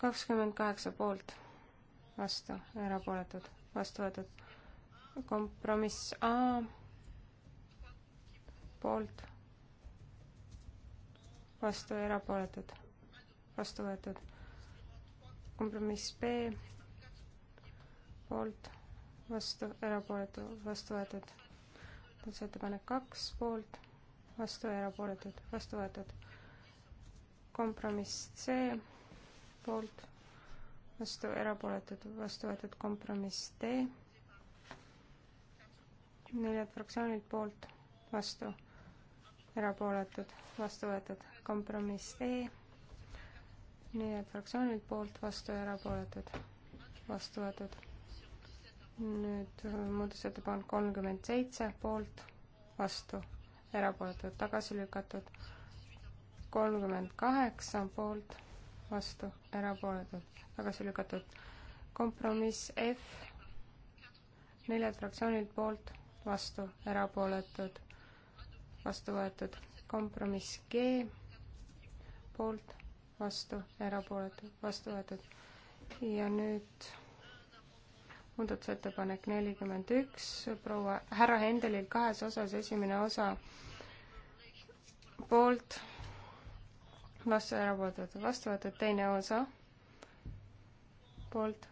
kakskümmend kaheksa poolt, vastu erapooletud, vastu võetud kompromiss A poolt, vastu ja erapooletud, vastu võetud. kompromiss B poolt, vastu, erapooletu, vastu võetud. muudatusettepanek kaks poolt, vastu ja erapooletud, vastu võetud. kompromiss C poolt, vastu, erapooletud, vastu võetud kompromiss D neljad fraktsioonid poolt, vastu, erapooletud, vastu võetud. kompromiss E, neljad fraktsioonid poolt, vastu, erapooletud, vastu võetud. nüüd äh, muudatusettepanek kolmkümmend seitse poolt, vastu, erapooletud, tagasi lükatud. kolmkümmend kaheksa poolt, vastu, erapooletud, tagasi lükatud. kompromiss F neljad fraktsioonid poolt, vastu, erapooletud, vastu võetud. kompromiss G, poolt, vastu, erapooletud, vastu võetud. ja nüüd muudatusettepanek nelikümmend üks, proua, härra Hendelil kahes osas, esimene osa poolt, vastu, erapooletud, vastu võetud, teine osa poolt,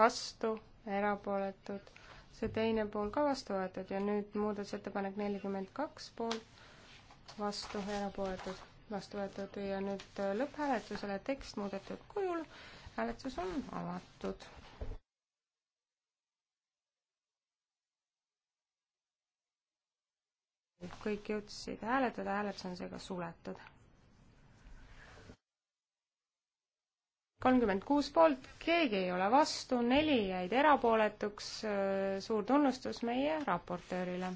vastu, erapooletud see teine pool ka vastu võetud ja nüüd muudatusettepanek nelikümmend kaks poolt vastu erapooletud, vastu võetud ja nüüd äh, lõpphääletusele tekst muudetud kujul. hääletus on avatud. kõik jõudsid hääletada, hääletus on seega suletud kolmkümmend kuus poolt, keegi ei ole vastu, neli jäid erapooletuks, suur tunnustus meie raportöörile.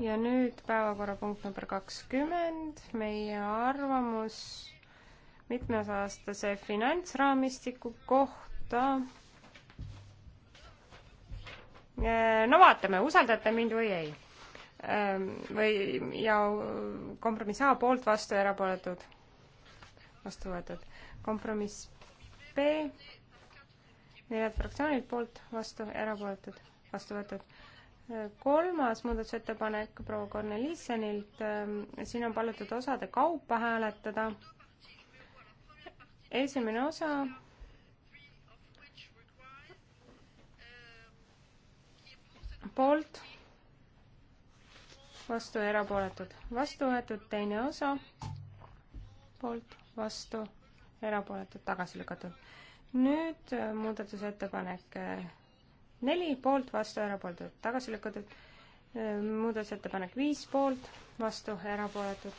ja nüüd päevakorrapunkt number kakskümmend, meie arvamus mitmesaastase finantsraamistiku kohta Äh, no vaatame, usaldate mind või ei. Ähm, või ja kompromiss A poolt, vastu, erapooletud, vastu võetud. kompromiss B, neljad fraktsioonid poolt, vastu, erapooletud, vastu võetud. Äh, kolmas muudatusettepanek proua Kornelissonilt, ähm, siin on palutud osade kaupa hääletada. esimene osa poolt, vastu ja erapooletud, vastu võetud, teine osa, poolt, vastu, erapooletud, tagasi lükatud. nüüd äh, muudatusettepanek äh, neli, poolt, vastu, erapooletud, tagasi lükatud. Äh, muudatusettepanek viis, poolt, vastu, erapooletud,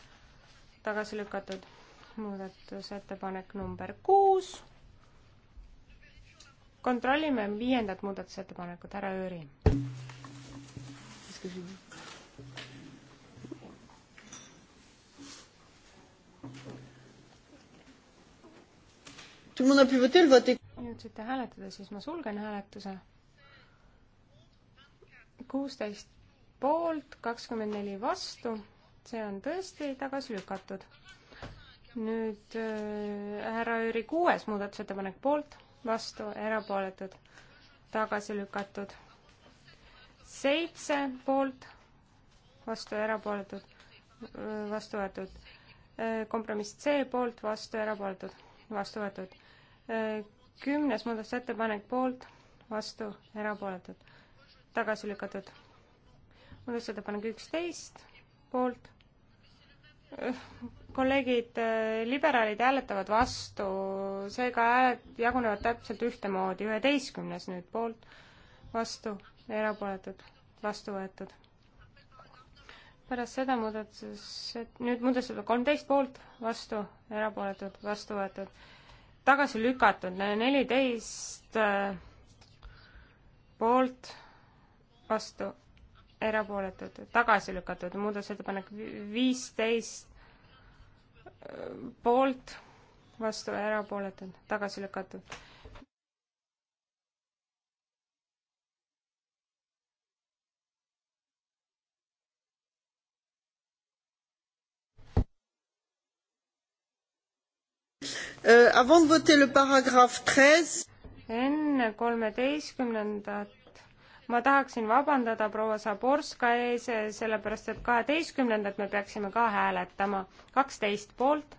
tagasi lükatud. muudatusettepanek number kuus kontrollime viiendat muudatusettepanekut, härra Jüri que j'ai vu. Tout le monde a pu voter, le vote est... jõudsite hääletada, siis ma sulgen hääletuse. kuusteist poolt, kakskümmend neli vastu, see on tõesti tagasi lükatud. nüüd äh, härra Jüri kuues muudatusettepanek poolt, vastu, erapooletud, tagasi lükatud seitse poolt, vastu erapooletud, vastu võetud. kompromiss C poolt, vastu erapooletud, vastu võetud. kümnes muudatusettepanek poolt, vastu erapooletud, tagasi lükatud. muudatusettepanek üksteist poolt. kolleegid, liberaalid hääletavad vastu, seega hääled jagunevad täpselt ühtemoodi, üheteistkümnes nüüd poolt, vastu erapooletud, vastu võetud. pärast seda muudatus, et nüüd muudatusettepanek kolmteist poolt, vastu, erapooletud, vastu võetud. tagasi lükatud neliteist poolt, vastu, erapooletud, tagasi lükatud, muudatusettepanek viisteist poolt, vastu, erapooletud, tagasi lükatud Euh, avant de voter le paragraphe 13 enne kolmeteistkümnendat ma tahaksin vabandada proua Zaborska ees, sellepärast et kaheteistkümnendat me peaksime ka hääletama. kaksteist poolt,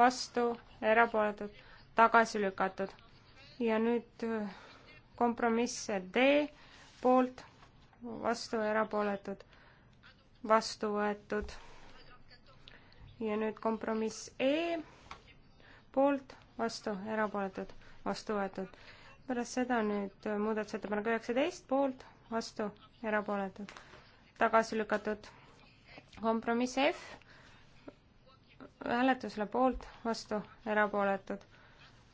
vastu, erapooletud, tagasi lükatud. ja nüüd äh, kompromiss D poolt, vastu, erapooletud, vastu võetud. ja nüüd kompromiss E poolt, vastu, erapooletud, vastu võetud. pärast seda nüüd muudatusettepanek üheksateist, poolt, vastu, erapooletud, tagasi lükatud. kompromiss F, hääletusele poolt, vastu, erapooletud,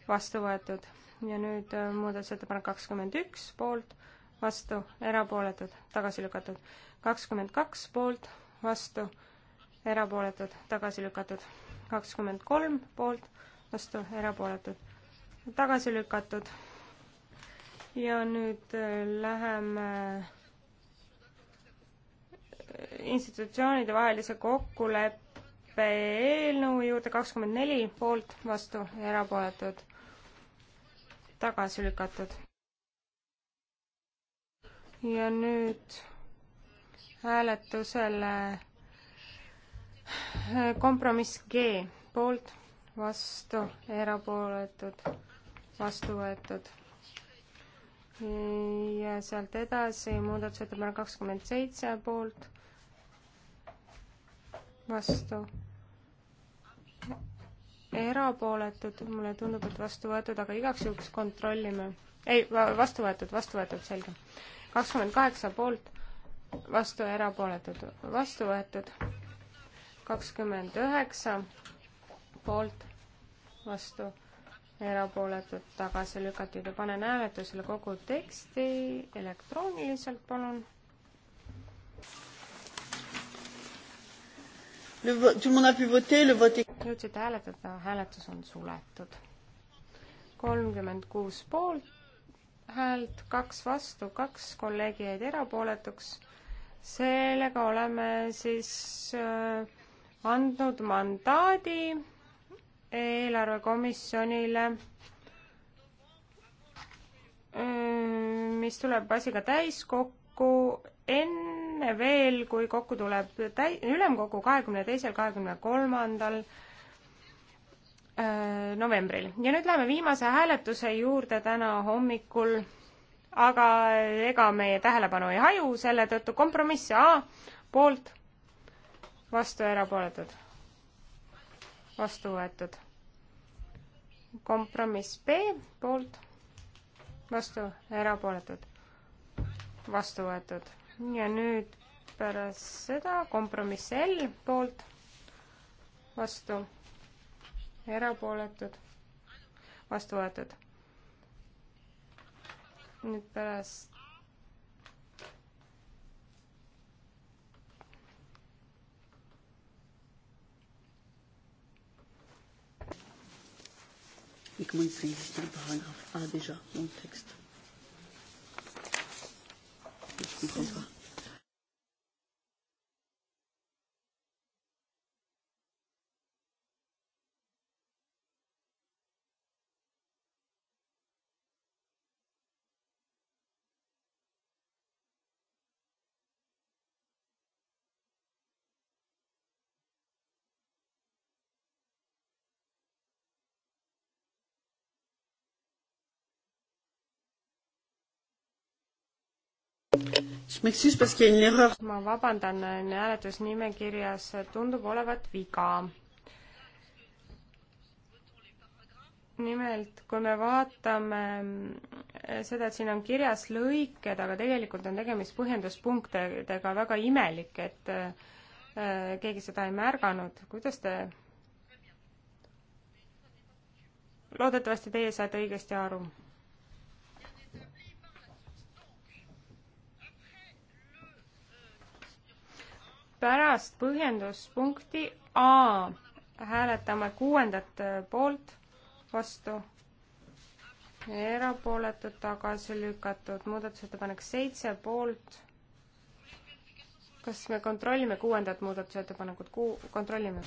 vastu võetud. ja nüüd äh, muudatusettepanek kakskümmend üks, poolt, vastu, erapooletud, tagasi lükatud. kakskümmend kaks, poolt, vastu, erapooletud, tagasi lükatud. kakskümmend kolm, poolt vastu, erapooletud, tagasi lükatud. ja nüüd äh, läheme äh, institutsioonide vahelise kokkuleppe eelnõu juurde kakskümmend neli poolt, vastu, erapooletud, tagasi lükatud. ja nüüd hääletusele äh, kompromiss G poolt vastu, erapooletud, vastu võetud. ja sealt edasi muudatusettepanek kakskümmend seitse poolt, vastu, erapooletud, mulle tundub, et vastu võetud, aga igaks juhuks kontrollime. ei, vastu võetud, vastu võetud, selge. kakskümmend kaheksa poolt, vastu, erapooletud, vastu võetud kakskümmend üheksa poolt, vastu, erapooletud, tagasi lükatud ja panen hääletusele kogu teksti elektrooniliselt, palun. jõudsite hääletada, hääletus on suletud. kolmkümmend kuus poolt häält, kaks vastu, kaks kolleegi jäid erapooletuks. sellega oleme siis äh, andnud mandaadi eelarvekomisjonile, mis tuleb asiga täiskokku enne veel, kui kokku tuleb täi-, ülemkogu kahekümne teisel, kahekümne kolmandal äh, novembril. ja nüüd läheme viimase hääletuse juurde täna hommikul, aga ega meie tähelepanu ei haju, selle tõttu kompromiss A poolt, vastu erapooletud vastu võetud. kompromiss B poolt, vastu, erapooletud, vastu võetud. ja nüüd pärast seda kompromiss L poolt, vastu, erapooletud, vastu võetud. nüüd pärast Ik moet sinds de baan af. Ah, déjà, mon texte. Je comprends pas. ma vabandan, äh, hääletusnimekirjas tundub olevat viga. nimelt, kui me vaatame äh, seda, et siin on kirjas lõiked, aga tegelikult on tegemist põhjenduspunktidega, väga imelik, et äh, keegi seda ei märganud. kuidas te loodetavasti teie saate õigesti aru pärast põhjenduspunkti A hääletame kuuendat äh, poolt, vastu, erapooletud, tagasi lükatud, muudatusettepanek seitse poolt. kas me kontrollime kuuendat muudatusettepanekut, kuu-, kontrollime?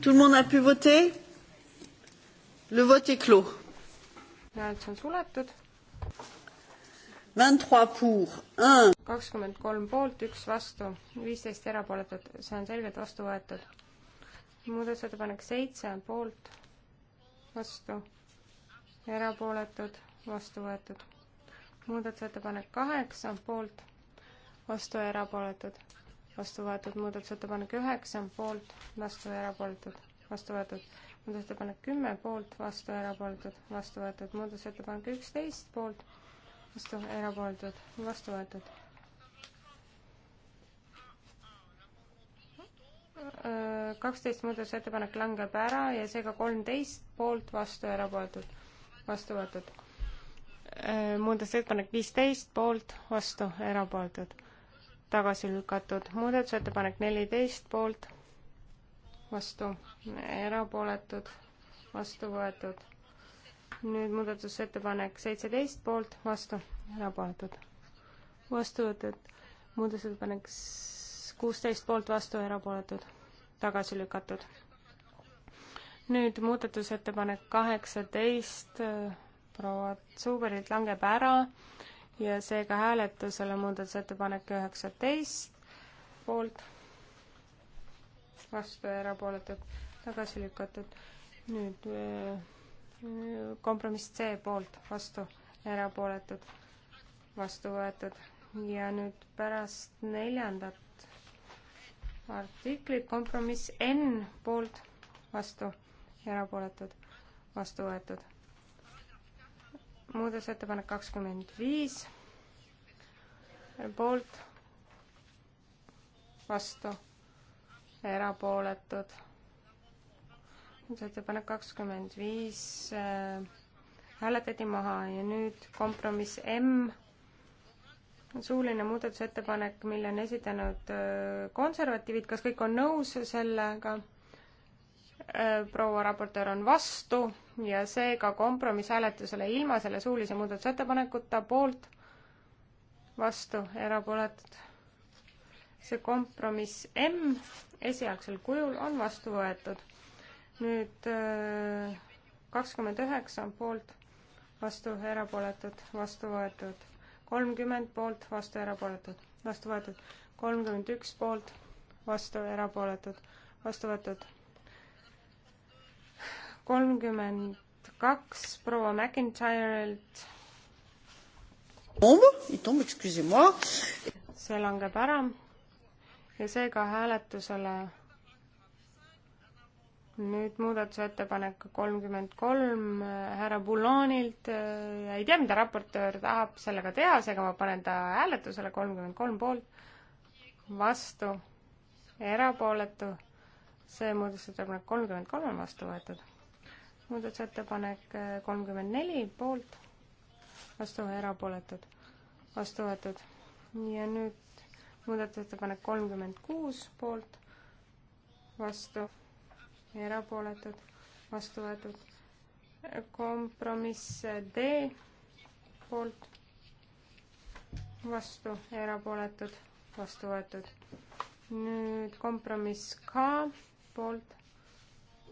Tout le monde a pu voter? Le vote est clos. hääletus on suletud kakskümmend kolm poolt, üks vastu, viisteist erapooletut, see on selgelt vastu võetud. muudatusettepanek seitse poolt, vastu, erapooletud, vastu võetud. muudatusettepanek kaheksa poolt, vastu ja erapooletud, vastu võetud. muudatusettepanek üheksa poolt, vastu ja erapooletud, vastu võetud. muudatusettepanek kümme poolt, vastu ja erapooletud, vastu võetud. muudatusettepanek üksteist poolt vastu, erapooletud, vastu võetud. kaksteist muudatusettepanek langeb ära ja seega kolmteist poolt, vastu, erapooletud, vastu võetud. muudatusettepanek viisteist poolt, vastu, erapooletud, tagasi lükatud. muudatusettepanek neliteist poolt, vastu, erapooletud, vastu võetud nüüd muudatusettepanek seitseteist poolt, vastu, erapooletud, vastu võetud. muudatusettepanek kuusteist poolt, vastu, erapooletud, tagasi lükatud. nüüd muudatusettepanek kaheksateist äh, proua Zuberilt langeb ära ja seega hääletusele muudatusettepanek üheksateist poolt, vastu, erapooletud, tagasi lükatud. nüüd öö, äh, kompromiss C poolt, vastu, erapooletud, vastu võetud. ja nüüd pärast neljandat artiklit kompromiss N poolt, vastu, erapooletud, vastu võetud. muudatusettepanek kakskümmend viis, poolt, vastu, erapooletud muudatusettepanek kakskümmend viis äh, hääletati maha ja nüüd kompromiss M, suuline muudatusettepanek, mille on esitanud äh, konservatiivid, kas kõik on nõus sellega? Äh, proua raportöör on vastu ja seega kompromiss hääletusele ilma selle suulise muudatusettepanekuta poolt, vastu, erapooletud. see kompromiss M esialgsel kujul on vastu võetud nüüd äh, kakskümmend üheksa on poolt, vastu, erapooletud, vastu võetud. kolmkümmend poolt, vastu, erapooletud, vastu võetud. kolmkümmend üks poolt, vastu, erapooletud, vastu võetud. kolmkümmend kaks proua McIntyre'ilt. see langeb ära ja seega hääletusele nüüd muudatusettepanek kolmkümmend kolm äh, härra Boulonilt, äh, ei tea, mida raportöör tahab sellega teha, seega ma panen ta hääletusele, kolmkümmend kolm poolt, vastu, erapooletu, see muudatusettepanek kolmkümmend kolm on vastu võetud. muudatusettepanek äh, kolmkümmend neli poolt, vastu, erapooletud, vastu võetud. ja nüüd muudatusettepanek kolmkümmend kuus poolt, vastu erapooletud, vastu võetud. kompromiss D poolt, vastu, erapooletud, vastu võetud. nüüd kompromiss K poolt,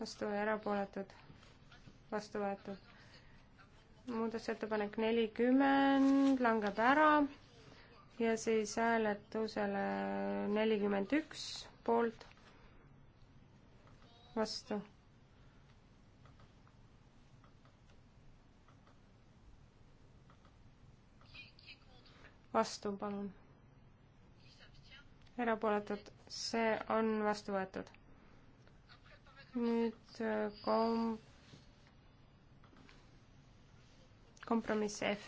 vastu, erapooletud, vastu võetud. muudatusettepanek nelikümmend langeb ära ja siis hääletusele nelikümmend üks poolt vastu. vastu, palun. erapooletud, see on vastu võetud. nüüd äh, kom-, kompromiss F.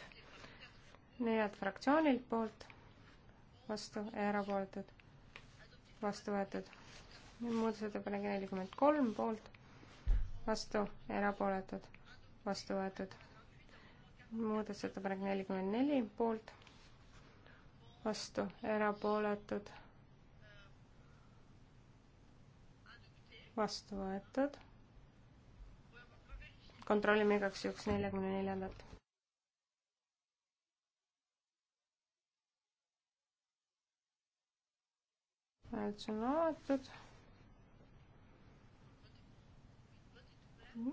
neljalt fraktsioonilt poolt, vastu, erapooletud, vastu võetud muudatusettepanek nelikümmend kolm poolt, vastu, erapooletud, vastu võetud. muudatusettepanek nelikümmend neli poolt, vastu, erapooletud, vastu võetud. kontrollime igaks juhuks neljakümne neljandat. hääletus on avatud Mhm.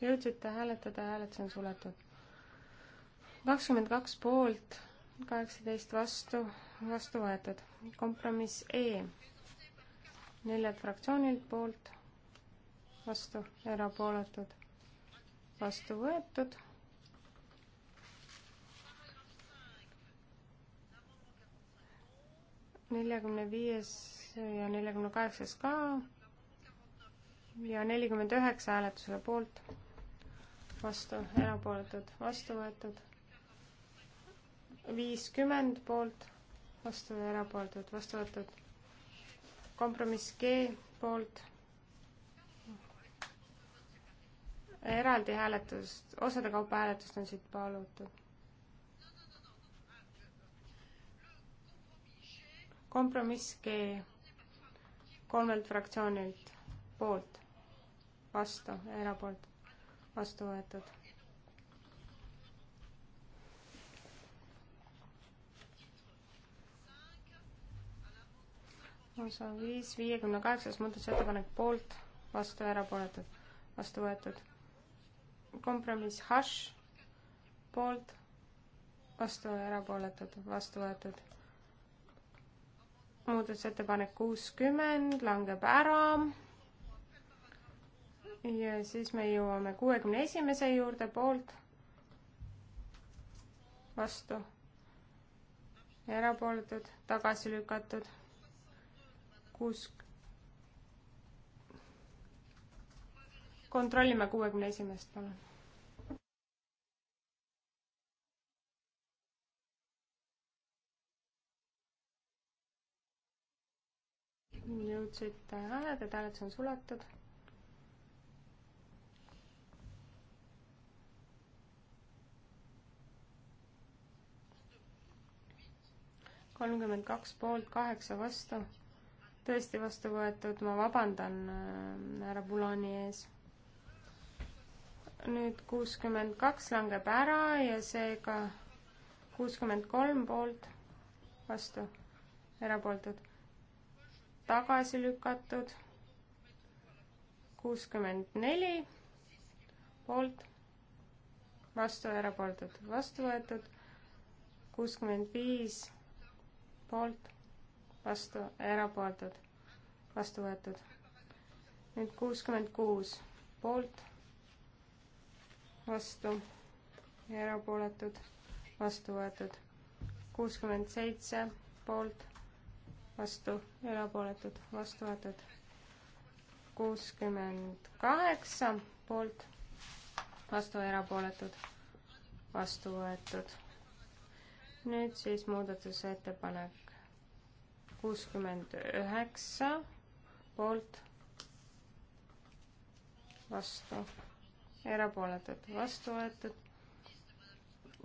jõudsite hääletada, hääletus on suletud. kakskümmend kaks poolt, kaheksateist vastu, vastu võetud. kompromiss E. neljalt fraktsioonilt poolt, vastu, erapooletud, vastu võetud neljakümne viies ja neljakümne kaheksas ka ja nelikümmend üheksa hääletusele poolt, vastu, erapooletud, vastu võetud. viiskümmend poolt, vastu ja erapooletud, vastu võetud. kompromiss G poolt. eraldi hääletust, osade kaupa hääletust on siit palutud. kompromiss G kolmelt fraktsioonilt poolt vastu, erapoolt, vastu võetud. osa viis, viiekümne kaheksas muudatusettepanek poolt, vastu, erapooletud, vastu võetud. kompromiss hash, poolt, vastu, erapooletud, vastu võetud muudatusettepanek kuuskümmend langeb ära ja siis me jõuame kuuekümne esimese juurde, poolt, vastu, erapooletud, tagasi lükatud, kuus. kontrollime kuuekümne esimest, palun. jõudsite hääletada, hääletus on suletud kolmkümmend kaks poolt, kaheksa vastu. tõesti vastu võetud, ma vabandan äh, härra Bulani ees. nüüd kuuskümmend kaks langeb ära ja seega kuuskümmend kolm poolt, vastu, erapooletud, tagasi lükatud, kuuskümmend neli poolt, vastu, erapooletud, vastu võetud, kuuskümmend viis poolt, vastu, erapooletud, vastu võetud. nüüd kuuskümmend kuus poolt, vastu, erapooletud, vastu võetud. kuuskümmend seitse poolt, vastu, erapooletud, vastu võetud. kuuskümmend kaheksa poolt, vastu, erapooletud, vastu võetud nüüd siis muudatusettepanek kuuskümmend üheksa poolt, vastu, erapooletud, vastu võetud,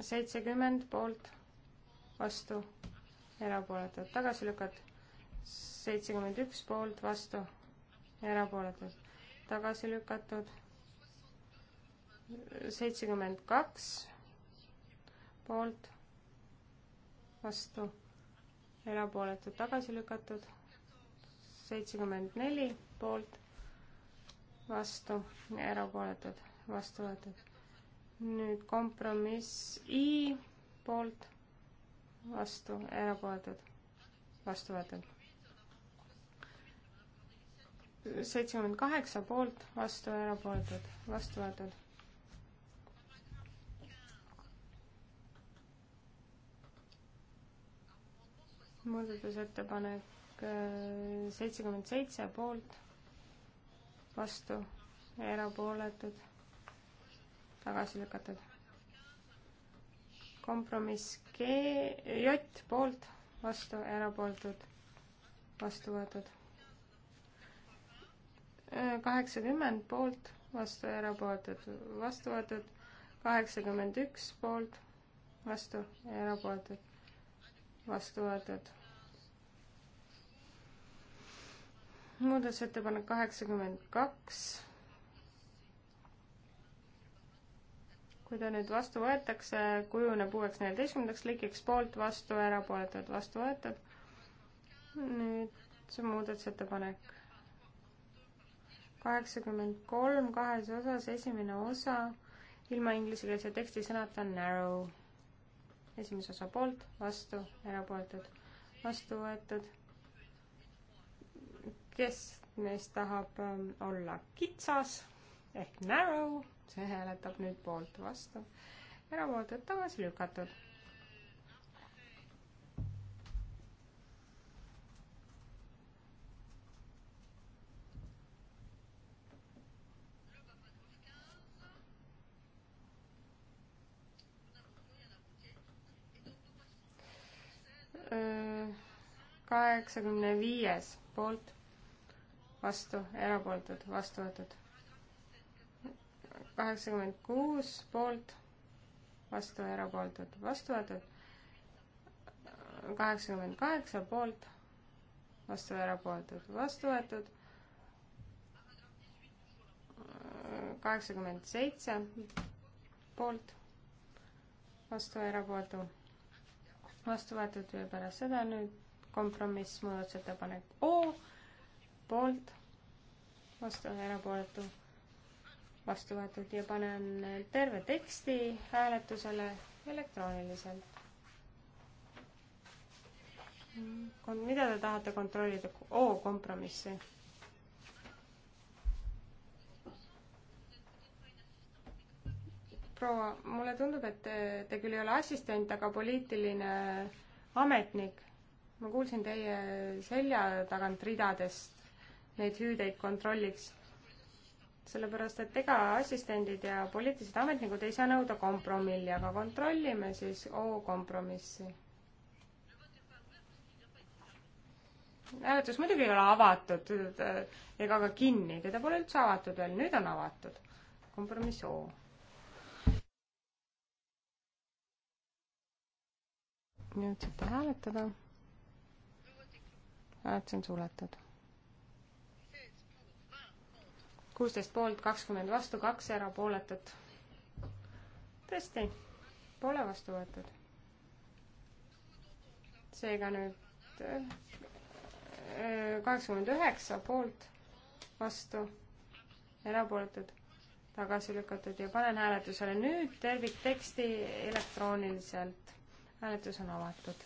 seitsekümmend poolt, vastu, erapooletud, tagasi lükatud, seitsekümmend üks poolt, vastu, erapooletud, tagasi lükatud, seitsekümmend kaks poolt vastu, erapooletud tagasi lükatud, seitsekümmend neli poolt, vastu, erapooletud, vastu võetud. nüüd kompromiss I poolt, vastu, erapooletud, vastu võetud. seitsekümmend kaheksa poolt, vastu, erapooletud, vastu võetud muudatusettepanek äh, seitsekümmend seitse poolt, vastu ja erapooletud, tagasi lükatud. kompromiss G, J poolt, vastu, erapooletud, vastu võetud. Äh, kaheksakümmend poolt, vastu, erapooletud, vastu võetud. kaheksakümmend üks poolt, vastu, erapooletud vastu võetud. muudatusettepanek kaheksakümmend kaks. kui ta nüüd vastu võetakse, kujuneb uueks neljateistkümnendaks lõikeks poolt, vastu, erapooletud, vastu võetud. nüüd see muudatusettepanek kaheksakümmend kolm kahes osas, esimene osa ilma inglisekeelse teksti sõnata narrow esimese osa poolt, vastu, erapooletud, vastu võetud. kes neist tahab ähm, olla kitsas ehk narrow, see hääletab nüüd poolt, vastu, erapooletud, tagasi lükatud kaheksakümne viies poolt, vastu, erapooletud, vastu võetud. kaheksakümmend kuus poolt, vastu, erapooletud, vastu võetud. kaheksakümmend kaheksa poolt, vastu, erapooletud, vastu võetud. kaheksakümmend seitse poolt, vastu, erapooletu, vastu võetud ja pärast seda nüüd kompromiss, muudatusettepanek O, poolt, vastu, erapooletu, vastu võetud ja panen terve teksti hääletusele elektrooniliselt. mida te tahate kontrollida? O kompromissi. proua, mulle tundub, et te, te küll ei ole assistent, aga poliitiline ametnik ma kuulsin teie selja tagant ridadest neid hüüdeid kontrolliks. sellepärast, et ega assistendid ja poliitilised ametnikud ei saa nõuda kompromilli, aga kontrollime siis O kompromissi. hääletus muidugi ei ole avatud äh, ega ka kinni, teda pole üldse avatud veel, nüüd on avatud. kompromiss O nüüd saate hääletada hääletus on suletud. kuusteist poolt, kakskümmend vastu, kaks erapooletut. tõesti, pole vastu võetud. seega nüüd äh, äh, kaheksakümmend üheksa poolt, vastu, erapooletud, tagasi lükatud ja panen hääletusele nüüd tervikteksti elektrooniliselt. hääletus on avatud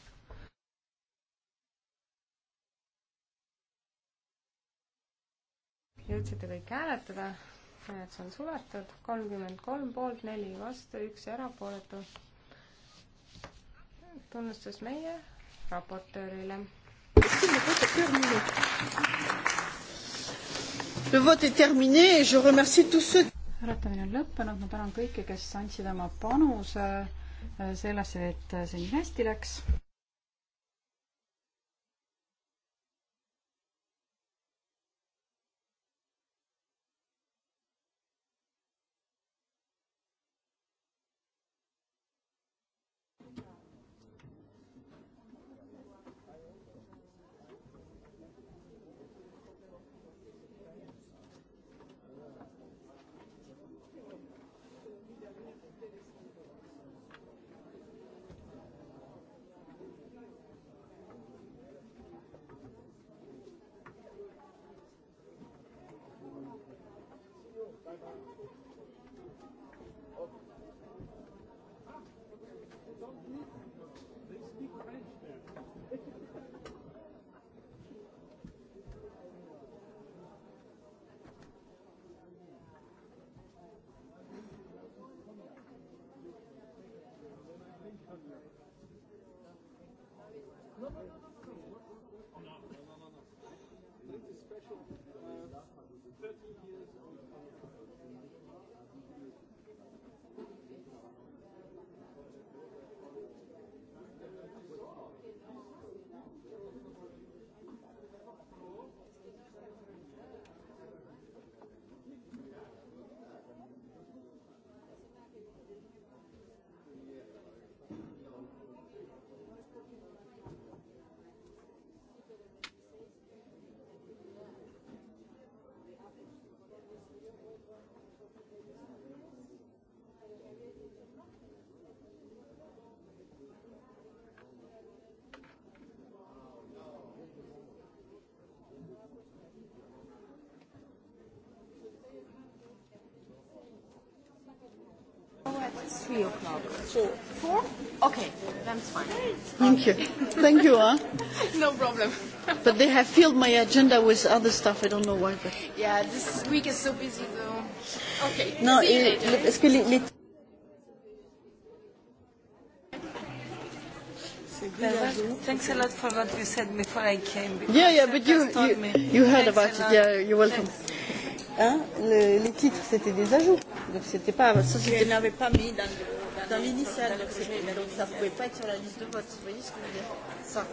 jõudsite kõik hääletada, näed, see on suletud, kolmkümmend kolm poolt, neli vastu, üks erapooletu. tunnustus meie raportöörile. Le vote est terminé et je remercie tous ceux hääletamine on lõppenud, ma tänan kõiki, kes andsid oma panuse äh, sellesse, et äh, see nii hästi läks. three o'clock. Four. Four? Okay, that's fine. Thank you. Thank you. Huh? no problem. but they have filled my agenda with other stuff. I don't know why. But... Yeah, this week is so busy though. Okay. No, see you later. Est-ce que les, les... Thanks a lot for what you said before I came. Yeah, yeah, but you, you, you heard Thanks about it. Yeah, you're welcome. Thanks. Hein, le, les titres, c'était des ajouts donc c'était pas. Ça, c'était... Je n'avais pas mis dans, le, dans, dans l'initial, dans donc, projet, donc ça ne pouvait pas être sur la liste de vote. Vous voyez ce que je veux dire Ça.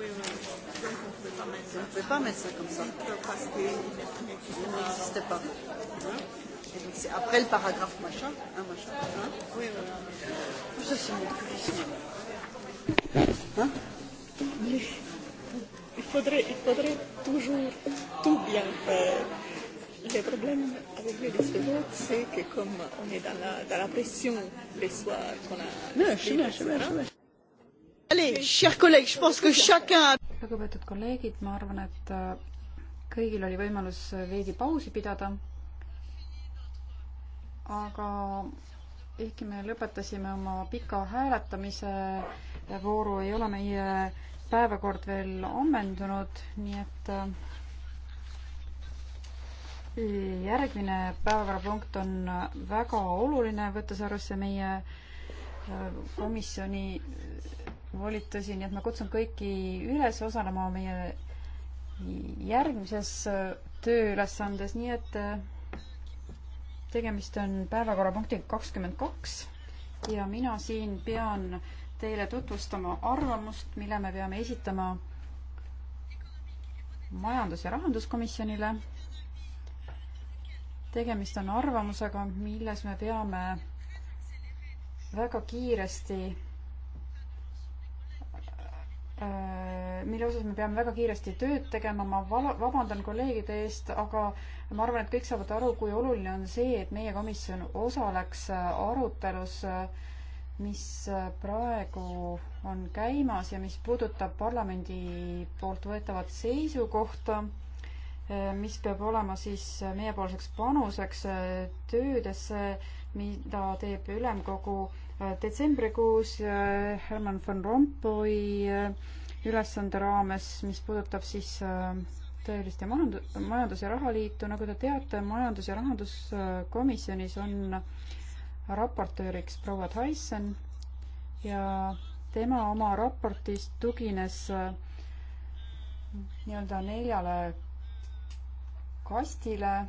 Oui, oui. Donc on ne pouvait pas mettre ça. On ne pouvait pas mettre ça comme ça. Parce qu'il n'existait pas. Hein Et donc c'est après le paragraphe machin, hein, machin. Hein oui, voilà. Ça, c'est mon curisme. Hein Mais il faudrait, il faudrait toujours tout bien faire le problème avec le liste de vote, c'est que comme on est dans la, dans la pression les soirs qu'on a... Non, je suis là, je suis là, je suis là. Allez, chers collègues, je pense que chacun... lugupeetud kolleegid, ma arvan, et äh, kõigil oli võimalus veidi pausi pidada. aga ehkki me lõpetasime oma pika hääletamise vooru, ei ole meie päevakord veel ammendunud, nii et äh, järgmine päevakorrapunkt on väga oluline, võttes arvesse meie äh, komisjoni volitusi, nii et ma kutsun kõiki üles osalema meie järgmises äh, tööülesandes, nii et äh, tegemist on päevakorrapunktiga kakskümmend kaks ja mina siin pean teile tutvustama arvamust, mille me peame esitama majandus- ja rahanduskomisjonile tegemist on arvamusega, milles me peame väga kiiresti, äh, mille osas me peame väga kiiresti tööd tegema, ma vabandan kolleegide eest, aga ma arvan, et kõik saavad aru, kui oluline on see, et meie komisjon osaleks arutelus, mis praegu on käimas ja mis puudutab parlamendi poolt võetavat seisukohta Äh, mis peab olema siis äh, meiepoolseks panuseks äh, töödesse, mida teeb ülemkogu detsembrikuus Herman von Rompuy ülesande raames, mis puudutab siis tõelist ja majandus, majandus- ja rahaliitu, nagu te teate, majandus- ja rahanduskomisjonis on raportööriks proua Tyson ja tema oma raportis tugines nii-öelda neljale kastile,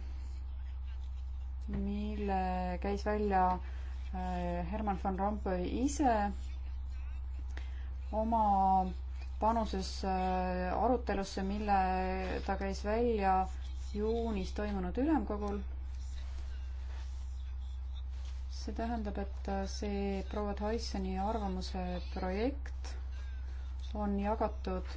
mille käis välja äh, Herman van Rompuy ise oma panuses äh, arutelusse, mille ta käis välja juunis toimunud ülemkogul. see tähendab, et äh, see proua Tysoni arvamuse projekt on jagatud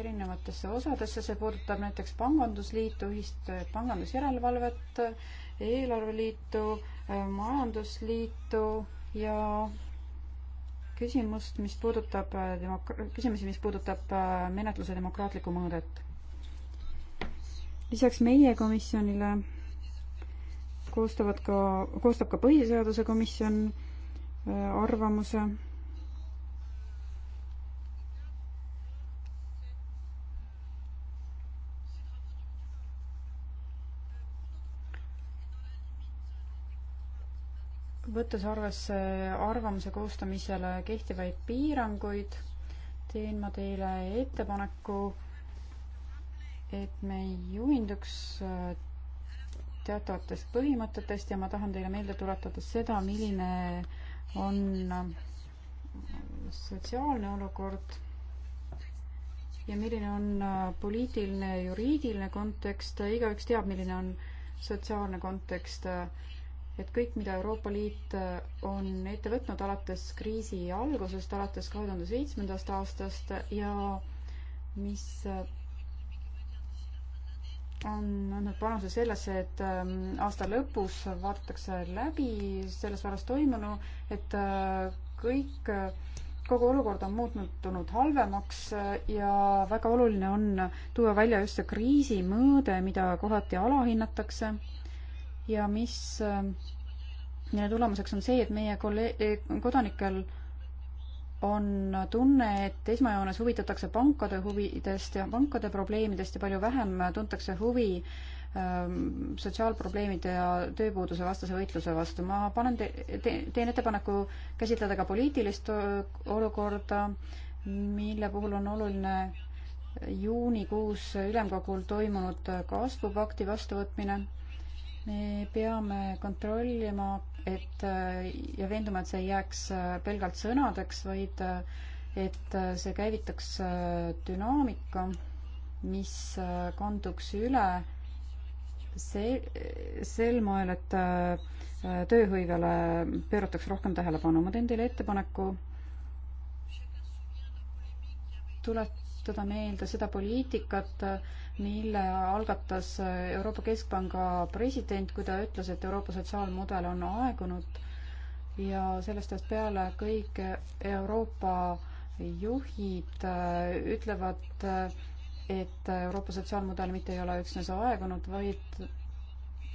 erinevatesse osadesse, see puudutab näiteks pangandusliitu, ühist äh, pangandusjärelevalvet, äh, eelarveliitu, äh, majandusliitu ja küsimust, mis puudutab demok-, küsimusi, mis puudutab menetluse demokraatlikku mõõdet. lisaks meie komisjonile koostavad ka, koostab ka Põhiseaduse Komisjon arvamuse võttes arvesse arvamuse koostamisele kehtivaid piiranguid, teen ma teile ettepaneku, et me juhinduks äh, teatavatest põhimõtetest ja ma tahan teile meelde tuletada seda, milline on äh, sotsiaalne olukord ja milline on äh, poliitiline, juriidiline kontekst, igaüks teab, milline on sotsiaalne kontekst et kõik, mida Euroopa Liit äh, on ette võtnud alates kriisi algusest, alates kahe tuhande seitsmendast aastast ja mis äh, on andnud panuse sellesse, et ähm, aasta lõpus vaadatakse läbi selles varas toimunu, et äh, kõik, kogu olukord on muutunud halvemaks ja väga oluline on tuua välja just see kriisi mõõde, mida kohati alahinnatakse ja mis, äh, mille tulemuseks on see, et meie kolleeg-, eh, kodanikel on tunne, et esmajoones huvitatakse pankade huvidest ja pankade probleemidest ja palju vähem tuntakse huvi ähm, sotsiaalprobleemide ja tööpuuduse vastase võitluse vastu. ma panen te, te, teen ettepaneku käsitleda ka poliitilist äh, olukorda, mille puhul on oluline juunikuus ülemkogul toimunud äh, kasvupakti vastuvõtmine me peame kontrollima, et ja veenduma, et see ei jääks äh, pelgalt sõnadeks, vaid äh, et äh, see käivitaks dünaamika, mis kanduks üle see, sel moel, et tööhõivele pöörataks rohkem tähelepanu. ma teen teile ettepaneku tuletada meelde seda poliitikat, mille algatas Euroopa Keskpanga president, kui ta ütles, et Euroopa sotsiaalmudel on aegunud ja sellest ajast peale kõik Euroopa juhid äh, ütlevad, äh, et Euroopa sotsiaalmudel mitte ei ole üksnes aegunud, vaid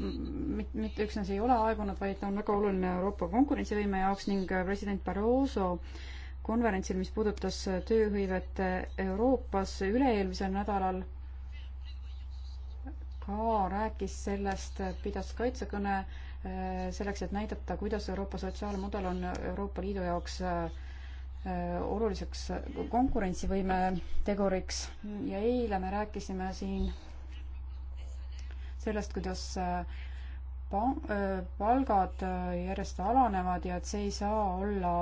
mitte üksnes ei ole aegunud, vaid on väga oluline Euroopa konkurentsivõime jaoks ning president Barroso konverentsil, mis puudutas tööhõivet Euroopas üle-eelmisel nädalal ka rääkis sellest, pidas kaitsekõne eh, selleks, et näidata, kuidas Euroopa sotsiaalmudel on Euroopa Liidu jaoks eh, oluliseks konkurentsivõime teguriks ja eile me rääkisime siin sellest, kuidas eh, palgad järjest alanevad ja et see ei saa olla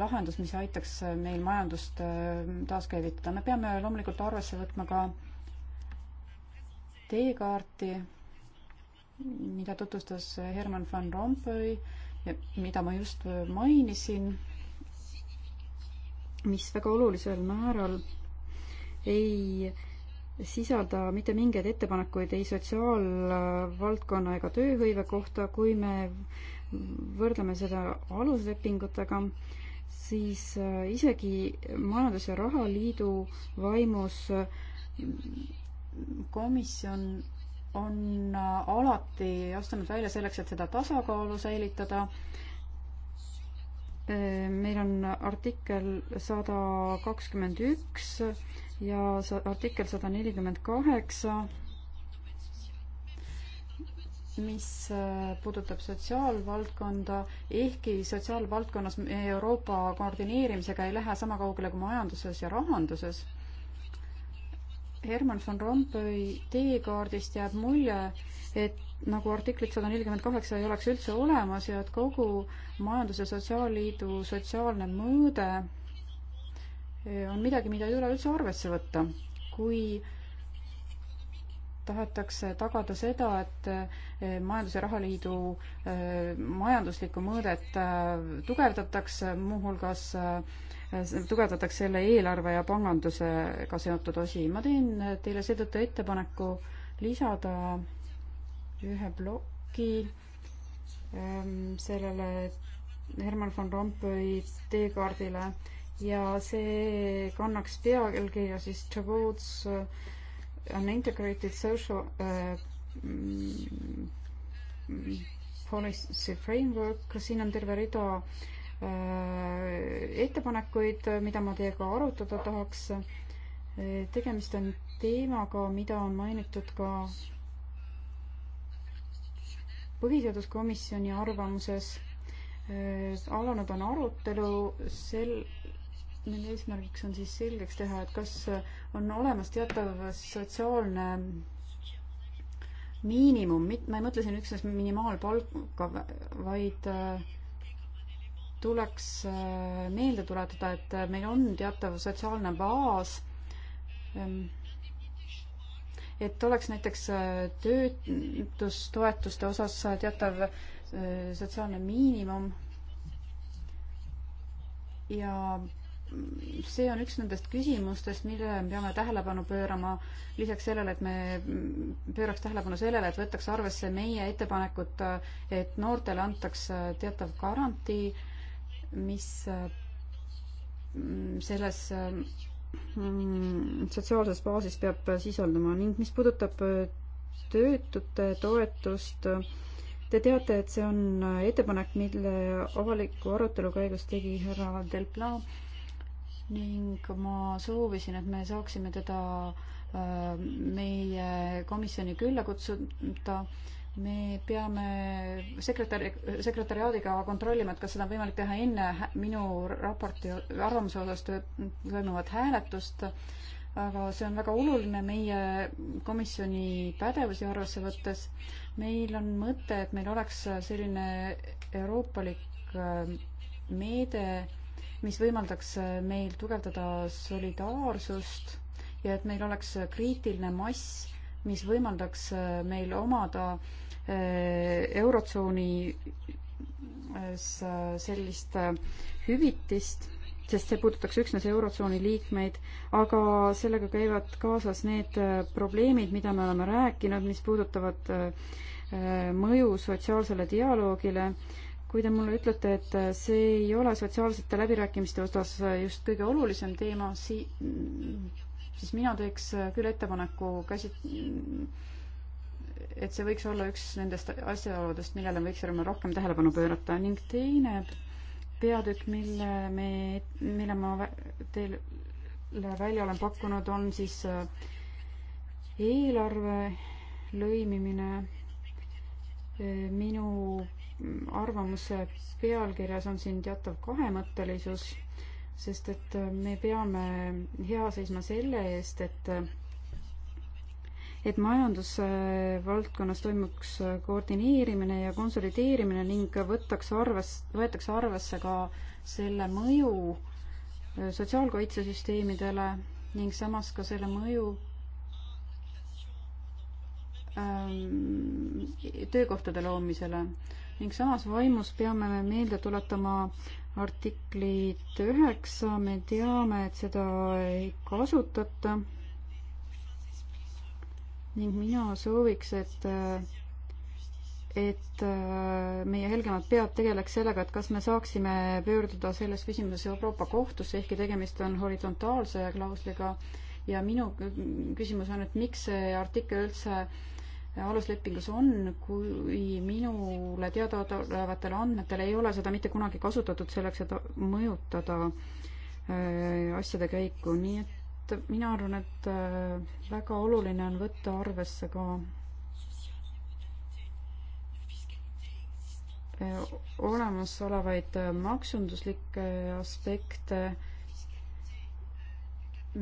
lahendus, mis aitaks meil majandust taaskäivitada. me peame loomulikult arvesse võtma ka äh, teekaarti, mida tutvustas Herman Van Rompuy ja mida ma just mainisin, mis väga olulisel määral ei sisalda mitte mingeid ettepanekuid ei sotsiaalvaldkonna ega tööhõive kohta, kui me võrdleme seda aluslepingutega, siis äh, isegi Majandus- ja Rahaliidu vaimus komisjon on alati astunud välja selleks, et seda tasakaalu säilitada. meil on artikkel sada kakskümmend üks ja artikkel sada nelikümmend kaheksa, mis äh, puudutab sotsiaalvaldkonda, ehkki sotsiaalvaldkonnas Euroopa koordineerimisega ei lähe sama kaugele kui majanduses ja rahanduses Herman van Rompuy teekaardist jääb mulje, et nagu artiklit sada nelikümmend kaheksa ei oleks üldse olemas ja et kogu majandus- ja sotsiaalliidu sotsiaalne mõõde on midagi, mida ei tule üldse arvesse võtta. kui äh, tahetakse tagada seda, et eh, Majandus- ja Rahaliidu eh, majanduslikku mõõdet eh, tugevdatakse, muuhulgas tugevdatakse selle eelarve ja pangandusega seotud osi. ma teen teile seetõttu ettepaneku lisada ühe ploki ehm, sellele Herman von Rompuy teekaardile ja see kannaks pealkirja siis Towards an integrated social uh, mm, policy framework, siin on terve rida uh, ettepanekuid, mida ma teiega arutada tahaks. tegemist on teemaga, mida on mainitud ka põhiseaduskomisjoni arvamuses äh, alanud on arutelu sel mille eesmärgiks on siis selgeks teha, et kas on olemas teatav sotsiaalne miinimum, mit-, ma ei mõtle siin üksnes minimaalpalka, vaid äh, tuleks äh, meelde tuletada, et äh, meil on teatav sotsiaalne baas, ähm, et oleks näiteks töötustoetuste osas teatav sotsiaalne miinimum ja see on üks nendest küsimustest, millele me peame tähelepanu pöörama, lisaks sellele, et me pööraks tähelepanu sellele, et võtaks arvesse meie ettepanekut, et noortele antaks teatav garantii, mis mm, selles mm, sotsiaalses baasis peab sisalduma ning mis puudutab töötute toetust, Te teate, et see on ettepanek, mille avaliku arutelu käigus tegi härra Delplan ning ma soovisin, et me saaksime teda äh, meie komisjoni külla kutsuda. me peame sekretäri, sekretäriaadiga kontrollima, et kas seda on võimalik teha enne minu raporti arvamuse osas toimuvat hääletust, aga see on väga oluline meie komisjoni pädevusi arvesse võttes. meil on mõte, et meil oleks selline euroopalik äh, meede mis võimaldaks äh, meil tugevdada solidaarsust ja et meil oleks äh, kriitiline mass, mis võimaldaks äh, meil omada Eurotsooni sellist hüvitist, sest see puudutaks üksnes Eurotsooni liikmeid, aga sellega käivad kaasas need probleemid, mida me oleme rääkinud, mis puudutavad mõju sotsiaalsele dialoogile kui te mulle ütlete, et see ei ole sotsiaalsete läbirääkimiste osas just kõige olulisem teema, si-, siis mina teeks küll ettepaneku käsit-, et see võiks olla üks nendest asjaoludest, millele võiksime rohkem tähelepanu pöörata ning teine peatükk, mille me, mille ma teile välja olen pakkunud, on siis äh, eelarve lõimimine äh, minu arvamuse pealkirjas on siin teatav kahemõttelisus, sest et äh, me peame hea seisma selle eest, et äh, et majandusvaldkonnas toimuks äh, koordineerimine ja konsolideerimine ning võtaks arves, võetakse arvesse ka selle mõju sotsiaalkaitsesüsteemidele ning samas ka selle mõju ähm, töökohtade loomisele ning samas vaimus peame me meelde tuletama artiklit üheksa, me teame, et seda ei kasutata. ning mina sooviks, et et äh, meie helgemad pead tegeleks sellega, et kas me saaksime pöörduda selles küsimuses Euroopa kohtusse, ehkki tegemist on horisontaalse klausliga ja minu küsimus on, et miks see artikkel üldse aluslepingus on, kui minule teadaolevatel andmetel ei ole seda mitte kunagi kasutatud selleks, et mõjutada äh, asjade käiku, nii et mina arvan, et äh, väga oluline on võtta arvesse ka äh, olemasolevaid maksunduslikke aspekte.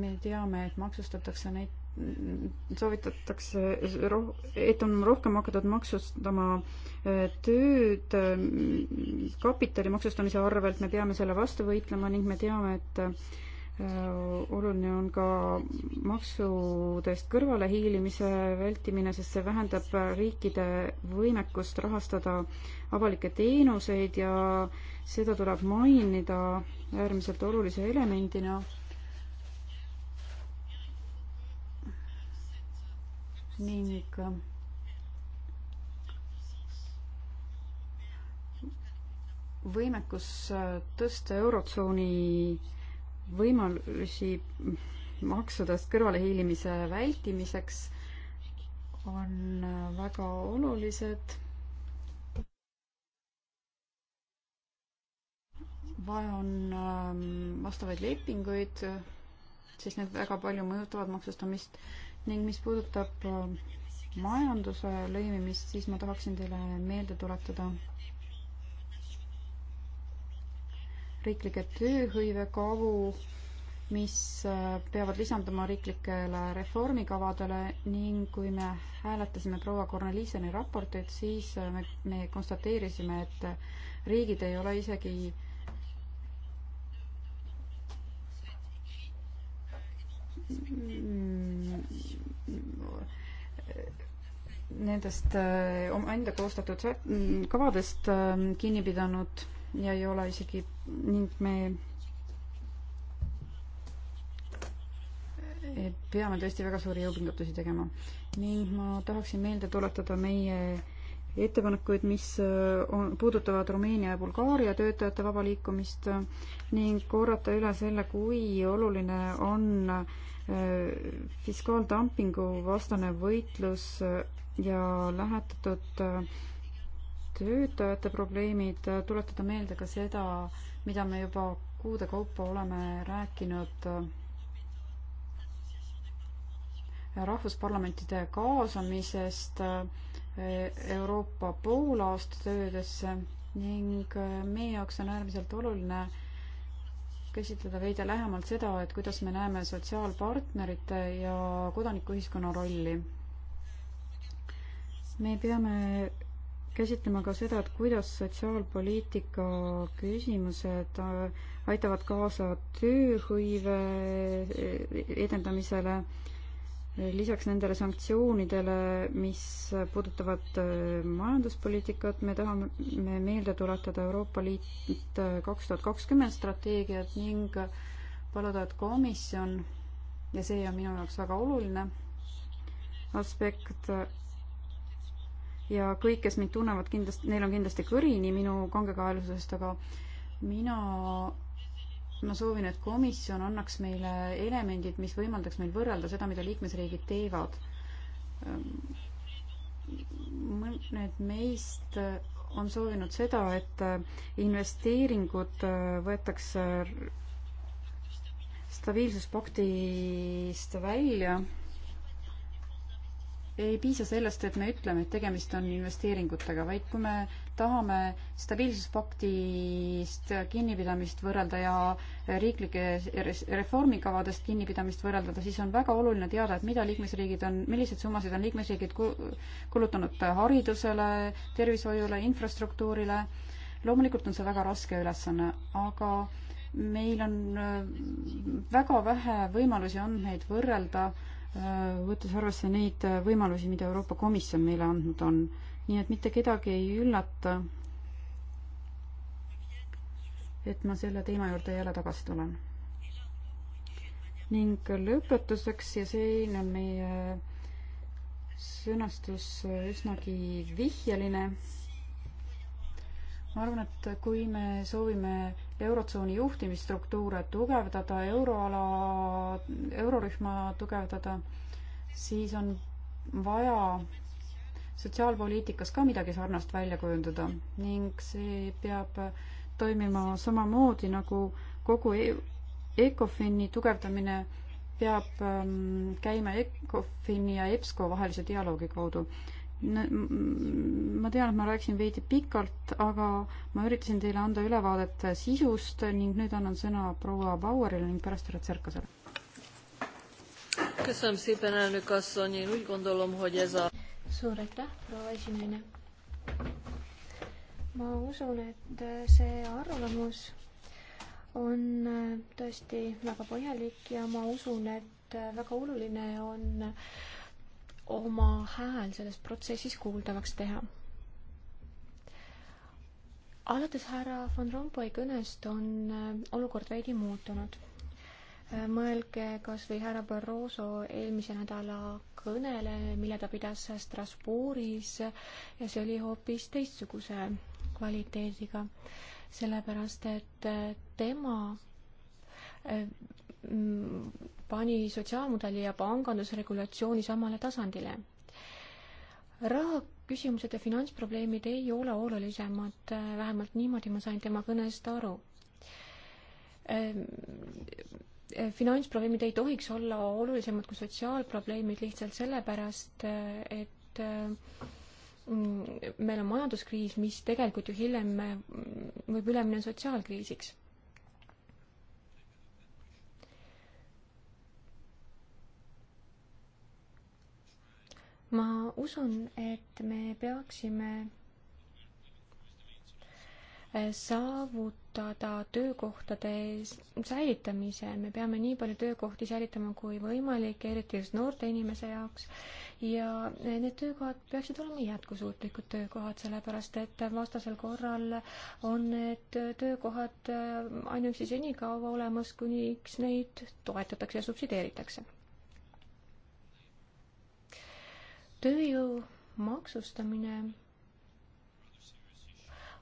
me teame, et maksustatakse neid soovitatakse, et on rohkem hakatud maksustama äh, tööd äh, kapitali maksustamise arvelt, me peame selle vastu võitlema ning me teame, et äh, oluline on ka maksudest kõrvalehiilimise vältimine, sest see vähendab riikide võimekust rahastada avalikke teenuseid ja seda tuleb mainida äärmiselt olulise elemendina no ning võimekus äh, tõsta Eurotsooni võimalusi maksudest kõrvalehiilimise vältimiseks on äh, väga olulised. vaja on ähm, vastavaid lepinguid, äh, siis need väga palju mõjutavad maksustamist ning mis puudutab äh, majanduse lõimimist, siis ma tahaksin teile meelde tuletada riiklikke tööhõivekavu, mis äh, peavad lisanduma riiklikele reformikavadele ning kui me hääletasime proua Korneliseni raportit, siis äh, me, me konstateerisime, et riigid ei ole isegi nendest äh, omaenda koostatud mm, kavadest ähm, kinni pidanud ja ei ole isegi ning me peame tõesti väga suuri jõupingutusi tegema. ning ma tahaksin meelde tuletada meie ettepanekuid, mis äh, on, puudutavad Rumeenia ja Bulgaaria töötajate vaba liikumist äh, ning korrata üle selle, kui oluline on fiskaaldumpingu vastane võitlus ja lähetatud äh, töötajate probleemid, äh, tuletada meelde ka seda, mida me juba kuude kaupa oleme rääkinud äh, rahvusparlamentide kaasamisest Euroopa poolaasttöödesse ning meie jaoks on äärmiselt oluline käsitleda veidi lähemalt seda, et kuidas me näeme sotsiaalpartnerite ja kodanikuühiskonna rolli me peame käsitlema ka seda, et kuidas sotsiaalpoliitika küsimused äh, aitavad kaasa tööhõive äh, edendamisele, äh, lisaks nendele sanktsioonidele, mis puudutavad majanduspoliitikat, me tahame meelde tuletada Euroopa Liit kaks tuhat kakskümmend strateegiat ning paluda, et komisjon, ja see on minu jaoks väga oluline aspekt, ja kõik, kes mind tunnevad, kindlasti, neil on kindlasti kõrini minu kangekaelususest, aga mina, ma soovin, et komisjon annaks meile elemendid, mis võimaldaks meil võrrelda seda, mida liikmesriigid teevad. mõned meist on soovinud seda, et investeeringud võetakse stabiilsuspakti eest välja ei piisa sellest, et me ütleme, et tegemist on investeeringutega, vaid kui me tahame stabiilsuspaktist kinnipidamist võrrelda ja riiklike reformikavadest kinnipidamist võrrelda, siis on väga oluline teada, et mida liikmesriigid on, milliseid summasid on liikmesriigid kulutanud haridusele, tervishoiule, infrastruktuurile. loomulikult on see väga raske ülesanne, aga meil on äh, väga vähe võimalusi andmeid võrrelda Äh, võttes arvesse neid äh, võimalusi, mida Euroopa Komisjon meile andnud on. nii et mitte kedagi ei üllata, et ma selle teema juurde jälle tagasi tulen. ning lõpetuseks ja siin on meie sõnastus üsnagi vihjeline. ma arvan, et kui me soovime Eurotsooni juhtimisstruktuure tugevdada, euroala, eurorühma tugevdada, siis on vaja sotsiaalpoliitikas ka midagi sarnast välja kujundada ning see peab toimima samamoodi nagu kogu e-, ECOFIN-i tugevdamine peab ähm, käima e-, ECOFIN-i ja EBSCO vahelise dialoogi kaudu ma tean, et ma rääkisin veidi pikalt, aga ma üritasin teile anda ülevaadet sisust ning nüüd annan sõna proua Bauerile ning pärast härra Tserkasele. suur aitäh, proua esinaine. ma usun, et see arvamus on tõesti väga põhjalik ja ma usun, et väga oluline on oma hääl selles protsessis kuuldavaks teha. alates härra Van Rompuy kõnest on äh, olukord veidi muutunud. Äh, mõelge kas või härra Barroso eelmise nädala kõnele, mille ta pidas Strasbourgis ja see oli hoopis teistsuguse kvaliteediga, sellepärast et äh, tema Mm, pani sotsiaalmudeli ja pangandusregulatsiooni samale tasandile. rahaküsimused ja finantsprobleemid ei ole olulisemad, äh, vähemalt niimoodi ma sain tema kõnest aru. Ähm, äh, finantsprobleemid ei tohiks olla olulisemad kui sotsiaalprobleemid lihtsalt sellepärast, äh, et mm, meil on majanduskriis, mis tegelikult ju hiljem võib üle minna sotsiaalkriisiks ma usun, et me peaksime äh, saavutada töökohtade säilitamise, me peame nii palju töökohti säilitama kui võimalik, eriti just noorte inimese jaoks, ja äh, need töökohad peaksid olema jätkusuutlikud töökohad, sellepärast et vastasel korral on need töökohad äh, ainuüksi senikaua olemas, kuniks neid toetatakse ja subsideeritakse. tööjõu maksustamine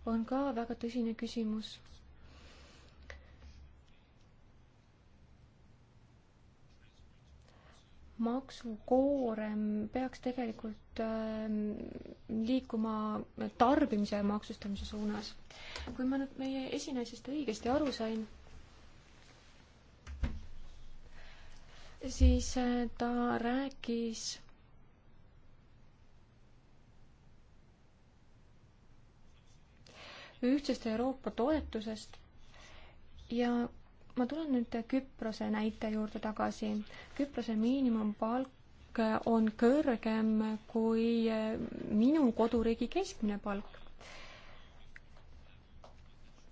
on ka väga tõsine küsimus. maksukoorem peaks tegelikult ähm, liikuma tarbimise maksustamise suunas. kui ma nüüd meie esinaisest õigesti aru sain, siis äh, ta rääkis ühtsest Euroopa toetusest. ja ma tulen nüüd Küprose näite juurde tagasi. Küprose miinimumpalk on kõrgem kui minu koduriigi keskmine palk.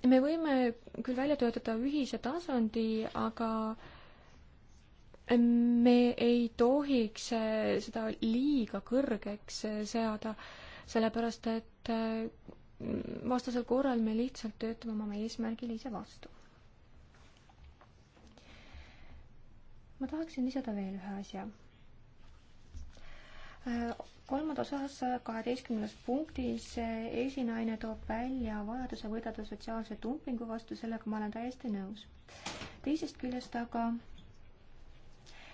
me võime küll välja töötada ühise tasandi, aga me ei tohiks seda liiga kõrgeks seada, sellepärast et vastasel korral me lihtsalt töötame oma eesmärgile ise vastu. ma tahaksin lisada veel ühe asja. kolmandas osas kaheteistkümnes punktis esinaine toob välja vajaduse võidelda sotsiaalse dumpingu vastu, sellega ma olen täiesti nõus. teisest küljest aga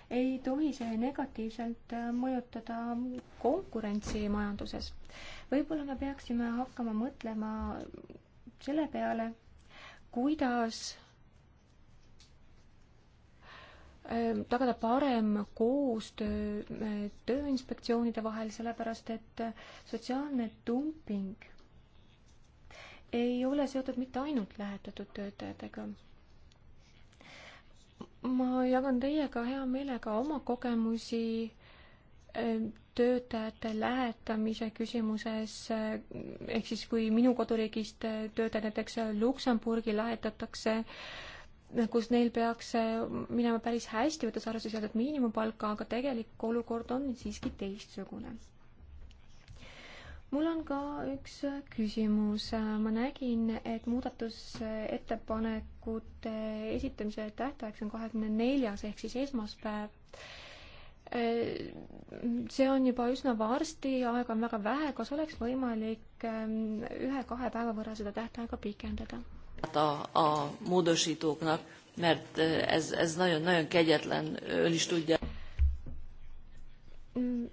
ei tohi see negatiivselt mõjutada konkurentsi majanduses võib-olla me peaksime hakkama mõtlema selle peale, kuidas ähm, tagada parem koostöö äh, tööinspektsioonide vahel, sellepärast et äh, sotsiaalne dumping ei ole seotud mitte ainult lähetatud töötajatega. ma jagan teiega hea meelega oma kogemusi töötajate lähetamise küsimuses, ehk siis kui minu koduriigist töötajad näiteks Luksemburgi lähetatakse, kus neil peaks minema päris hästi, võttes arvesse sealt miinimumpalka, aga tegelik olukord on siiski teistsugune. mul on ka üks küsimus, ma nägin, et muudatusettepanekute esitamise tähtajaks on kahekümne neljas ehk siis esmaspäev see on juba üsna varsti, aega on väga vähe, kas oleks võimalik ähm, ühe-kahe päeva võrra seda tähtaega pikendada? a, a módosítóknak, mert ez, ez nagyon-nagyon kegyetlen, ön is tudja. Mm,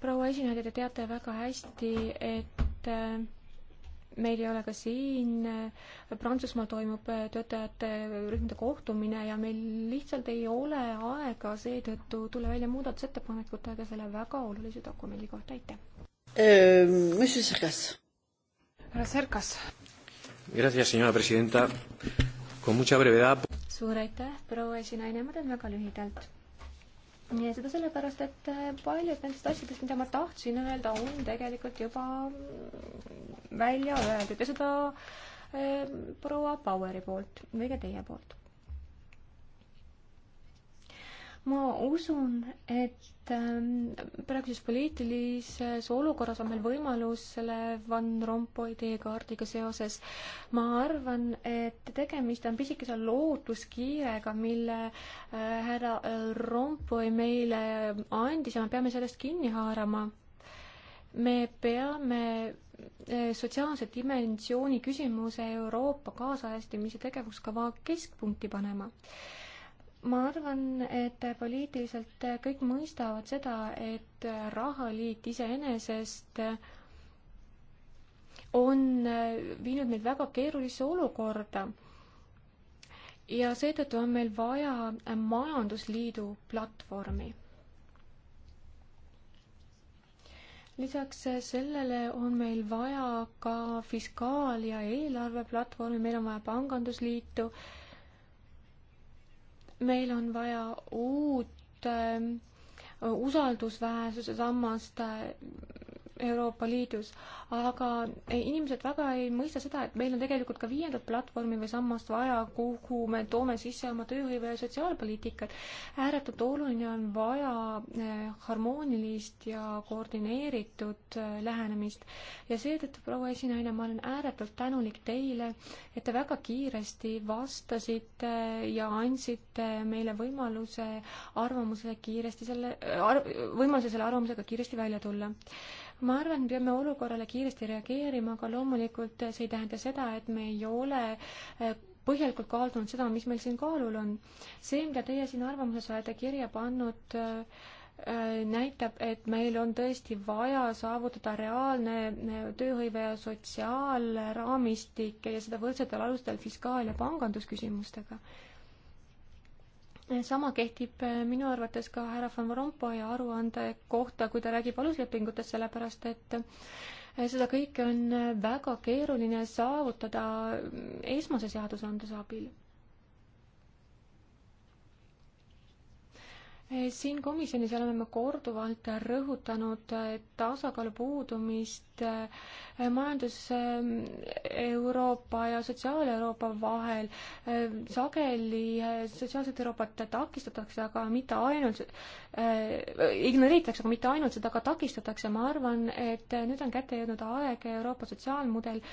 proua esineja, te teate väga hästi, et äh, meil ei ole ka siin, äh, Prantsusmaal toimub äh, töötajate rühmade kohtumine ja meil lihtsalt ei ole aega seetõttu tulla välja muudatusettepanekutega selle väga olulise dokumendi kohta, aitäh. Ähm, Monsieur Serkas. härra Serkas. Gracias, senora presidenta. Con mucha brevedad. suur aitäh, proua esinaine, ma teen väga lühidalt ja seda sellepärast, et äh, paljud nendest asjadest, mida ma tahtsin öelda, on tegelikult juba mm, välja öeldud ja seda äh, proua Poweri poolt või ka teie poolt ma usun, et ähm, praeguses poliitilises olukorras on meil võimalus selle Van Rompuy teekaardiga seoses. ma arvan, et tegemist on pisikese lootuskiirega, mille äh, härra äh, Rompuy meile andis ja me peame sellest kinni haarama me peame äh, sotsiaalse dimensiooni küsimuse Euroopa kaasajastamise tegevuskava keskpunkti panema ma arvan, et poliitiliselt kõik mõistavad seda, et rahaliit iseenesest on viinud meid väga keerulisse olukorda. ja seetõttu on meil vaja majandusliidu platvormi. lisaks sellele on meil vaja ka fiskaal- ja eelarveplatvormi, meil on vaja pangandusliitu äh,, meil on vaja uut äh, usaldusväärsuse sammast äh, Euroopa Liidus, aga inimesed väga ei mõista seda, et meil on tegelikult ka viiendat platvormi või sammast vaja, kuhu me toome sisse oma tööhõive ja sotsiaalpoliitikat. ääretult oluline on vaja eh, harmoonilist ja koordineeritud eh, lähenemist ja seetõttu, proua esinaine, ma olen ääretult tänulik teile, et te väga kiiresti vastasite eh, ja andsite meile võimaluse arvamuse kiiresti selle, arv-, võimaluse selle arvamusega kiiresti välja tulla ma arvan, peame olukorrale kiiresti reageerima, aga loomulikult see ei tähenda seda, et me ei ole äh, põhjalikult kaaldunud seda, mis meil siin kaalul on. see, mida teie siin arvamuses olete kirja pannud, äh, näitab, et meil on tõesti vaja saavutada reaalne äh, tööhõive ja sotsiaalraamistik ja seda võrdsetel alustel fiskaal- ja pangandusküsimustega sama kehtib äh, minu arvates ka härra Van Rompuy aruande kohta, kui ta räägib aluslepingutest, sellepärast et äh, seda kõike on äh, väga keeruline saavutada mm, esmase seadusandluse abil siin komisjonis oleme me korduvalt rõhutanud tasakaalu puudumist eh, majandus-Euroopa eh, ja sotsiaal-Euroopa vahel. Eh, sageli sotsiaalset Euroopat takistatakse, aga mitte ainult äh,, ignoreeritakse, aga mitte ainult seda ka takistatakse. ma arvan, et nüüd on kätte jõudnud aeg Euroopa sotsiaalmudel äh,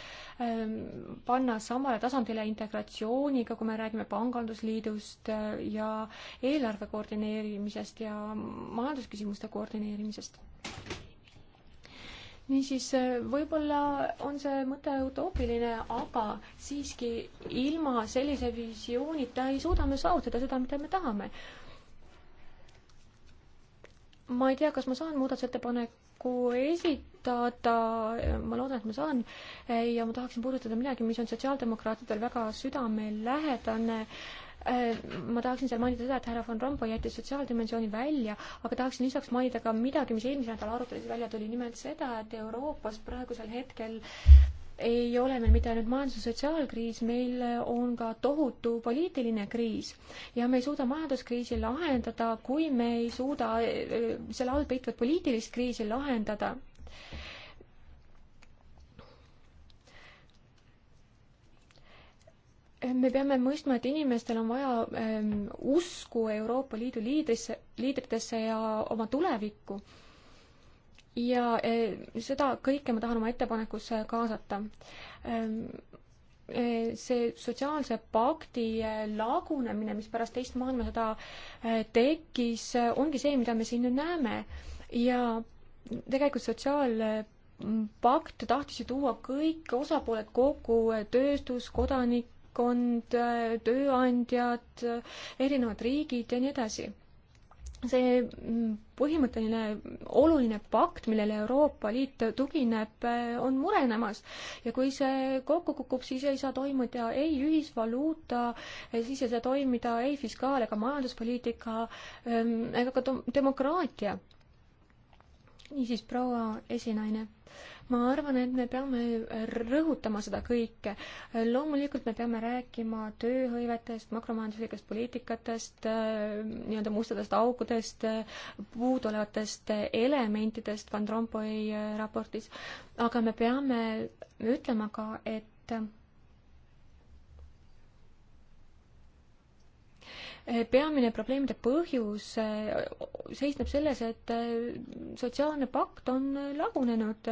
panna samale tasandile integratsiooniga, kui me räägime pangandusliidust ja eelarve koordineerimisest koordineerimisest ja majandusküsimuste koordineerimisest. niisiis, äh, võib-olla on see mõte utoopiline, aga siiski ilma sellise visioonita ei suuda me saavutada seda, mida me tahame. ma ei tea, kas ma saan muudatusettepaneku esitada, arutada, ma loodan, et ma saan, äh, ja ma tahaksin puudutada midagi, mis on sotsiaaldemokraatidel väga südamelähedane Äh, ma tahaksin seal mainida seda, et härra Van Rompuy jättis sotsiaaldimensiooni välja, aga tahaksin lisaks mainida ka midagi, mis eelmise nädala aruteludes välja tuli, nimelt seda, et Euroopas praegusel hetkel ei ole meil mitte ainult majandus- ja sotsiaalkriis, meil on ka tohutu poliitiline kriis. ja me ei suuda majanduskriisi lahendada, kui me ei suuda äh, äh, selle all peitvat poliitilist kriisi lahendada me peame mõistma, et inimestel on vaja ähm, usku Euroopa Liidu liidrisse, liidritesse ja oma tulevikku. ja äh, seda kõike ma tahan oma ettepanekusse kaasata ähm, see sotsiaalse pakti eh, lagunemine, mis pärast teist maailmasõda eh, tekkis, ongi see, mida me siin nüüd näeme ja tegelikult sotsiaalpakt tahtis ju tuua kõik osapooled kokku, tööstus, kodanik, elanikkond, tööandjad, erinevad riigid ja nii edasi. see põhimõtteline oluline pakt, millele Euroopa Liit tugineb, on murenemas ja kui see kokku kukub, siis ei saa toimuda ei ühisvaluuta, siis ei saa toimida ei fiskaal- ega majanduspoliitika ähm, ega ka demokraatia niisiis, proua esinaine, ma arvan, et me peame rõhutama seda kõike. loomulikult me peame rääkima tööhõivetest, makromajanduslikest poliitikatest, nii-öelda mustadest aukudest, puuduolevatest elementidest Van Rompuy raportis, aga me peame ütlema ka, et peamine probleemide põhjus eh, seisneb selles, et eh, sotsiaalne pakt on lagunenud.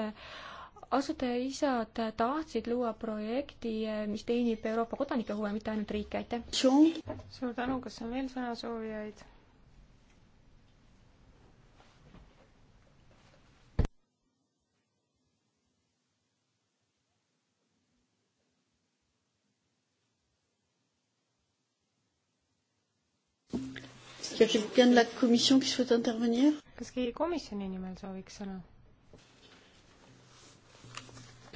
asutajaisad tahtsid luua projekti, eh, mis teenib Euroopa kodanike huve, mitte ainult riiki, aitäh! suur tänu, kas on veel sõnasoovijaid? Y a quelqu'un de la commission qui souhaite intervenir Kas keegi komisjoni nimel sooviks sõna?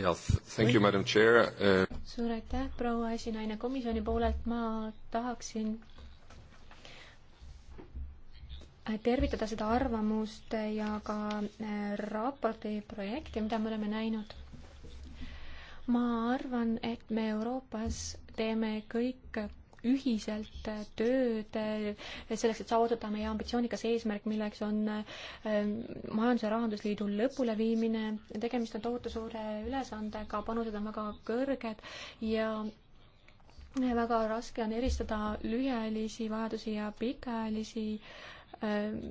jah, thank you, madam chair uh.... suur aitäh, proua esinaine, komisjoni poolelt ma tahaksin äh, tervitada seda arvamust ja ka äh, raporti projekti, mida me oleme näinud. ma arvan, et me Euroopas teeme kõik ühiselt tööd selleks, et saavutada meie ambitsioonikas eesmärk, milleks on ähm, majandus- ja rahandusliidu lõpuleviimine. tegemist on tohutu suure ülesandega, panused on väga kõrged ja väga raske on eristada lühiajalisi vajadusi ja pikaajalisi ähm,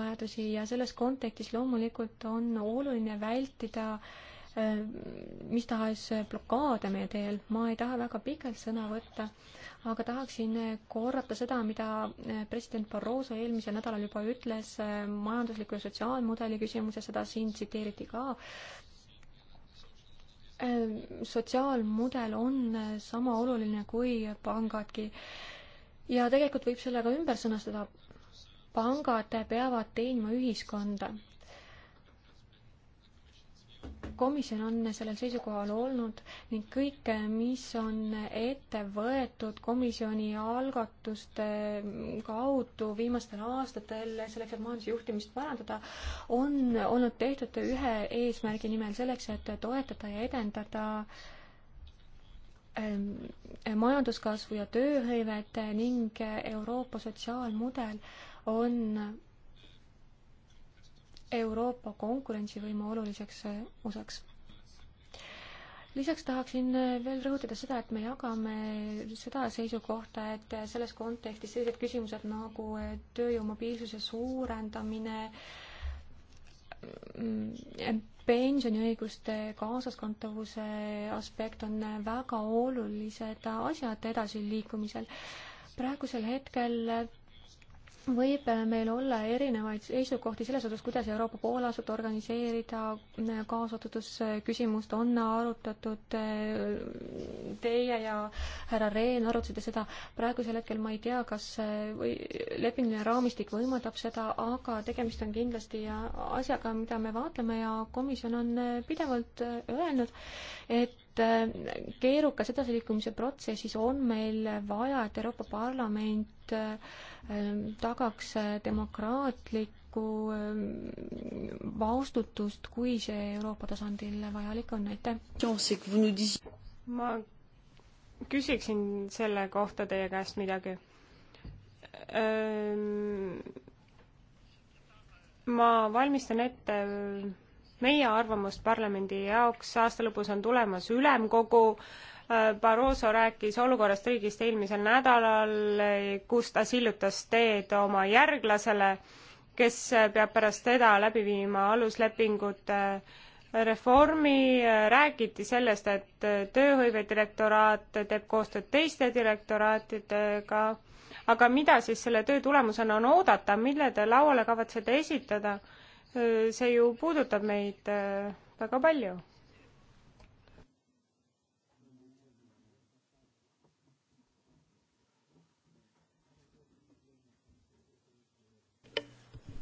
vajadusi ja selles kontekstis loomulikult on oluline vältida ähm, mis tahes blokaade meie teel, ma ei taha väga pikalt sõna võtta, aga tahaksin korrata seda, mida eh, president Barroso eelmisel nädalal juba ütles eh, majandusliku ja sotsiaalmudeli küsimuses, seda siin tsiteeriti ka. Eh, sotsiaalmudel on sama oluline kui pangadki ja tegelikult võib selle ka ümber sõnastada. pangad peavad teenima ühiskonda komisjon on sellel seisukohal olnud ning kõik, mis on ette võetud komisjoni algatuste kaudu viimastel aastatel selleks, et majandusjuhtimist parandada, on olnud tehtud ühe eesmärgi nimel selleks, et toetada ja edendada ähm, majanduskasvu ja tööhõivet ning Euroopa sotsiaalmudel on Euroopa konkurentsivõime oluliseks eh, osaks. lisaks tahaksin eh, veel rõhutada seda, et me jagame seda seisukohta, et eh, selles kontekstis sellised küsimused nagu tööjõu mobiilsuse suurendamine, mm, pensioniõiguste kaasaskantavuse aspekt on väga olulised asjad edasiliikumisel. praegusel hetkel võib äh, meil olla erinevaid seisukohti selles osas, kuidas Euroopa poolaastat organiseerida, äh, kaasotsustusküsimust on arutatud, äh, teie ja härra Rehn arutasite seda, praegusel hetkel ma ei tea, kas või lepinguline raamistik võimaldab seda, aga tegemist on kindlasti asjaga, mida me vaatleme ja komisjon on pidevalt öelnud, et et äh, keerukas edasiliikumise protsessis on meil vaja, et Euroopa Parlament äh, tagaks äh, demokraatlikku vastutust, kui see Euroopa tasandil vajalik on, aitäh! ma küsiksin selle kohta teie käest midagi ma valmistan ette meie arvamust parlamendi jaoks. aasta lõpus on tulemas ülemkogu. Äh, Barroso rääkis olukorrast riigist eelmisel nädalal, kus ta sillutas teed oma järglasele, kes peab pärast teda läbi viima aluslepingute äh, reformi, äh, räägiti sellest, et tööhõive direktoraat teeb koostööd teiste direktoraatidega, aga mida siis selle töö tulemusena on oodata, mille te lauale kavatsete esitada? Äh, see ju puudutab meid äh, väga palju.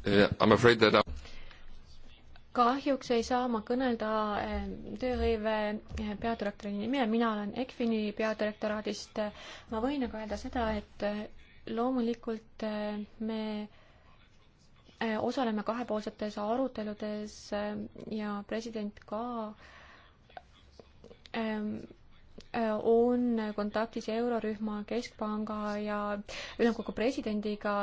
Äh, kahjuks ei saa ma kõnelda tööhõive peadirektori nimel, mina olen ECFIN-i peadirektoraadist. ma võin aga öelda seda, et loomulikult me äh, Äh, osaleme kahepoolsetes aruteludes äh, ja president ka ähm, äh, on kontaktis eurorühma keskpanga ja ülemkogu presidendiga.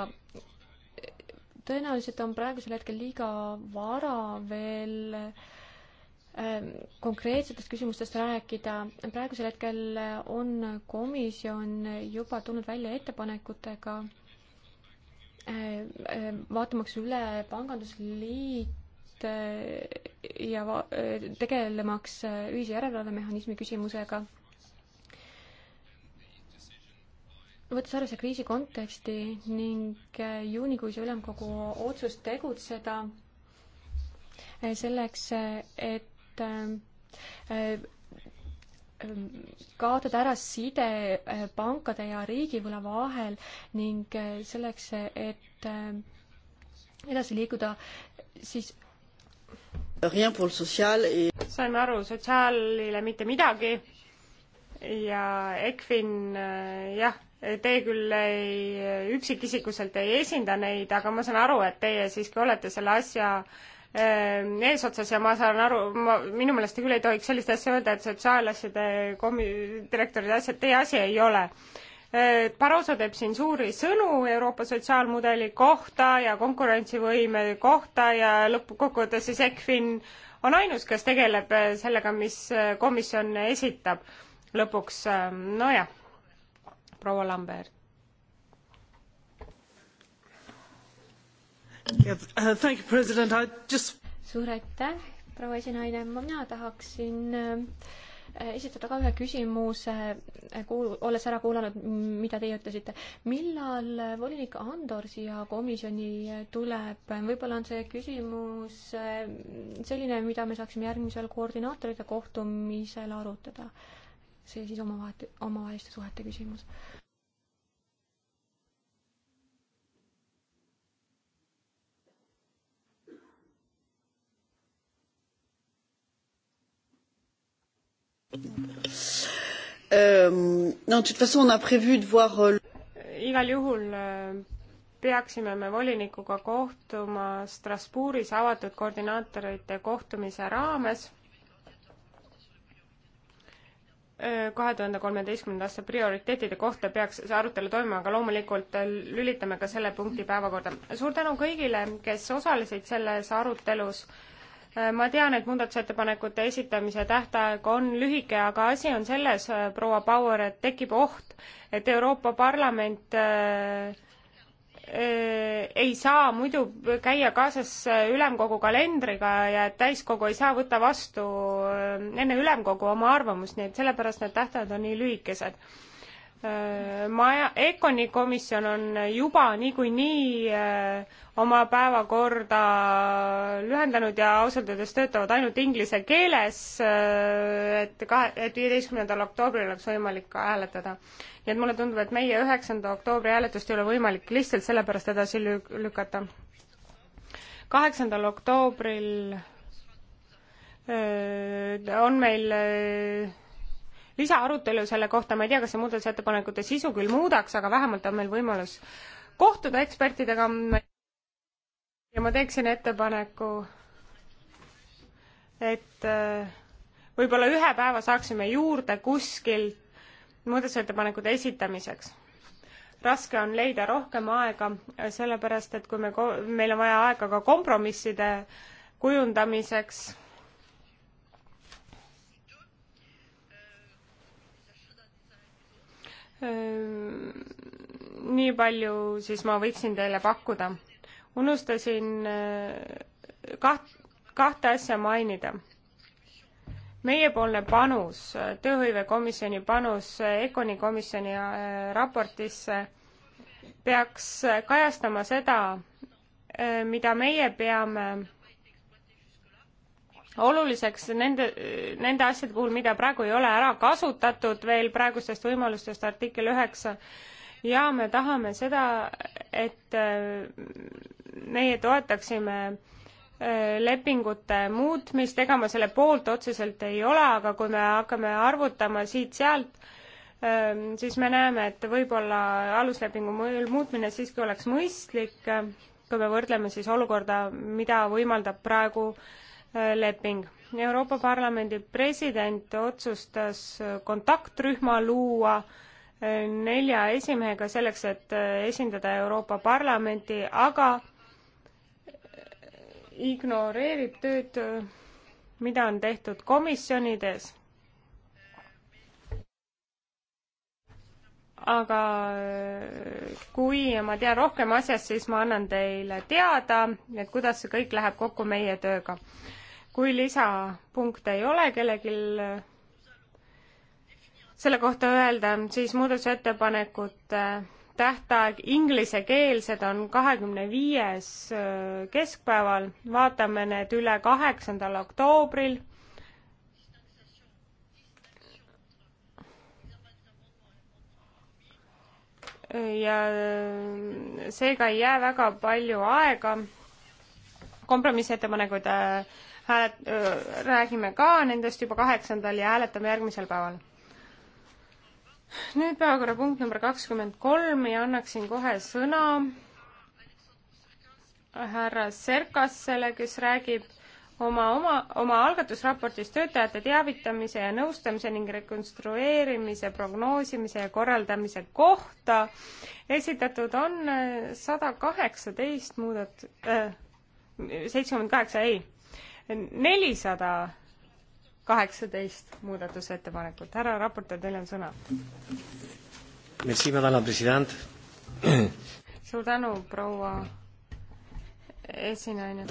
tõenäoliselt on praegusel hetkel liiga vara veel ähm, konkreetsetest küsimustest rääkida. praegusel hetkel on komisjon juba tulnud välja ettepanekutega Äh, äh, vaatamaks üle pangandusliit äh, ja tegelemaks ühise järelevalvemehhanismi küsimusega. võttes arvesse kriisi konteksti ning juunikuise ülemkogu otsust tegutseda selleks, et Ähm, kaotada ära side äh, pankade ja riigivõla vahel ning äh, selleks, et äh, edasi liikuda, siis saime aru, sotsiaalile mitte midagi ja ECFIN jah, teie küll ei, üksikisikuliselt ei esinda neid, aga ma saan aru, et teie siiski olete selle asja äh, Ehm, eesotsas ja ma saan aru, ma, minu meelest te küll ei tohiks sellist asja öelda, et sotsiaalasjade komi-, direktoride asjad teie asi ei ole. Ehm, Barroso teeb siin suuri sõnu Euroopa sotsiaalmudeli kohta ja konkurentsivõime kohta ja lõppkokkuvõttes siis ECFIN on ainus, kes tegeleb eh, sellega, mis eh, komisjon esitab lõpuks, ehm, nojah, proua Lambert Uh, suur aitäh, proua esinaine, mina tahaksin äh, esitada ka ühe küsimuse, äh, kuul-, olles ära kuulanud, mida teie ütlesite. millal äh, volinik Andor siia komisjoni tuleb? võib-olla on see küsimus selline, mida me saaksime järgmisel koordinaatorite kohtumisel arutada. see siis omavahel, omavaheliste suhete küsimus Euh, euh, igal juhul euh, peaksime me volinikuga kohtuma Strasbourgis avatud koordinaatorite kohtumise raames äh, kahe tuhande kolmeteistkümnenda aasta prioriteetide kohta peaks see arutelu toimuma, aga loomulikult äh, lülitame ka selle punkti päevakorda. suur tänu kõigile, kes osalesid selles arutelus Äh, ma tean, et muudatusettepanekute esitamise tähtaeg on lühike, aga asi on selles, äh, proua Bauer, et tekib oht, et Euroopa Parlament äh, ei saa muidu käia kaasas ülemkogu kalendriga ja täiskogu ei saa võtta vastu enne ülemkogu oma arvamust, nii et sellepärast need tähtajad on nii lühikesed Äh, maja, Econi komisjon on juba niikuinii äh, oma päevakorda lühendanud ja ausalt öeldes töötavad ainult inglise keeles, äh, et kahe, et viieteistkümnendal oktoobril oleks võimalik ka hääletada. nii et mulle tundub, et meie üheksanda oktoobri hääletust ei ole võimalik lihtsalt sellepärast edasi lük-, lükata. kaheksandal oktoobril on meil öö, lisaarutelu selle kohta, ma ei tea, kas see muudatusettepanekute sisu küll muudaks, aga vähemalt on meil võimalus kohtuda ekspertidega. ja ma teeksin ettepaneku, et äh, võib-olla ühe päeva saaksime juurde kuskil muudatusettepanekute esitamiseks raske on leida rohkem aega, sellepärast et kui me, meil on vaja aega ka kompromisside kujundamiseks Ehm, nii palju siis ma võiksin teile pakkuda. unustasin eh, kaht, kahte asja mainida. meiepoolne panus, tööhõivekomisjoni panus EKONi komisjoni eh, raportisse peaks kajastama seda, eh, mida meie peame oluliseks nende, nende asjade puhul, mida praegu ei ole ära kasutatud veel praegustest võimalustest artikkel üheksa ja me tahame seda, et äh, meie toetaksime äh, lepingute muutmist, ega ma selle poolt otseselt ei ole, aga kui me hakkame arvutama siit-sealt, äh, siis me näeme, et võib-olla aluslepingu muutmine siiski oleks mõistlik, kui me võrdleme siis olukorda, mida võimaldab praegu äh, leping. Euroopa Parlamendi president otsustas kontaktrühma luua eh, nelja esimehega selleks, et eh, esindada Euroopa Parlamenti, aga eh, ignoreerib tööd, mida on tehtud komisjonides. aga kui ma tean rohkem asjast, siis ma annan teile teada, et kuidas see kõik läheb kokku meie tööga kui lisapunkte ei ole kellelgi selle kohta öelda, siis muudatusettepanekute tähtaeg inglisekeelsed on kahekümne viies äh, keskpäeval, vaatame need üle kaheksandal oktoobril ja äh, seega ei jää väga palju aega kompromissettepanekuid äh, hääled, räägime ka nendest juba kaheksandal ja hääletame järgmisel päeval. nüüd päevakorrapunkt number kakskümmend kolm ja annaksin kohe sõna härra Serkasele, kes räägib oma, oma, oma algatusraportis töötajate teavitamise ja nõustamise ning rekonstrueerimise, prognoosimise ja korraldamise kohta. esitatud on äh, sada kaheksateist muudat- äh,, seitsekümmend kaheksa, ei, nelisada kaheksateist muudatusettepanekut. härra raportöör, teil on sõna. suur tänu, proua esinaine.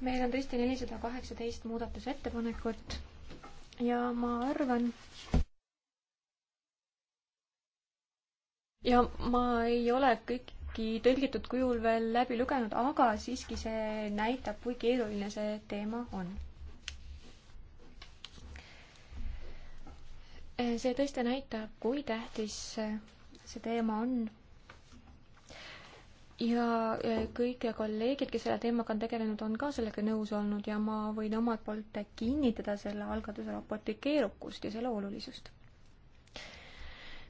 meil on tõesti nelisada kaheksateist muudatusettepanekut ja ma arvan, ja ma ei ole kõik isegi tõlgitud kujul veel läbi lugenud, aga siiski see näitab, kui keeruline see teema on. see tõesti näitab, kui tähtis see teema on. ja kõik kolleegid, kes selle teemaga on tegelenud, on ka sellega nõus olnud ja ma võin omalt poolt kinnitada selle algatuse raporti keerukust ja selle olulisust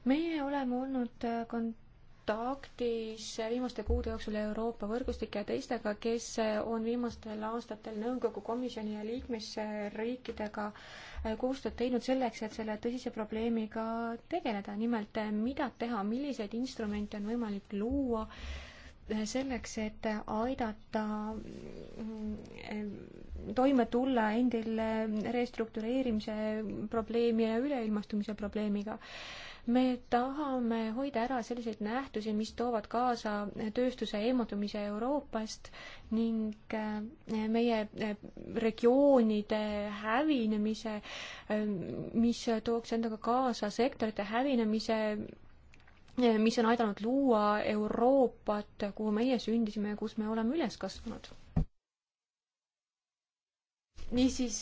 meie oleme olnud kont-, kontaktis viimaste kuude jooksul Euroopa võrgustike ja teistega, kes on viimastel aastatel nõukogu komisjoni ja liikmesriikidega eh, koostööd teinud selleks, et selle tõsise probleemiga tegeleda. nimelt, eh, mida teha, milliseid instrumente on võimalik luua eh, selleks, et aidata mm, toime tulla endil restruktureerimise probleemi ja üleilmastumise probleemiga me tahame hoida ära selliseid nähtusi, mis toovad kaasa tööstuse eemaldumise Euroopast ning eh, meie eh, regioonide hävinemise, eh, mis tooks endaga kaasa sektorite hävinemise mis on aidanud luua Euroopat, kuhu meie sündisime ja kus me oleme üles kasvanud. niisiis,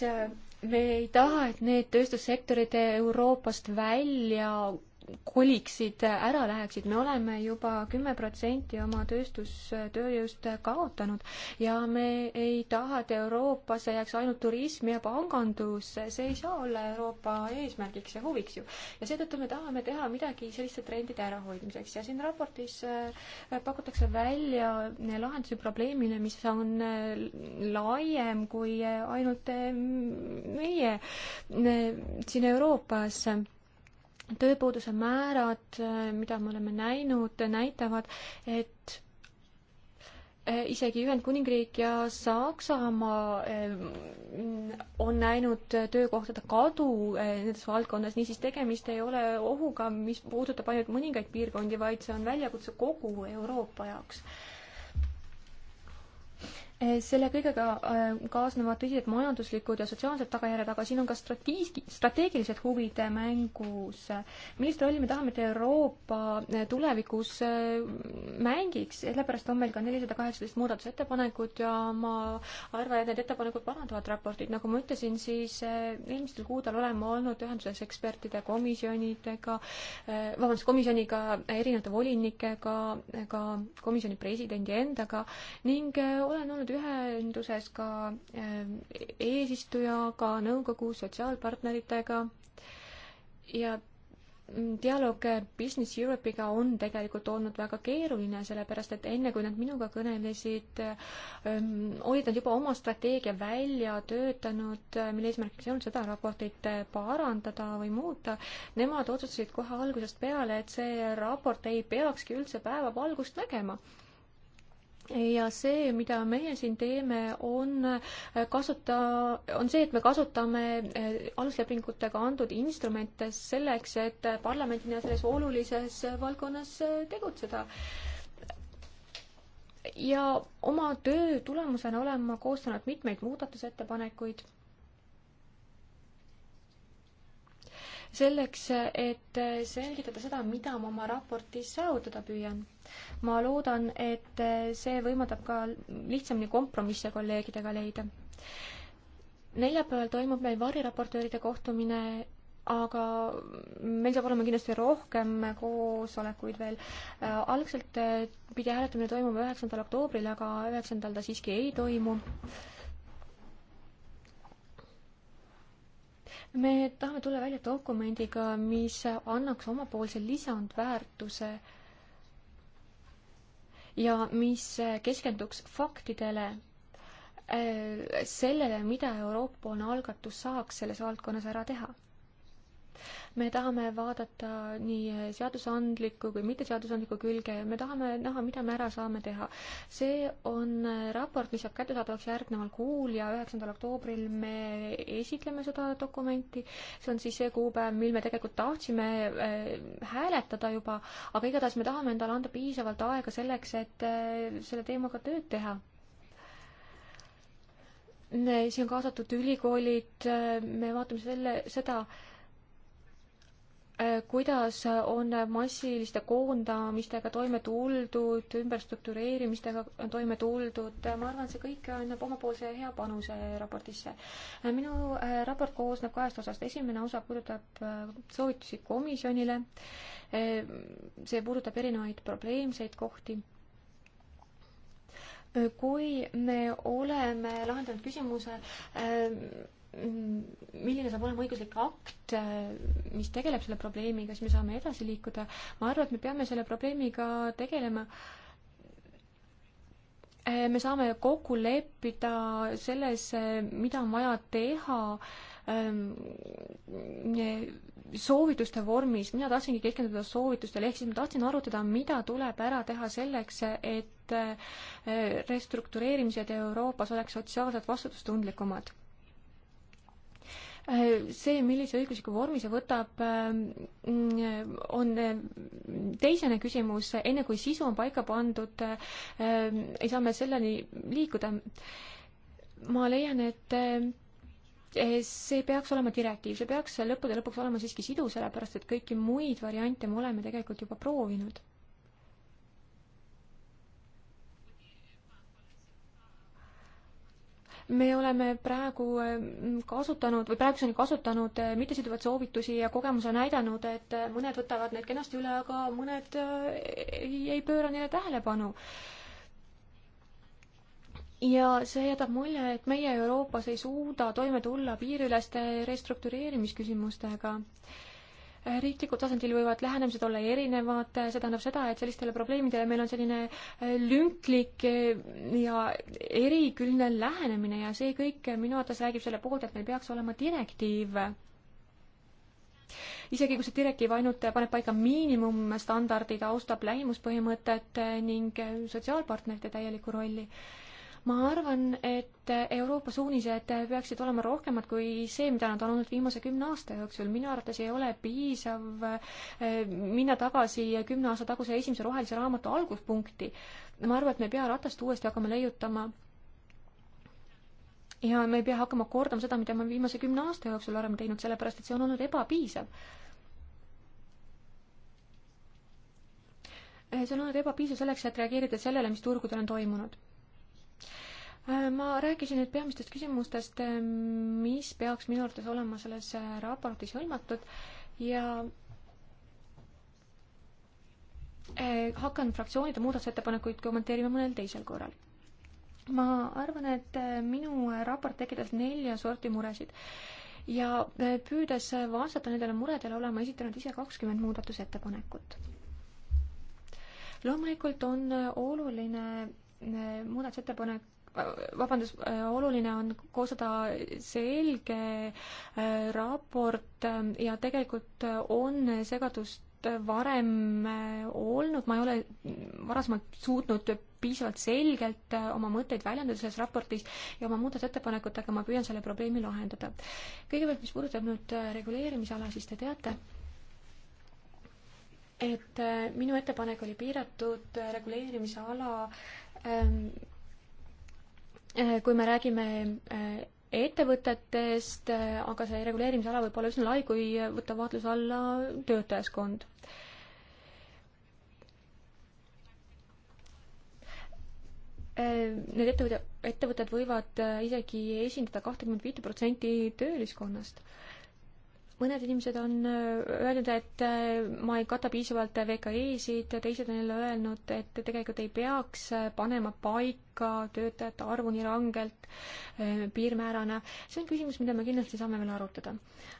me ei taha, et need tööstussektorid Euroopast välja koliksid ära, läheksid, me oleme juba kümme protsenti oma tööstustööjõust kaotanud ja me ei taha, et Euroopasse jääks ainult turism ja pangandus, see ei saa olla Euroopa eesmärgiks ja huviks ju. ja seetõttu me tahame teha midagi selliste trendide ärahoidmiseks ja siin raportis äh, pakutakse välja lahendusi probleemile, mis on äh, laiem kui äh, ainult meie siin Euroopas tööpuuduse määrad, mida me oleme näinud, näitavad, et e, isegi Ühendkuningriik ja Saksamaa e, on näinud töökohtade kadu e, nendes valdkondades, niisiis tegemist ei ole ohuga, mis puudutab ainult mõningaid piirkondi, vaid see on väljakutse kogu Euroopa jaoks Eh, selle kõigega eh, kaasnevad tõsised majanduslikud ja sotsiaalsed tagajärjed, aga siin on ka strateegi-, strateegilised huvid eh, mängus. millist rolli me tahame, et Euroopa tulevikus mängiks, sellepärast on meil ka nelisada kaheksateist muudatusettepanekut ja ma arvan, et need ettepanekud parandavad raportit. nagu ma ütlesin, siis eelmistel kuudel olen ma olnud ühenduses ekspertide komisjonidega, vabandust, komisjoniga, erinevate volinikega, ka komisjoni presidendi endaga ning olen olnud olnud ühenduses ka äh, eesistujaga, nõukogu sotsiaalpartneritega ja dialoog Business Europe'iga on tegelikult olnud väga keeruline, sellepärast et enne, kui nad minuga kõnelesid, ähm, olid nad juba oma strateegia välja töötanud, äh, mille eesmärgiks ei olnud seda raportit äh, parandada või muuta. Nemad otsustasid kohe algusest peale, et see raport ei peakski üldse päevavalgust nägema ja see, mida meie siin teeme, on äh, kasuta, on see, et me kasutame äh, aluslepingutega antud instrumente selleks, et parlamendina selles olulises valdkonnas äh, tegutseda ja oma töö tulemusena olen ma koostanud mitmeid muudatusettepanekuid selleks, et selgitada seda, mida ma oma raportis saavutada püüan. ma loodan, et see võimaldab ka lihtsamini kompromisse kolleegidega leida. neljapäeval toimub meil variraportööride kohtumine aga meil saab olema kindlasti rohkem koosolekuid veel. algselt pidi hääletamine toimuma üheksandal oktoobril, aga üheksandal ta siiski ei toimu me tahame tulla välja dokumendiga, mis annaks omapoolse lisandväärtuse ja mis keskenduks faktidele, äh, sellele, mida Euroopa-poolne algatus saaks selles valdkonnas ära teha me tahame vaadata nii seadusandlikku kui mitteseadusandlikku külge, me tahame näha, mida me ära saame teha. see on raport, mis saab kättesaadavaks järgneval kuul ja üheksandal oktoobril me esitleme seda dokumenti. see on siis see kuupäev, mil me tegelikult tahtsime äh, hääletada juba, aga igatahes me tahame endale anda piisavalt aega selleks, et äh, selle teemaga tööd teha siin on kaasatud ülikoolid, äh, me vaatame selle, seda, Äh, kuidas on massiliste koondamistega toime tuldud, ümberstruktureerimistega toime tuldud, ma arvan, et see kõik annab omapoolse hea panuse raportisse. Äh, minu äh, raport koosneb kahest osast, esimene osa puudutab soovitusi komisjonile, see puudutab erinevaid probleemseid kohti kui me oleme lahendanud küsimuse milline saab olema õiguslik akt, mis tegeleb selle probleemiga, siis me saame edasi liikuda. ma arvan, et me peame selle probleemiga tegelema. me saame kokku leppida selles, mida on vaja teha ehm, soovituste vormis, mina tahtsingi keskenduda soovitustele, ehk siis ma tahtsin arutada, mida tuleb ära teha selleks, et eh, restruktureerimised Euroopas oleks sotsiaalselt vastutustundlikumad see, millise õigusliku vormi see võtab, äh, on äh, teisene küsimus, enne kui sisu on paika pandud, äh, ei saa me selleni liikuda. ma leian, et see peaks olema direktiiv, see peaks lõppude lõpuks olema siiski sidu, sellepärast et kõiki muid variante me oleme tegelikult juba proovinud me oleme praegu mm, kasutanud või praeguseni kasutanud eh, mittesiduvaid soovitusi ja kogemus on näidanud, et eh, mõned võtavad need kenasti üle, aga mõned eh, ei, ei pööra neile tähelepanu. ja see jätab mulje, et meie Euroopas ei suuda toime tulla piiriüleste restruktureerimisküsimustega riiklikul tasandil võivad lähenemised olla erinevad, see tähendab seda, et sellistele probleemidele meil on selline äh, lünklik äh, ja erikülgne lähenemine ja see kõik minu arvates räägib selle poolt, et meil peaks olema direktiiv. isegi kui see direktiiv ainult paneb paika miinimumstandardid, austab lähimuspõhimõtet ning sotsiaalpartnerite täielikku rolli ma arvan, et Euroopa suunised peaksid olema rohkemad kui see, mida nad on olnud viimase kümne aasta jooksul. minu arvates ei ole piisav eh, minna tagasi kümne aasta taguse esimese rohelise raamatu alguspunkti. ma arvan, et me ei pea ratast uuesti hakkama leiutama ja me ei pea hakkama kordama seda, mida me viimase kümne aasta jooksul oleme teinud, sellepärast et see on olnud ebapiisav eh, see on olnud ebapiisav selleks, et reageerida sellele, mis turgudel on toimunud. Äh, ma rääkisin nüüd peamistest küsimustest, äh, mis peaks minu arvates olema selles äh, raportis hõlmatud ja hakkan fraktsioonide muudatusettepanekuid kommenteerima mõnel teisel korral. ma arvan, et minu raport tekitas nelja sorti muresid ja püüdes vastata nendele muredele, olen ma esitanud ise kakskümmend muudatusettepanekut loomulikult on oluline muudatusettepanek äh, vabandust, äh, oluline on koostada selge äh, raport ja tegelikult on segadust varem olnud, ma ei ole varasemalt suutnud piisavalt selgelt oma mõtteid väljendada selles raportis ja oma muudatusettepanekutega ma püüan selle probleemi lahendada. kõigepealt, mis puudutab nüüd reguleerimisala, siis te teate, et minu ettepanek oli piiratud reguleerimisala äh, Ähm, äh, kui me räägime äh, ettevõtetest, äh, aga see reguleerimisala võib olla üsna lai, kui võtta vaatluse alla töötajaskond. Need ettevõtjad, ettevõtted võivad isegi esindada kahtekümmet viite protsenti tööliskonnast mõned inimesed on äh, öelnud, et äh, ma ei kata piisavalt VKE-sid, teised on jälle öelnud, et tegelikult ei peaks äh, panema paika töötajate arvu nii rangelt piirmäärana. see on küsimus, mida me kindlasti saame veel arutada.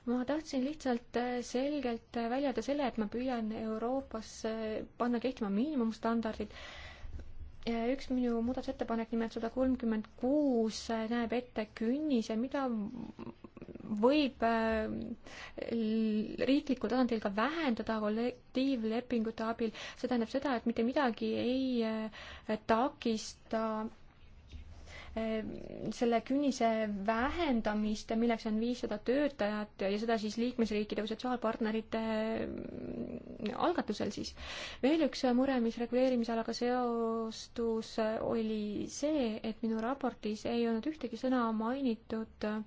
ma tahtsin lihtsalt selgelt välja öelda selle, et ma püüan Euroopas panna kehtima miinimumstandardid üks minu muudatusettepanek, nimelt sada kolmkümmend kuus, näeb ette künnise, mida võib äh, riiklikul tasandil ka vähendada kollektiivlepingute abil. see tähendab seda, et mitte midagi ei äh, takista Ehm, selle künnise vähendamist, milleks on viissada töötajat ja seda siis liikmesriikide või sotsiaalpartnerite ehm, algatusel siis. veel üks mure, mis reguleerimisalaga seostus, oli see, et minu raportis ei olnud ühtegi sõna mainitud ehm,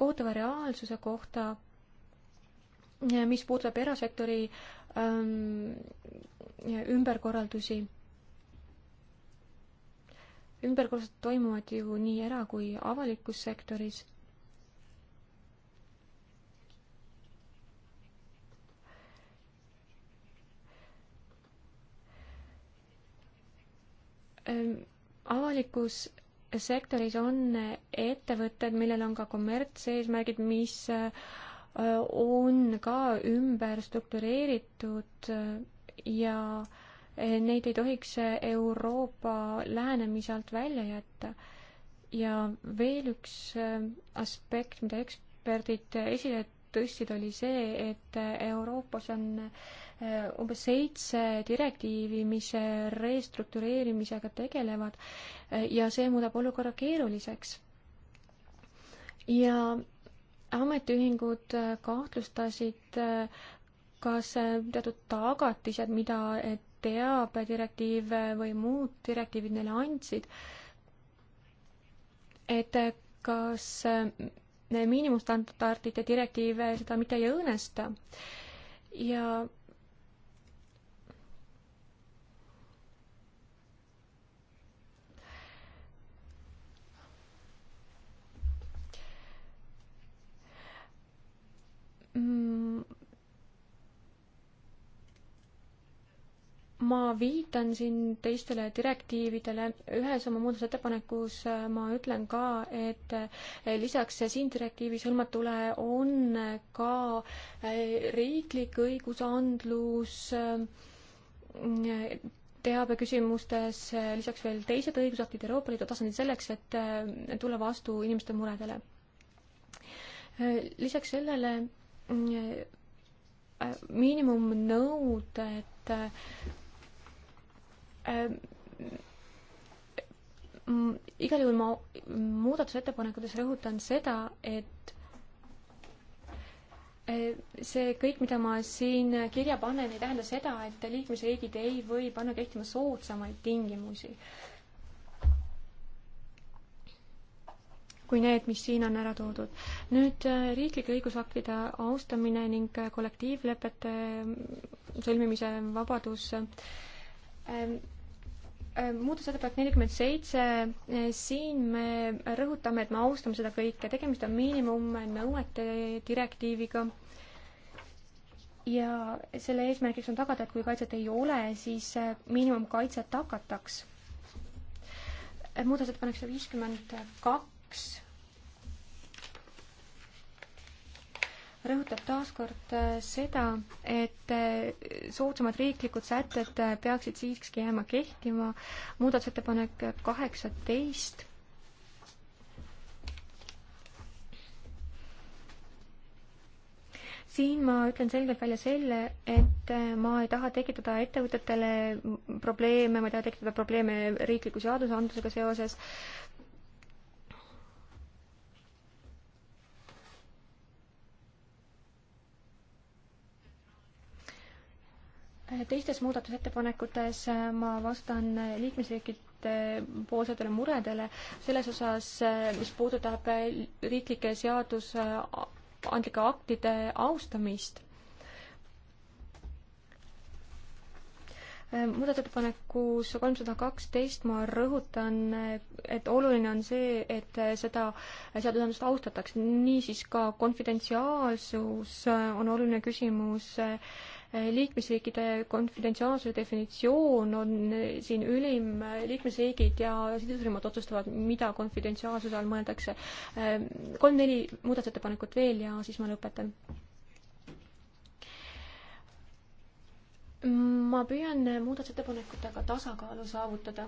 kohutava reaalsuse kohta, mis puudutab erasektori ümberkorraldusi ümberkorraldused toimuvad ju nii era- kui avalikus sektoris. Ehm, avalikus sektoris on ettevõtted, millel on ka kommertseesmärgid, mis eh, on ka ümber struktureeritud eh, ja äh, neid ei tohiks Euroopa lähenemise alt välja jätta. ja veel üks äh, aspekt, mida eksperdid esile tõstsid, oli see, et äh, Euroopas on äh, umbes seitse direktiivi, mis restruktureerimisega tegelevad ja see muudab olukorra keeruliseks. ja ametiühingud kahtlustasid, kas teatud tagatised, mida teabedirektiiv või muud direktiivid neile andsid, et kas miinimumstandardite direktiiv seda mitte ei õõnesta ja mm ma viitan siin teistele direktiividele, ühes oma muudatusettepanekus äh, ma ütlen ka, et äh, lisaks siin direktiivis hõlmatule on äh, ka riiklik õigusandlus teabeküsimustes, lisaks veel teised õigusaktid Euroopa Liidu tasandil selleks, et tulla vastu inimeste muredele. lisaks sellele miinimumnõuded Äh, igal juhul ma muudatusettepanekutes rõhutan seda, et äh, see kõik, mida ma siin kirja panen, ei tähenda seda, et liikmesriigid ei või panna kehtima soodsamaid tingimusi. kui need, mis siin on ära toodud. nüüd äh, riiklike õigusaktide austamine ning kollektiivlepete sõlmimise vabadus Äh, muudatusettepanek nelikümmend seitse, äh, siin me rõhutame, et me austame seda kõike, tegemist on miinimumnõuete direktiiviga. ja selle eesmärgiks on tagada, et kui kaitset ei ole, siis äh, miinimumkaitset hakataks. muudatusettepanek sada viiskümmend kaks rõhutab taaskord äh, seda, et äh, soodsamad riiklikud sätted äh, peaksid siiski jääma kehtima. muudatusettepanek kaheksateist. siin ma ütlen selgelt välja selle, et ma ei taha tekitada ettevõtetele probleeme, ma ei taha tekitada probleeme riikliku seadusandlusega seoses teistes muudatusettepanekutes äh, ma vastan liikmesriikide poolsetele muredele selles osas, äh, mis puudutab äh, riiklike seadusandlike aktide austamist. muudatusettepanekus kolmsada kaksteist ma rõhutan, et oluline on see, et seda seadusandlust austataks, niisiis ka konfidentsiaalsus on oluline küsimus äh, liikmesriikide konfidentsiaalsuse definitsioon on siin ülim, liikmesriigid ja sidusrühmad otsustavad, mida konfidentsiaalsuse all mõeldakse. kolm-neli muudatusettepanekut veel ja siis ma lõpetan. ma püüan muudatusettepanekutega tasakaalu saavutada.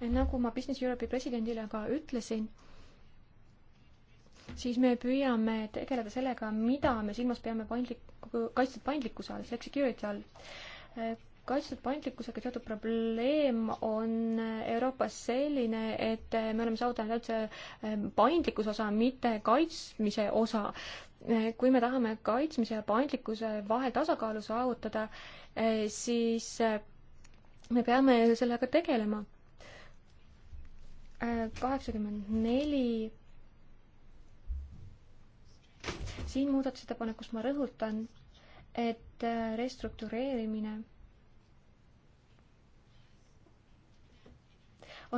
nagu ma Business Europe'i presidendile ka ütlesin siis me püüame tegeleda sellega, mida me silmas peame paindliku, kaitstud paindlikkuse all, flexicurity all. kaitstud paindlikkusega seotud probleem on Euroopas selline, et me oleme saavutanud üldse ehm, paindlikkuse osa, mitte kaitsmise osa. kui me tahame kaitsmise ja paindlikkuse vahel tasakaalu saavutada, eh, siis eh, me peame sellega tegelema. Eh, kaheksakümmend neli siin muudatusettepanekus ma rõhutan, et äh, restruktureerimine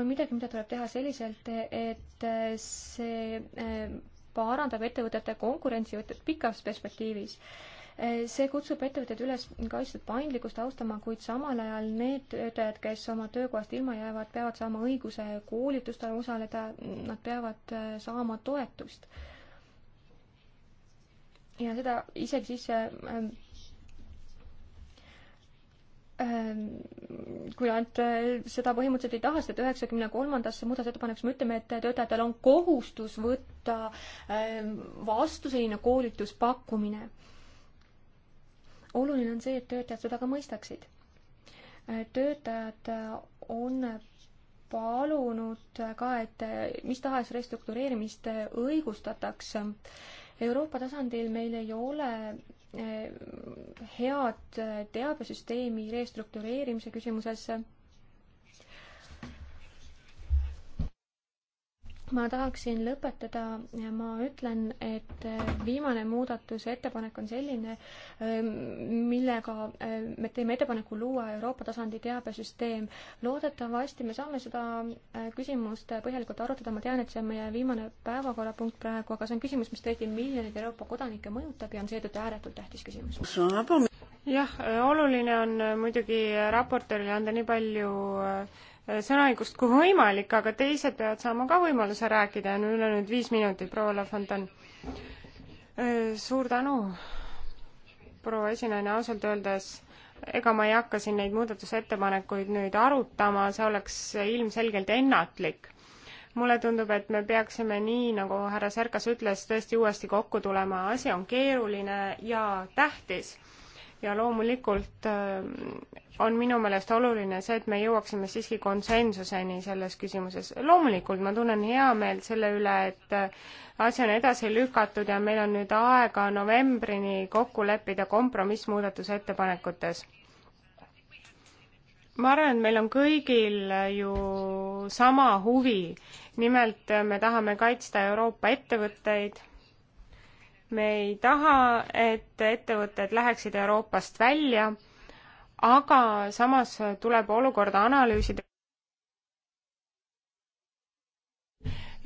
on midagi, mida tuleb teha selliselt, et äh, see äh, parandab ettevõtete konkurentsivõtet pikas perspektiivis. see kutsub ettevõtted üles kaitstud paindlikkust austama, kuid samal ajal need töötajad, kes oma töökohast ilma jäävad, peavad saama õiguse koolitustel osaleda, nad peavad saama toetust ja seda isegi siis ähm, kui nad äh, seda põhimõtteliselt ei taha, sest et üheksakümne kolmandas muudatusettepanekus me ütleme, et töötajatel on kohustus võtta äh, vastu selline koolituspakkumine. oluline on see, et töötajad seda ka mõistaksid. töötajad on palunud ka, et mis tahes restruktureerimist õigustatakse Euroopa tasandil meil ei ole eh, head eh, teabesüsteemi restruktureerimise küsimuses ma tahaksin lõpetada, ma ütlen, et äh, viimane muudatusettepanek on selline, ähm, millega äh, me teeme ettepaneku luua Euroopa tasandi teabesüsteem. loodetavasti me saame seda äh, küsimust põhjalikult arutada, ma tean, et see on meie viimane päevakorrapunkt praegu, aga see on küsimus, mis tõesti miljoneid Euroopa kodanikke mõjutab ja on seetõttu ääretult tähtis küsimus. jah, oluline on muidugi raportöörile anda nii palju sõnaõigust kui võimalik, aga teised peavad saama ka võimaluse rääkida ja nüüd on nüüd viis minutit, proua Lafontan. suur tänu, proua esinaine, ausalt öeldes ega ma ei hakka siin neid muudatusettepanekuid nüüd arutama, see oleks ilmselgelt ennatlik mulle tundub, et me peaksime nii, nagu härra Särkas ütles, tõesti uuesti kokku tulema, asi on keeruline ja tähtis ja loomulikult äh, on minu meelest oluline see, et me jõuaksime siiski konsensuseni selles küsimuses. loomulikult ma tunnen heameelt selle üle, et äh, asi on edasi lükatud ja meil on nüüd aega novembrini kokku leppida kompromissmuudatuse ettepanekutes. ma arvan, et meil on kõigil äh, ju sama huvi, nimelt me tahame kaitsta Euroopa ettevõtteid me ei taha, et ettevõtted läheksid Euroopast välja, aga samas tuleb olukorda analüüsida.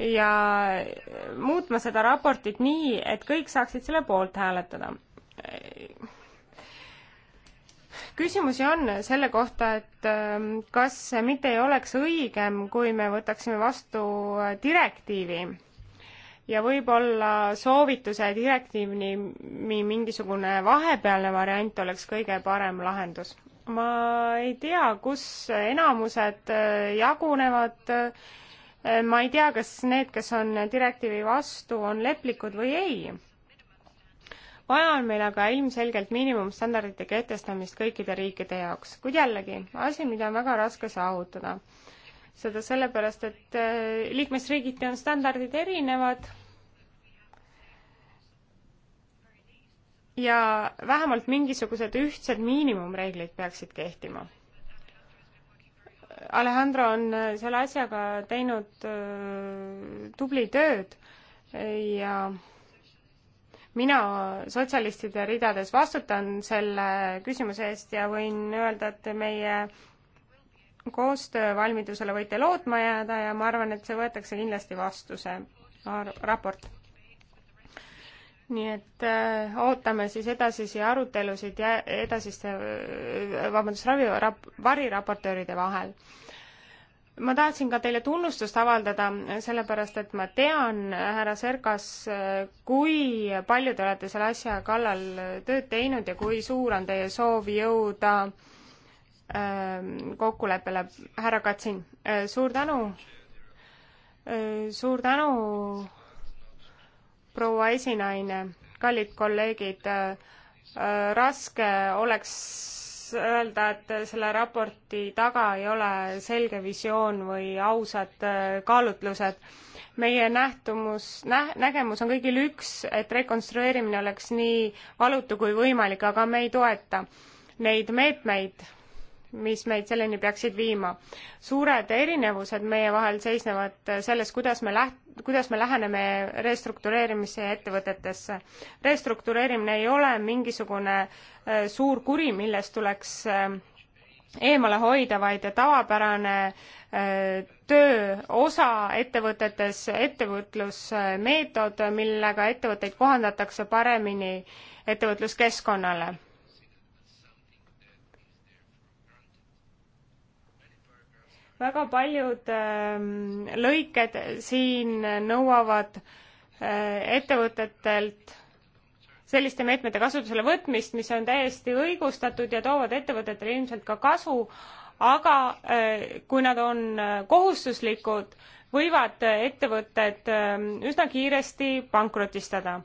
ja muutma seda raportit nii, et kõik saaksid selle poolt hääletada. küsimusi on selle kohta, et ähm, kas mitte ei oleks õigem, kui me võtaksime vastu direktiivi ja võib-olla soovituse direktiivini mingisugune vahepealne variant oleks kõige parem lahendus. ma ei tea, kus enamused äh, jagunevad, äh, ma ei tea, kas need, kes on direktiivi vastu, on leplikud või ei vaja on meil aga ilmselgelt miinimumstandardite kehtestamist kõikide riikide jaoks, kuid jällegi, asi, mida on väga raske saavutada. seda sellepärast, et äh, liikmesriigiti on standardid erinevad ja vähemalt mingisugused ühtsed miinimumreeglid peaksid kehtima. Alejandro on äh, selle asjaga teinud äh, tubli tööd äh, ja mina sotsialistide ridades vastutan selle küsimuse eest ja võin öelda, et meie koostöövalmidusele võite lootma jääda ja ma arvan, et see võetakse kindlasti vastu, see raport nii et äh, ootame siis edasisi arutelusid ja edasiste, äh, vabandust, ravi, rap-, variraportööride vahel. ma tahtsin ka teile tunnustust avaldada, sellepärast et ma tean, härra Serkas, äh, kui palju te olete selle asja kallal äh, tööd teinud ja kui suur on teie soov jõuda äh, kokkuleppele. härra Katsin äh,, suur tänu äh,, suur tänu proua esinaine, kallid kolleegid, äh, äh, raske oleks öelda, et selle raporti taga ei ole selge visioon või ausad äh, kaalutlused. meie nähtumus, nä-, nägemus on kõigil üks, et rekonstrueerimine oleks nii valutu kui võimalik, aga me ei toeta neid meetmeid mis meid selleni peaksid viima. suured erinevused meie vahel seisnevad selles, kuidas me läht-, kuidas me läheneme restruktureerimise ettevõtetesse. restruktureerimine ei ole mingisugune äh, suur kuri, millest tuleks äh, eemale hoida, vaid tavapärane äh, töö osa ettevõtetes, ettevõtlusmeetod, millega ettevõtteid kohandatakse paremini ettevõtluskeskkonnale väga paljud ähm, lõiked siin nõuavad äh, ettevõtetelt selliste meetmete kasutusele võtmist, mis on täiesti õigustatud ja toovad ettevõtetele ilmselt ka kasu, aga äh, kui nad on äh, kohustuslikud, võivad äh, ettevõtted ähm, üsna kiiresti pankrotistada.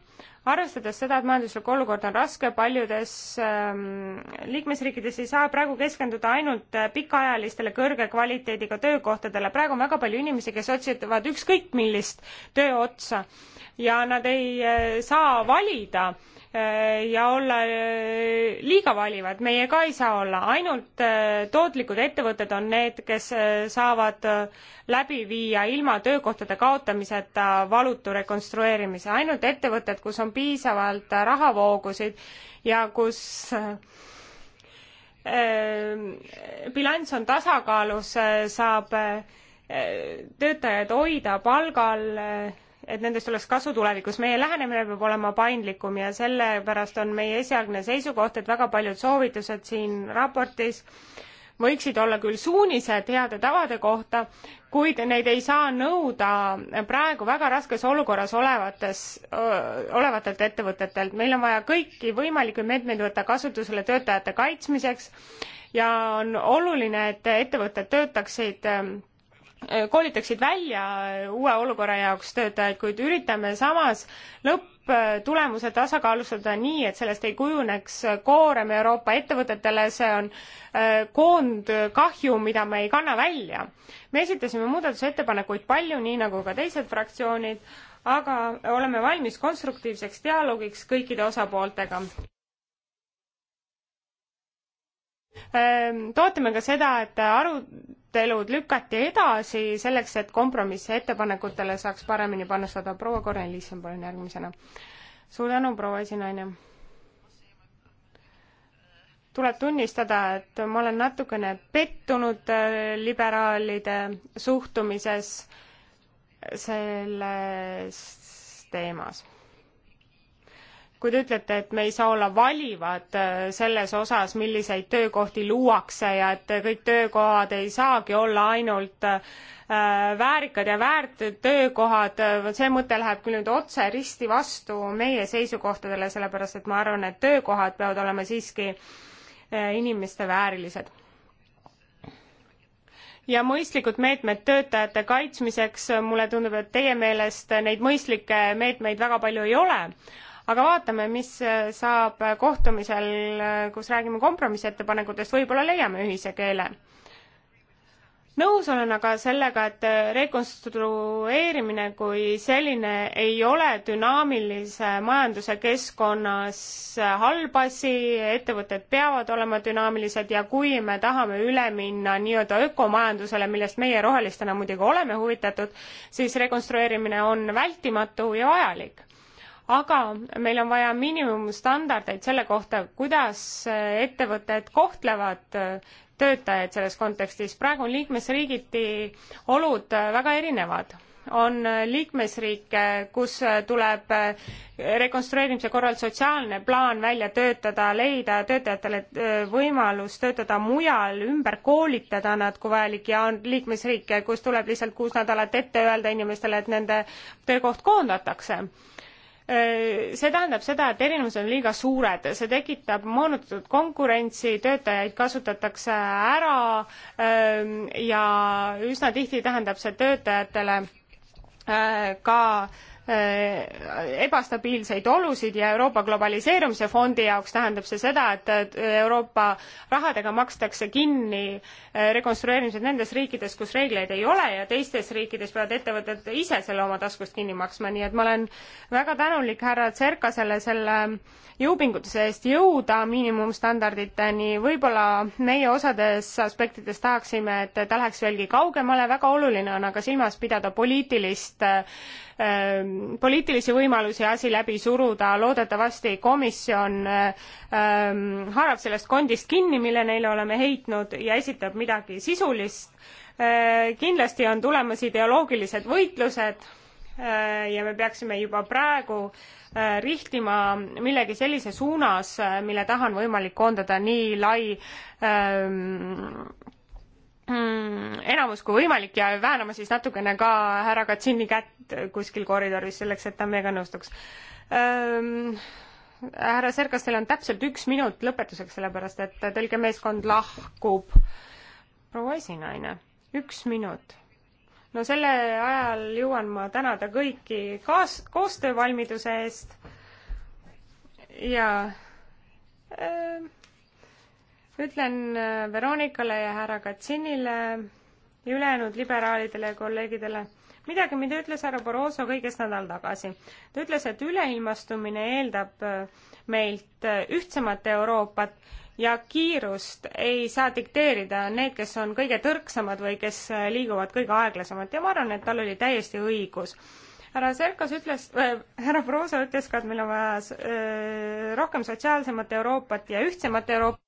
arvestades seda, et majanduslik olukord on raske, paljudes ähm, liikmesriikides ei saa praegu keskenduda ainult äh, pikaajalistele kõrge kvaliteediga töökohtadele, praegu on väga palju inimesi, kes otsivad ükskõik millist töö otsa ja nad ei äh, saa valida Äh, ja olla äh, liiga valivad, meie ka ei saa olla, ainult äh, tootlikud ettevõtted on need, kes saavad läbi viia ilma töökohtade kaotamiseta valutu rekonstrueerimise, ainult ettevõtted, kus on piisavalt rahavoogusid ja kus bilanss on tasakaalus, saab töötajaid hoida palgal et nendest oleks kasu tulevikus. meie lähenemine peab olema paindlikum ja sellepärast on meie esialgne seisukoht, et väga paljud soovitused siin raportis võiksid olla küll suunised heade tavade kohta, kuid neid ei saa nõuda praegu väga raskes olukorras olevates, olevatelt ettevõtetelt. meil on vaja kõiki võimalikke meetmeid võtta kasutusele töötajate kaitsmiseks ja on oluline, et ettevõtted töötaksid Eh, koolitaksid välja eh, uue olukorra jaoks töötajaid, kuid üritame samas lõpptulemuse eh, tasakaalustada nii, et sellest ei kujuneks koorem Euroopa ettevõtetele, see on koondkahju, mida me ei kanna välja. me esitasime muudatusettepanekuid palju, nii nagu ka teised fraktsioonid, aga oleme valmis konstruktiivseks dialoogiks kõikide osapooltega. Ehm, toetame ka seda, et arutelud lükati edasi selleks, et kompromissettepanekutele saaks paremini panustada. proua Kornelisson, palun järgmisena. suur tänu, proua esinaine. tuleb tunnistada, et ma olen natukene pettunud äh, liberaalide suhtumises selles teemas kui te ütlete, et me ei saa olla valivad äh, selles osas, milliseid töökohti luuakse ja et kõik töökohad ei saagi olla ainult äh, väärikad ja väärt töökohad, vot äh, see mõte läheb küll nüüd otse risti vastu meie seisukohtadele, sellepärast et ma arvan, et töökohad peavad olema siiski inimeste väärilised ja mõistlikud meetmed töötajate kaitsmiseks mulle tundub et teie meelest neid mõistlikke meetmeid väga palju ei ole aga vaatame, mis äh, saab äh, kohtumisel, äh, kus räägime kompromissettepanekutest, võib-olla leiame ühise keele nõus olen aga sellega, et rekonstrueerimine kui selline ei ole dünaamilise majanduse keskkonnas halb asi, ettevõtted peavad olema dünaamilised ja kui me tahame üle minna nii-öelda ökomajandusele, millest meie rohelistena muidugi oleme huvitatud, siis rekonstrueerimine on vältimatu ja vajalik aga meil on vaja miinimumstandardeid selle kohta, kuidas ettevõtted kohtlevad äh, töötajaid selles kontekstis. praegu on liikmesriigiti olud äh, väga erinevad on äh, liikmesriike, kus tuleb rekonstrueerimise korral sotsiaalne plaan välja töötada, leida töötajatele võimalus töötada mujal, ümber koolitada nad, kui vajalik, ja on liikmesriike, kus tuleb lihtsalt kuus nädalat ette öelda inimestele, et nende töökoht koondatakse Äh, see tähendab seda, et erinevused on liiga suured, see tekitab moonutatud konkurentsi, töötajaid kasutatakse ära ähm, ja üsna tihti tähendab see töötajatele äh, ka äh, Äh, ebastabiilseid olusid ja Euroopa globaliseerumise fondi jaoks tähendab see seda, et Euroopa rahadega makstakse kinni äh, rekonstrueerimised nendes riikides, kus reegleid ei ole ja teistes riikides peavad ettevõtted ise selle oma taskust kinni maksma, nii et ma olen väga tänulik härra Tserkasele selle jõupingutuse eest jõuda miinimumstandarditeni, võib-olla meie osades aspektides tahaksime, et ta läheks veelgi kaugemale, väga oluline on aga silmas pidada poliitilist äh, Ähm, poliitilisi võimalusi asi läbi suruda, loodetavasti komisjon ähm, haarab sellest kondist kinni, mille neile oleme heitnud ja esitab midagi sisulist. Äh, kindlasti on tulemas ideoloogilised võitlused äh, ja me peaksime juba praegu äh, rihtima millegi sellise suunas, mille taha on võimalik koondada nii lai ähm, Mm, enamus kui võimalik ja väänama siis natukene ka härra Katsini kätt kuskil koridoris selleks, et ta meiega nõustuks ähm,. härra Sergas, teil on täpselt üks minut lõpetuseks, sellepärast et tõlgemeeskond lahkub. proua esinaine, üks minut. no selle ajal jõuan ma tänada kõiki kaas-, koostöövalmiduse eest ja ähm, ütlen äh, Veronikale ja härra Katsinile ja ülejäänud liberaalidele ja kolleegidele midagi, mida ütles härra Barroso kõigest nädal tagasi. ta ütles, et üleilmastumine eeldab äh, meilt äh, ühtsemat Euroopat ja kiirust ei saa dikteerida need, kes on kõige tõrksamad või kes liiguvad kõige aeglasemalt ja ma arvan, et tal oli täiesti õigus. härra Serkas ütles äh,, härra Barroso ütles ka, et meil on vaja äh, rohkem sotsiaalsemat Euroopat ja ühtsemat Euroopat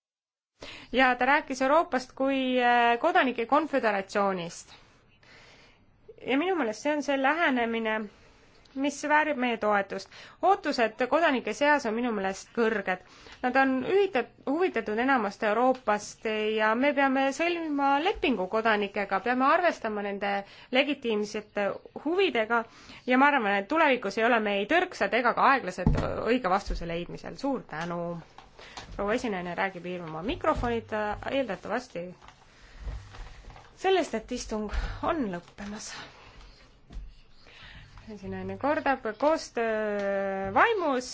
ja ta rääkis Euroopast kui äh, kodanike konföderatsioonist. ja minu meelest see on see lähenemine, mis väärib meie toetust. ootused kodanike seas on minu meelest kõrged. Nad on ühitat-, huvitatud enamast Euroopast ja me peame sõlmima lepingu kodanikega, peame arvestama nende legitiimsete huvidega ja ma arvan, et tulevikus ei ole me ei tõrksad ega ka aeglased õige vastuse leidmisel. suur tänu! proua esinaine räägib ilma mikrofonita, eeldatavasti sellest, et istung on lõppemas. esinaine kordab, koostöö vaimus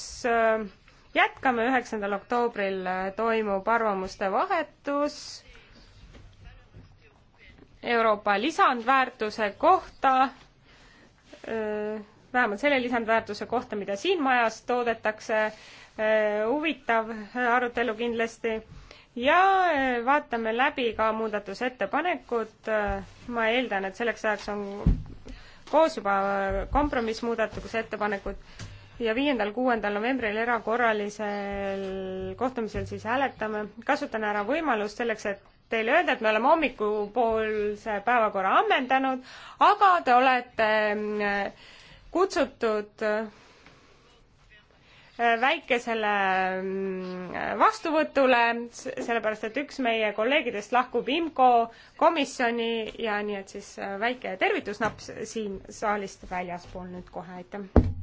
jätkame, üheksandal oktoobril toimub arvamuste vahetus Euroopa lisandväärtuse kohta vähemalt selle lisandväärtuse kohta, mida siin majas toodetakse Äh, huvitav arutelu kindlasti ja äh, vaatame läbi ka muudatusettepanekud. Äh, ma eeldan, et selleks ajaks on koos juba kompromissmuudatusettepanekud ja viiendal, kuuendal novembril erakorralisel kohtumisel siis hääletame. kasutan ära võimalust selleks, et teile öelda, et me oleme hommikupoolse päevakorra ammendanud, aga te olete kutsutud väikesele mm, vastuvõtule, sellepärast et üks meie kolleegidest lahkub IMCO komisjoni ja nii et siis äh, väike tervitusnaps siin saalist väljaspool nüüd kohe, aitäh!